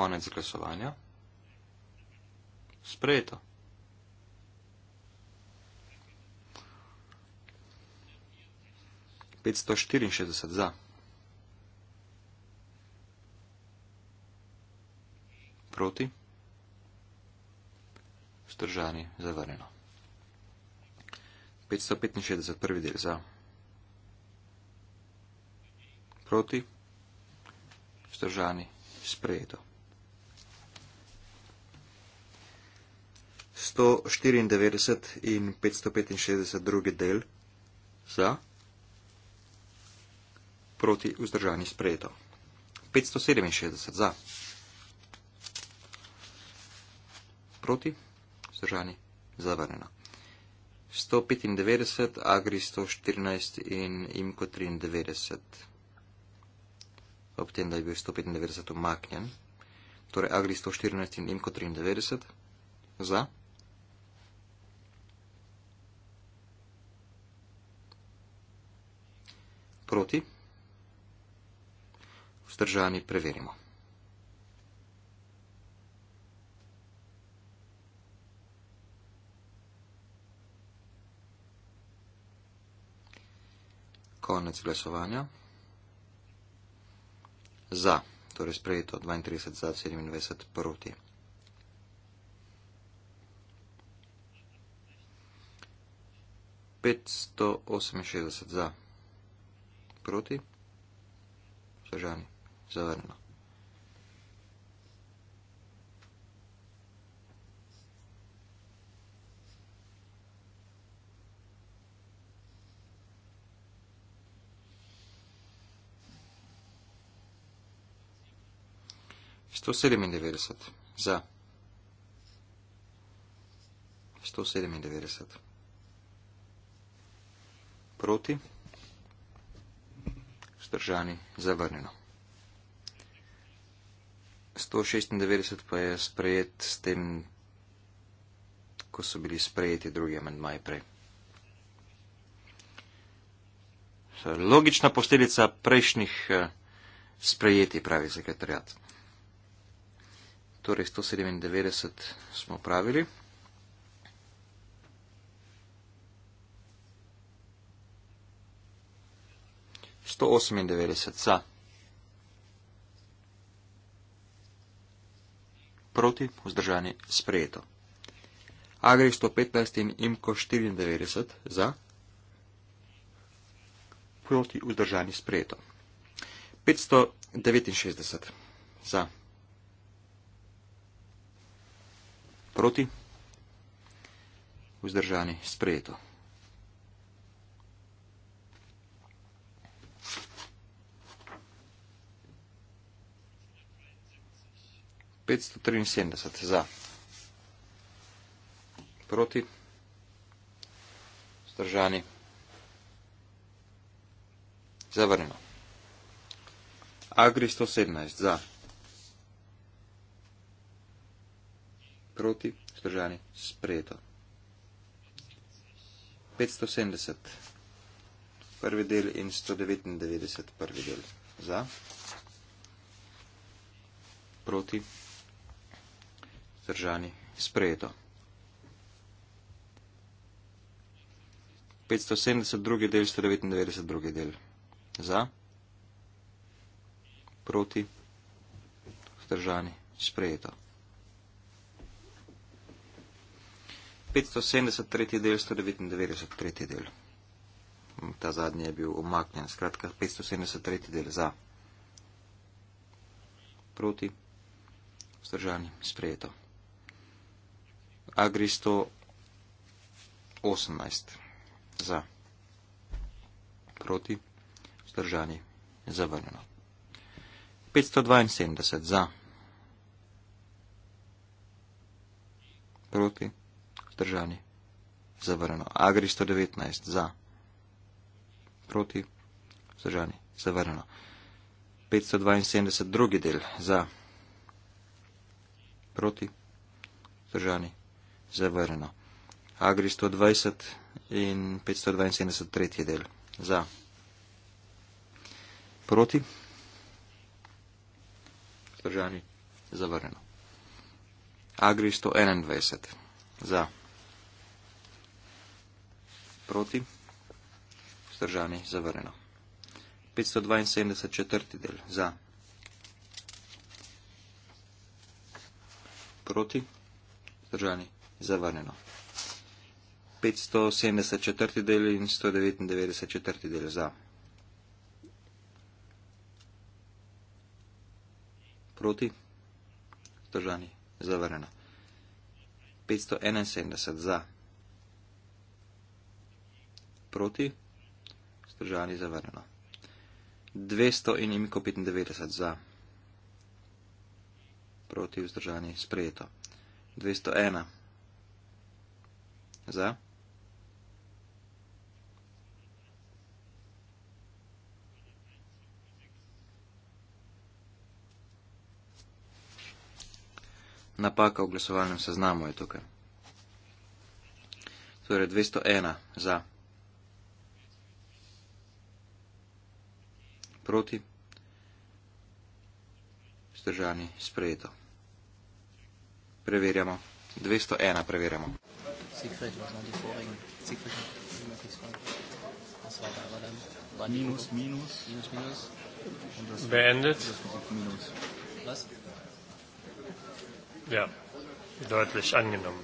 konec glasovanja. Sprejeto. Petsto štiriinšestdeset za. Proti. Vzdržani, zavrnjeno. Petsto petinšestdeset prvi del za. Proti. Vzdržani, sprejeto. 194 in 565 drugi del za proti vzdržani sprejeto. 567 za proti vzdržani zavarjena. 195, agri 114 in imko 93. Ob tem, da je bil 195 omaknjen. Torej agri 114 in imko 93 za. proti. Vzdržani preverimo. Konec glasovanja. Za, torej sprejeto 32 za 27 proti. Petsto osemšestdeset za. Proti? Zdržani. Zavrnjeno. Sto sedemindevetdeset. Za. Sto sedemindevetdeset. Proti? Proti? vzdržani zavrnjeno. 196 pa je sprejet s tem, ko so bili sprejeti drugi amendmaji prej. Logična posledica prejšnjih eh, sprejeti, pravi sekretarjat. Torej 197 smo pravili. 198 za. Proti, vzdržani, sprejeto. Agri 115 in Imko 94 za. Proti, vzdržani, sprejeto. 569 za. Proti, vzdržani, sprejeto. 573 za, proti, vzdržani, zavrnjeno. Agri 117 za, proti, vzdržani, sprejeto. 570 prvi del in 199 prvi del za, proti, vzdržani vzdržani. Sprejeto. 572. del, 199. del. Za. Proti. Vzdržani. Sprejeto. 573. del, 199. del. Ta zadnji je bil omaknjen. Skratka, 573. del za. Proti. Vzdržani. Sprejeto. Agri 118. Za. Proti. Zdržani. Zavrnjeno. 572. Za. Proti. Zdržani. Zavrnjeno. Agri 119. Za. Proti. Zdržani. Zavrnjeno. 572. Drugi del. Za. Proti. Zdržani. Zavrnjeno zavrnjeno. Agri 120 in 572 tretji del. Za. Proti. Zdržani. Zavrnjeno. Agri 121. Za. Proti. Zdržani. Zavrnjeno. 572 četrti del. Za. Proti. Zdržani. Zavrnjeno zavrnjeno. 574 del in 199 četrti del za. Proti. Zdržani. Zavrnjeno. 571 za. Proti. Zdržani. Zavrnjeno. 200 in imiko 95 za. Proti. Zdržani. Sprejeto. 201 za. Napaka v glasovalnem seznamu je tukaj. Torej 201 za. Proti. Zdržani sprejeto. Preverjamo. 201 preverjamo. Siegfried wahrscheinlich vorigen. Siegfried. Das war da, aber dann war minus, minus, minus, minus. Und das Beendet. Minus. Was? Ja, deutlich angenommen.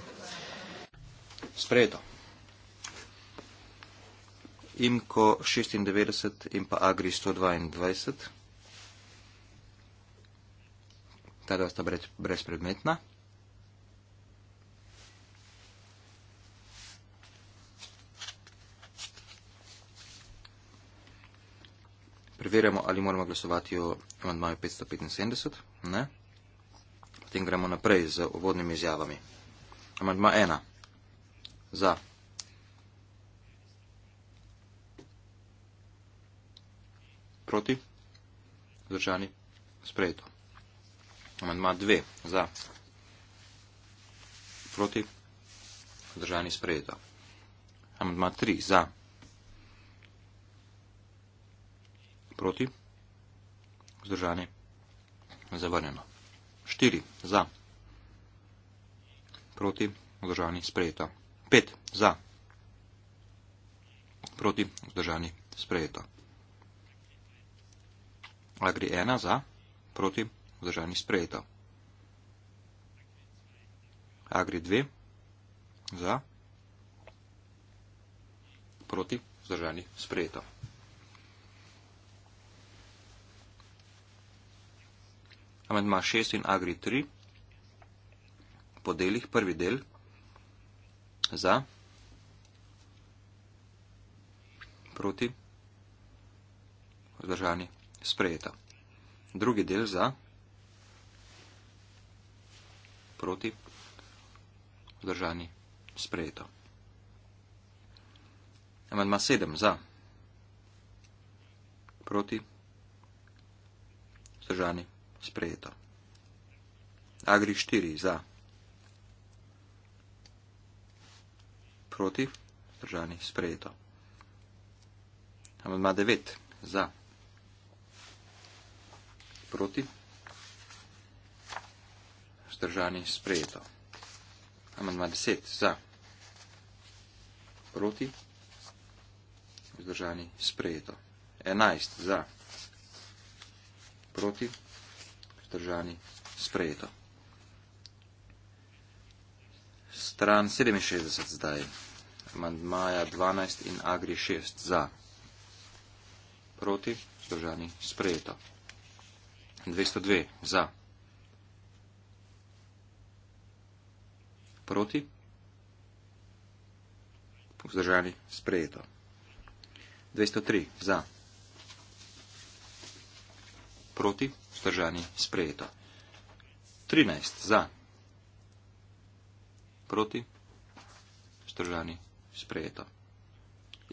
Sprejeto. Imko 96 in pa Agri 122. Ta dva sta brezpredmetna. Brez preverjamo, ali moramo glasovati o amandmaju 575. Ne. Potem gremo naprej z uvodnimi izjavami. Amandma 1. Za. Proti. Zdržani. Sprejeto. Amandma 2. Za. Proti. Zdržani. Sprejeto. Amandma 3. Za. Proti. Zdržani. Zavrnjeno. 4. Za. Proti. Vzdržani. Sprejeto. 5. Za. Proti. Vzdržani. Sprejeto. Agri 1. Za. Proti. Vzdržani. Sprejeto. Agri 2. Za. Proti. Vzdržani. Sprejeto. amantma 6 in agri 3, po delih, prvi del, za, proti, vzdržani, sprejeta. Drugi del za, proti, vzdržani, sprejeta. Amantma 7, za, proti, vzdržani, sprejeta sprejeto. Agri 4 za. Proti. Zdržani sprejeto. Amandma 9 za. Proti. Zdržani sprejeto. Amandma 10 za. Proti. Zdržani sprejeto. 11 za. Proti vzdržani, sprejeto. Stran 67 zdaj, mandmaja 12 in agri 6 za, proti, vzdržani, sprejeto. 202 za, proti, vzdržani, sprejeto. 203 za, proti, vzdržani sprejeto. 13 za, proti, vzdržani sprejeto.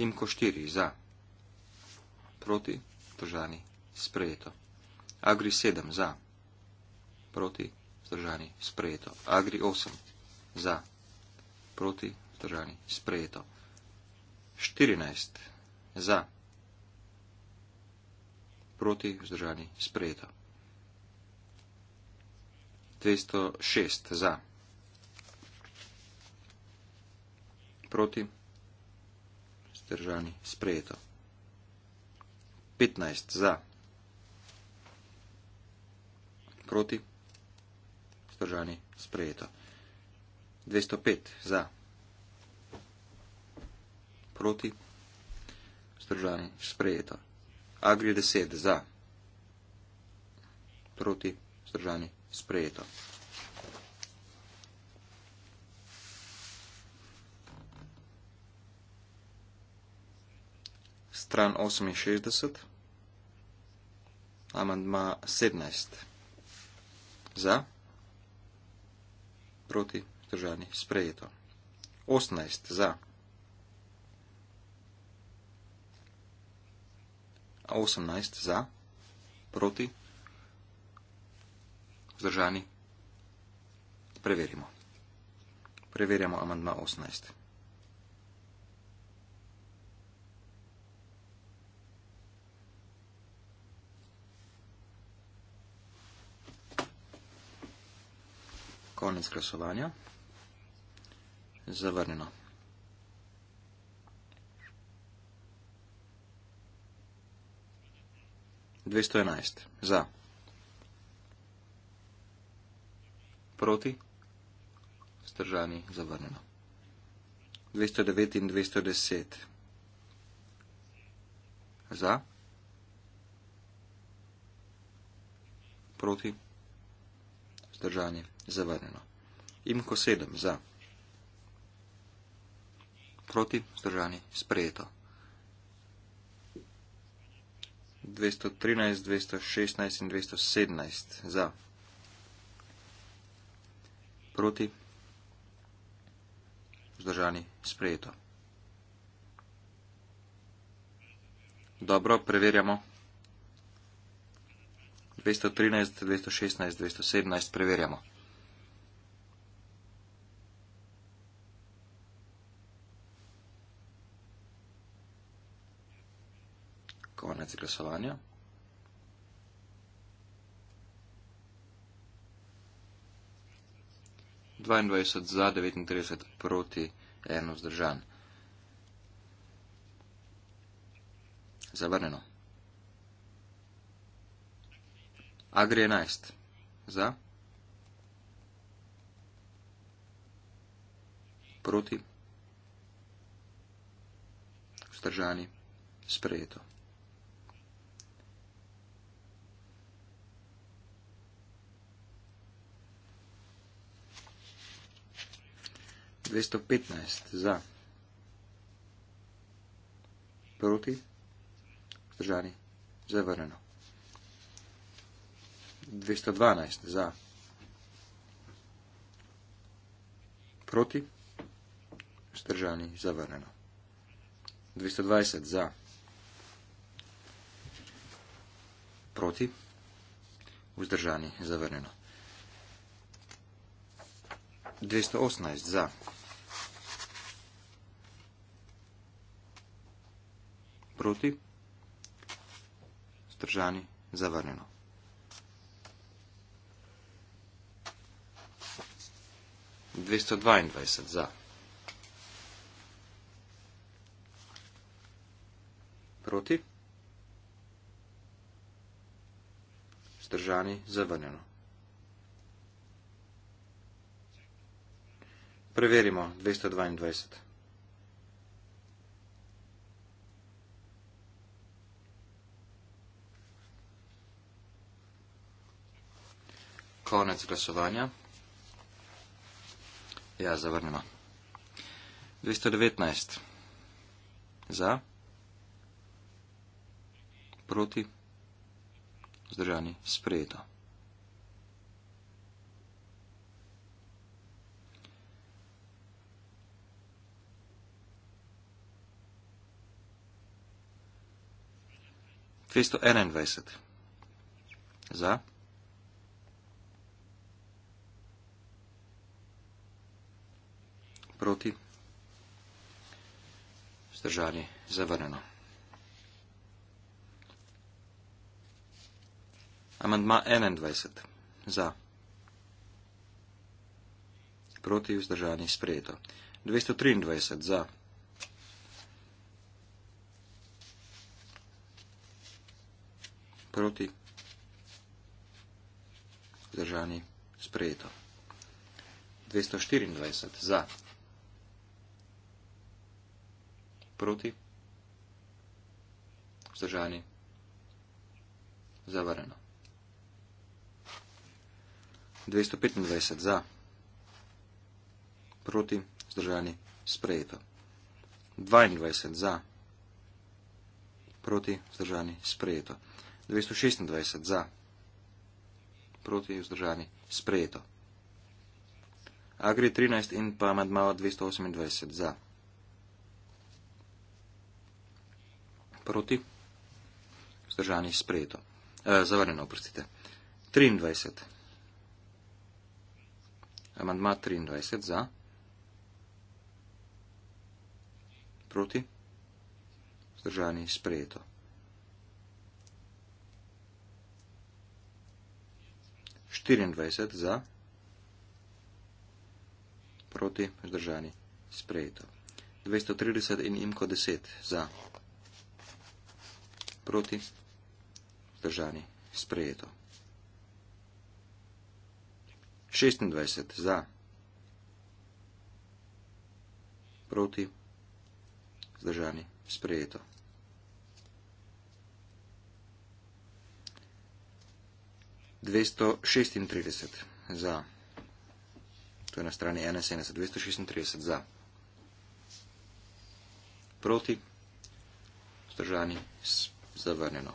In ko 4 za, proti, vzdržani sprejeto. Agri 7 za, proti, vzdržani sprejeto. Agri 8 za, proti, vzdržani sprejeto. 14 za, proti, vzdržani sprejeto. 206 za. Proti. Zdržani. Sprejeto. 15 za. Proti. Zdržani. Sprejeto. 205 za. Proti. Zdržani. Sprejeto. Agri 10 za. Proti. Zdržani sprejeto. Stran 68, amandma 17. Za, proti, držani, sprejeto. 18 za. 18 za, proti, Zdržani? Preverimo. Preverjamo amandma 18. Konec glasovanja. Zavrnjeno. Dvesto enajst. Za. Proti? Stržani, zavrnjeno. 209 in 210. Za? Proti? Stržani, zavrnjeno. Imko 7, za. Proti? Stržani, sprejeto. 213, 216 in 217 za proti, vzdržani, sprejeto. Dobro, preverjamo. 213, 216, 217, preverjamo. Konec glasovanja. 22 za, 39 proti, 1 vzdržan. Zavrneno. Agri 11 za, proti, vzdržani, sprejeto. 215 za, proti, vzdržani, zavrneno. 212 za, proti, vzdržani, zavrneno. 220 za, proti, vzdržani, zavrneno. 218 za, proti, Proti? Zdržani? Zavrnjeno. Dvesto dvajindvajset za. Proti? Zdržani? Zavrnjeno. Preverimo. Dvesto dvajindvajset. konec glasovanja. Ja, zavrnimo. 219. Za. Proti. Zdržani. Sprejeto. Festo 21. Za. proti? Zdržali zavrnjeno. Amandma 21. Za. Proti vzdržani sprejeto. 223. Za. Proti vzdržani sprejeto. 224. Za. Proti? Vzdržani? Zavarjeno. 225 za. Proti? Vzdržani? Sprejeto. 22 za. Proti? Vzdržani? Sprejeto. 226 za. Proti? Vzdržani? Sprejeto. Agri 13 in pa madmava 228 za. proti, vzdržani sprejeto, eh, zavrnjeno, oprostite. 23. Amandma 23 za. Proti, vzdržani sprejeto. 24 za. Proti, vzdržani sprejeto. 230 in imko 10 za proti, vzdržani, sprejeto. 26 za, proti, vzdržani, sprejeto. 236 za, to je na strani 71, 236 za, proti, vzdržani, sprejeto zavrnjeno.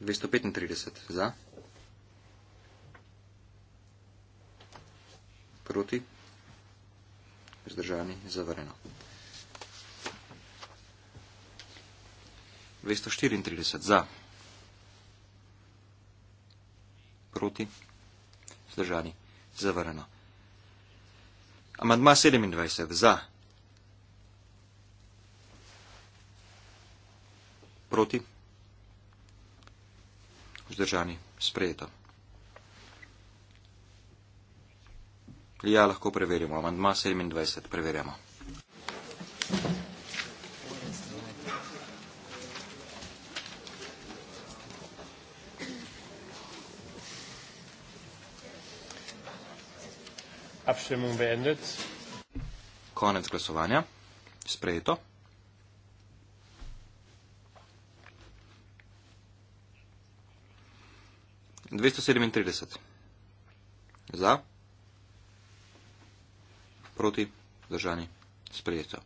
235 za. Proti. Zdržani, zavrnjeno. 234 za. Proti. Zdržani, zavrnjeno. Amadma 27 za. Proti? Vzdržani. Sprejeta. Ja, lahko preverimo. Amandma 27. Preverjamo. Abstimmung beendet. Konec glasovanja. Sprejeto. 237. Za. Proti. Zdržani. Sprejeto.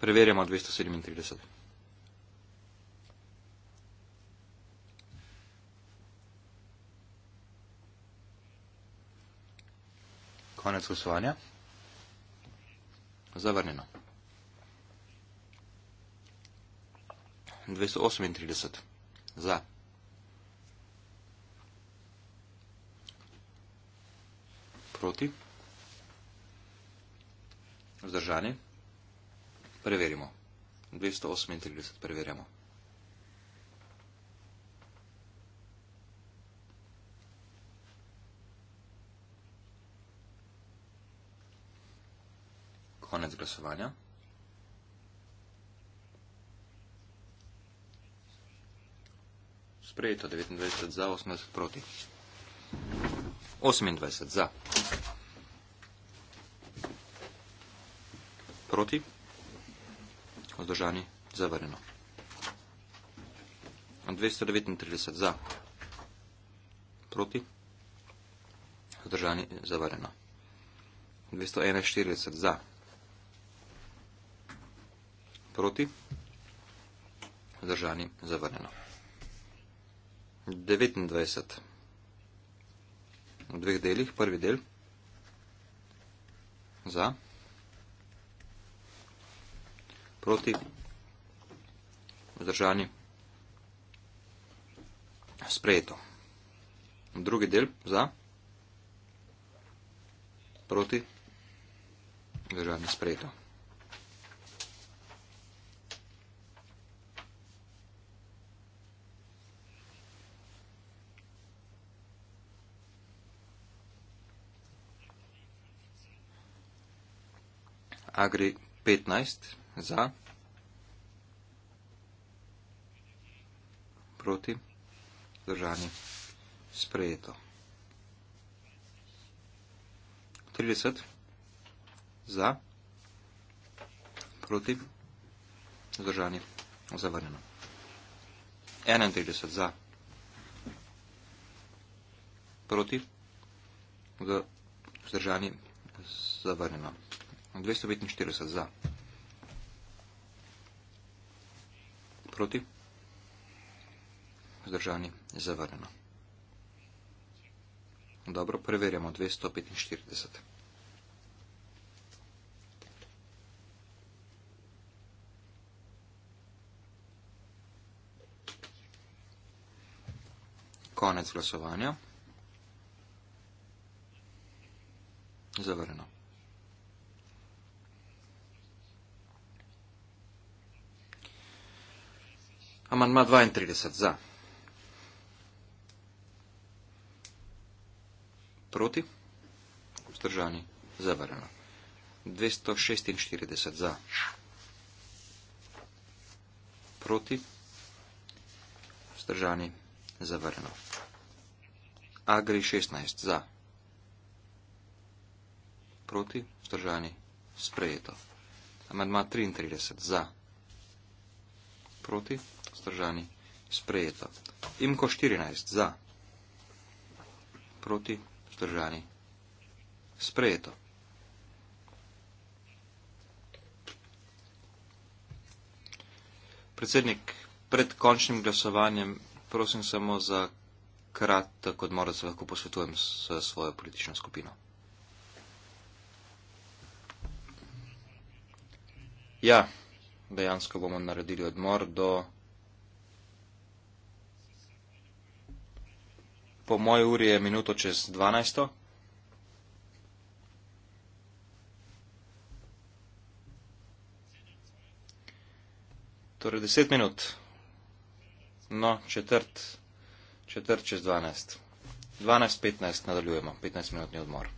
Preverjamo 237. Konec glasovanja. Zavrnjeno. 238. Za. Proti. Vzdržani. Preverimo. 238. Preverjamo. Konec glasovanja. sprejeto 29 za, 80 proti. 28 za. Proti. Vzdržani. Zavrjeno. 239 za. Proti. Vzdržani. Zavrjeno. 241 za. Proti. Vzdržani. Zavrjeno. 29. V dveh delih, prvi del. Za. Proti. Vzdržani. Sprejeto. Drugi del. Za. Proti. Vzdržani. Sprejeto. Agri 15 za. Proti. Držani. Sprejeto. 30 za. Proti. Zdržani. Zavrnjeno. 31 za. Proti. Zdržani. Zavrnjeno. 245 za. Proti? Zdržani, zavrneno. Dobro, preverjamo 245. Konec glasovanja. Zavrneno. Amandma 32 za. Proti? Vzdržani. Zavarjeno. 246 za. Proti? Vzdržani. Zavarjeno. Agri 16 za. Proti? Vzdržani. Sprejeto. Amandma 33 za. Proti? Proti? vzdržani. Sprejeto. Imko 14. Za. Proti. Vzdržani. Sprejeto. Predsednik, pred končnim glasovanjem prosim samo za kratek odmor, da se lahko posvetujem s svojo politično skupino. Ja, dejansko bomo naredili odmor do. Po moji uri je minuto čez dvanajsto. Torej deset minut. No, četrt, četrt čez dvanajst. Dvanajst petnajst nadaljujemo, petnajst minutni odmor.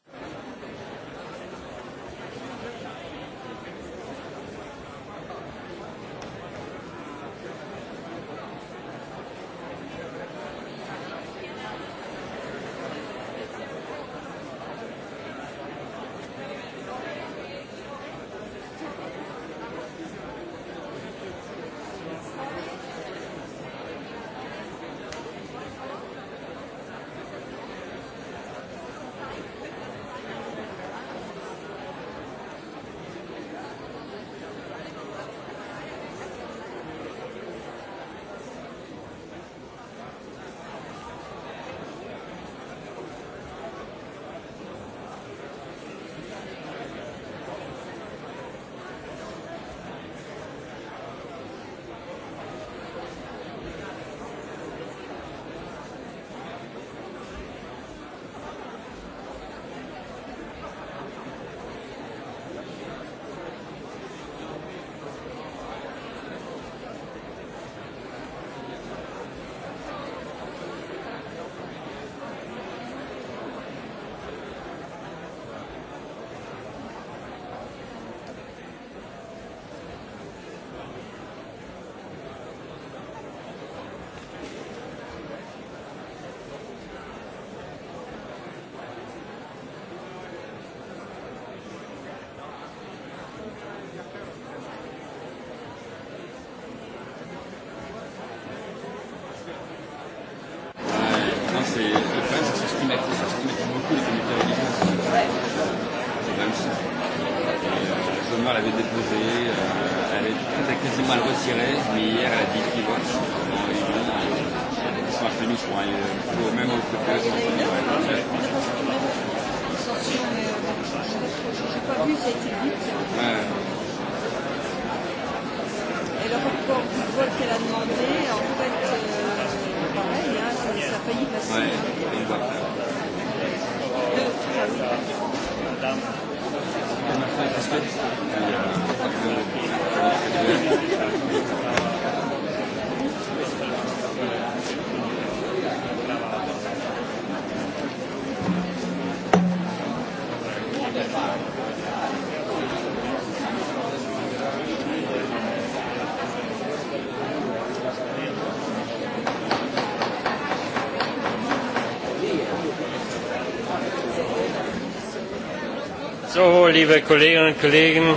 liebe Kolleginnen und Kollegen.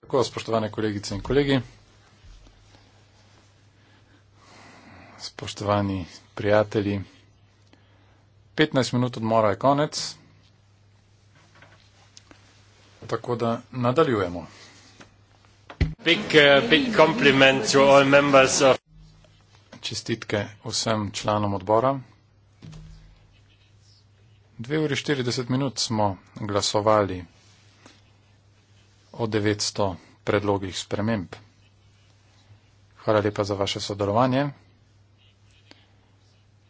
Tako, spoštovane kolegice in kolegi, spoštovani prijatelji, 15 minut odmora je konec, tako da nadaljujemo. Big, uh, big compliment to all members of... Čestitke vsem članom odbora. 2 uri 40 minut smo glasovali o 900 predlogih sprememb. Hvala lepa za vaše sodelovanje.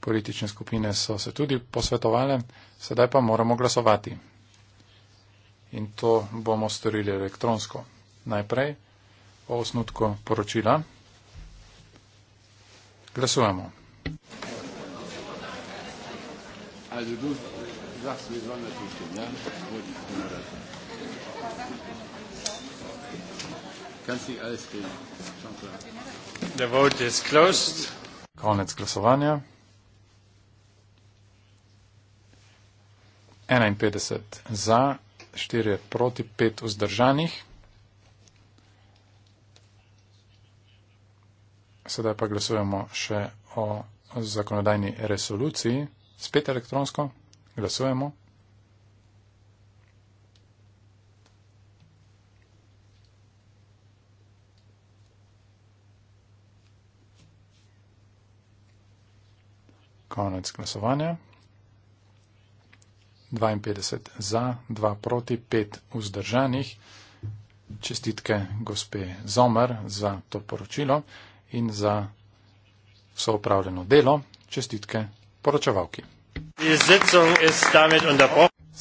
Politične skupine so se tudi posvetovale, sedaj pa moramo glasovati. In to bomo storili elektronsko. Najprej o osnutku poročila. Glasujemo. Ali je duh? Здравствуй, Иван Васильевич. Да? Сегодня с днем рождения. The vote is closed. Конец голосования. 51 za, 4 proti, 5 vzdržanih. Sedaj pa glasujemo še o zakonodajni resoluciji, spet elektronsko. Glasujemo. Konec glasovanja. 52 za, 2 proti, 5 vzdržanih. Čestitke gospe Zomer za to poročilo in za vso upravljeno delo. Čestitke poročevalki.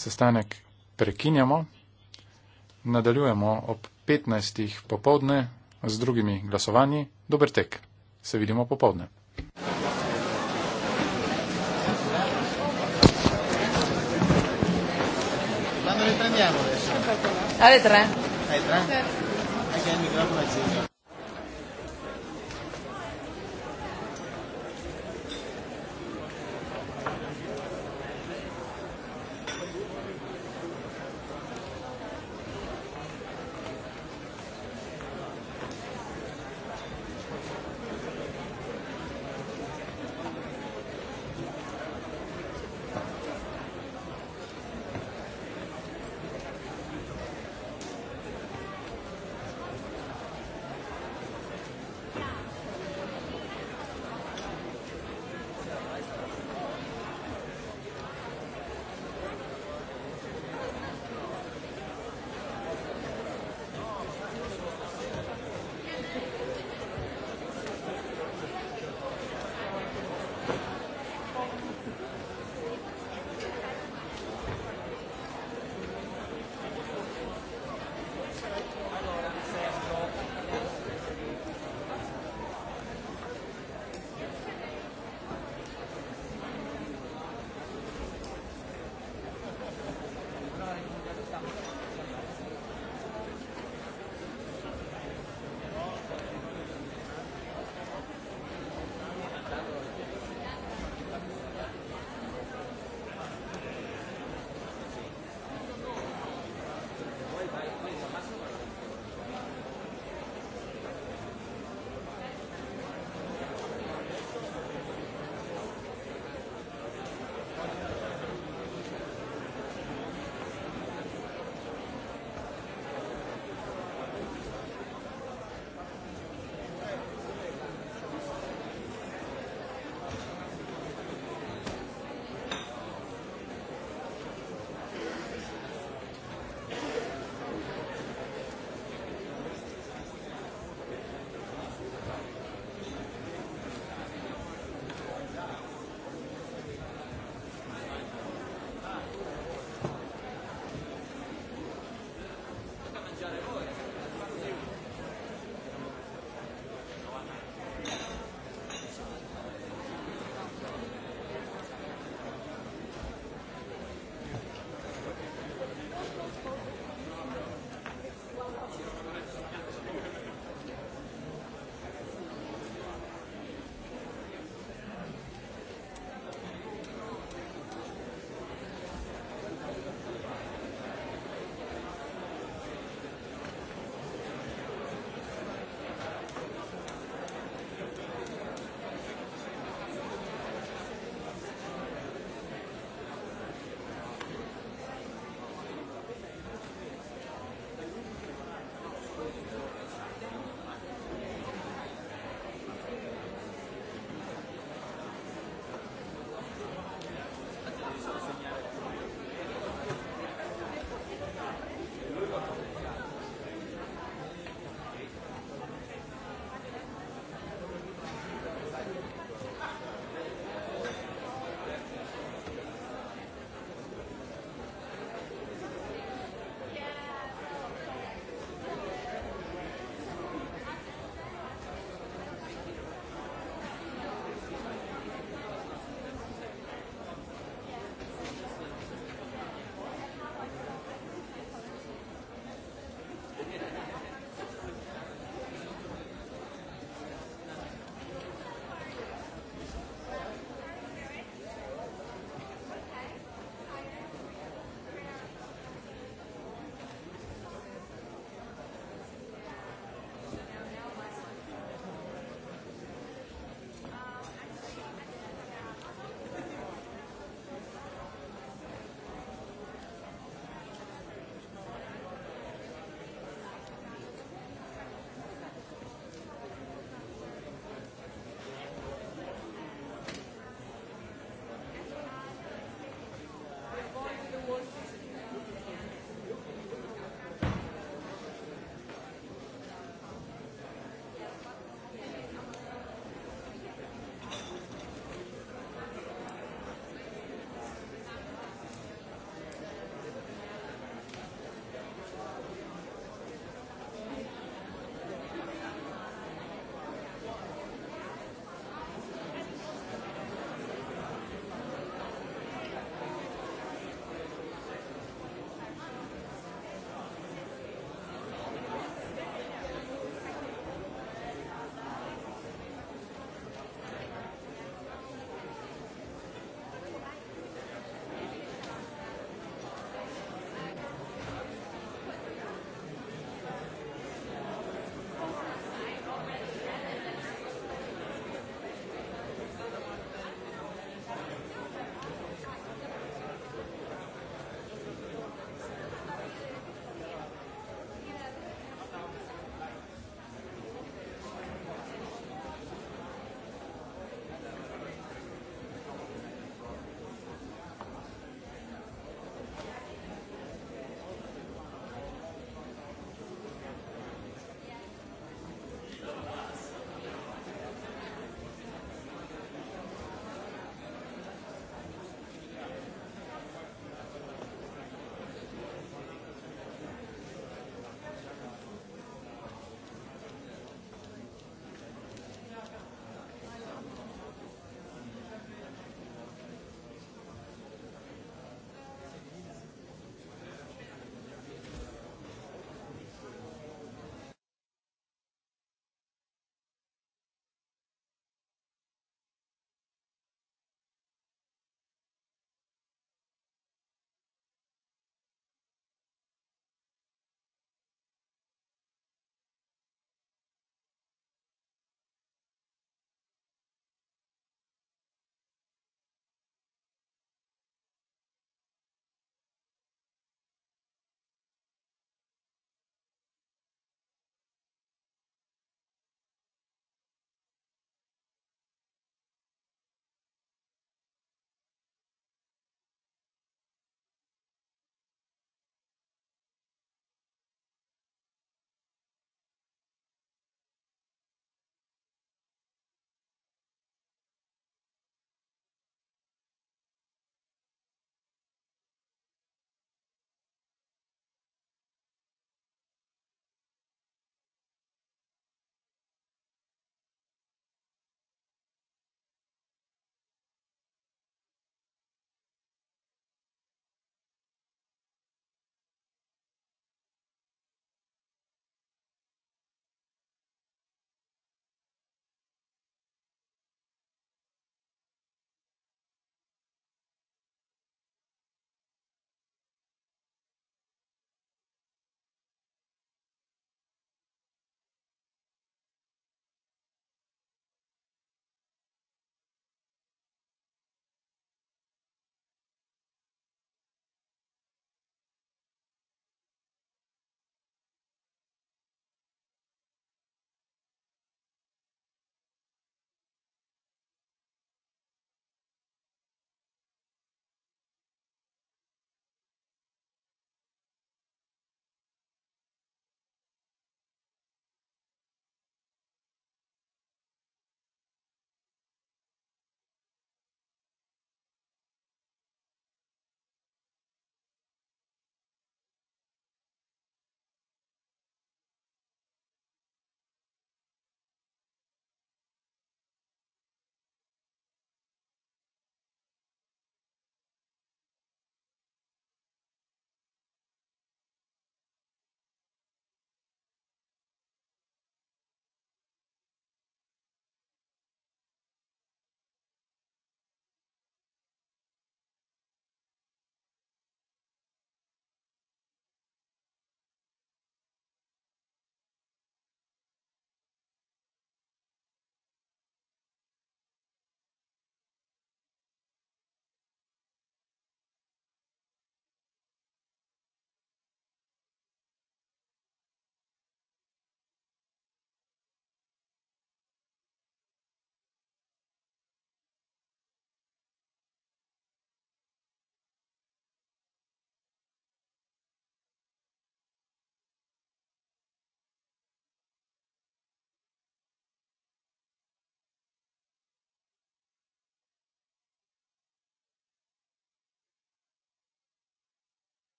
Sestanek prekinjamo, nadaljujemo ob 15. popovdne z drugimi glasovanji. Dober tek, se vidimo popovdne. Alle tre. Alle tre? Alle tre? Perché il microfono è e acceso.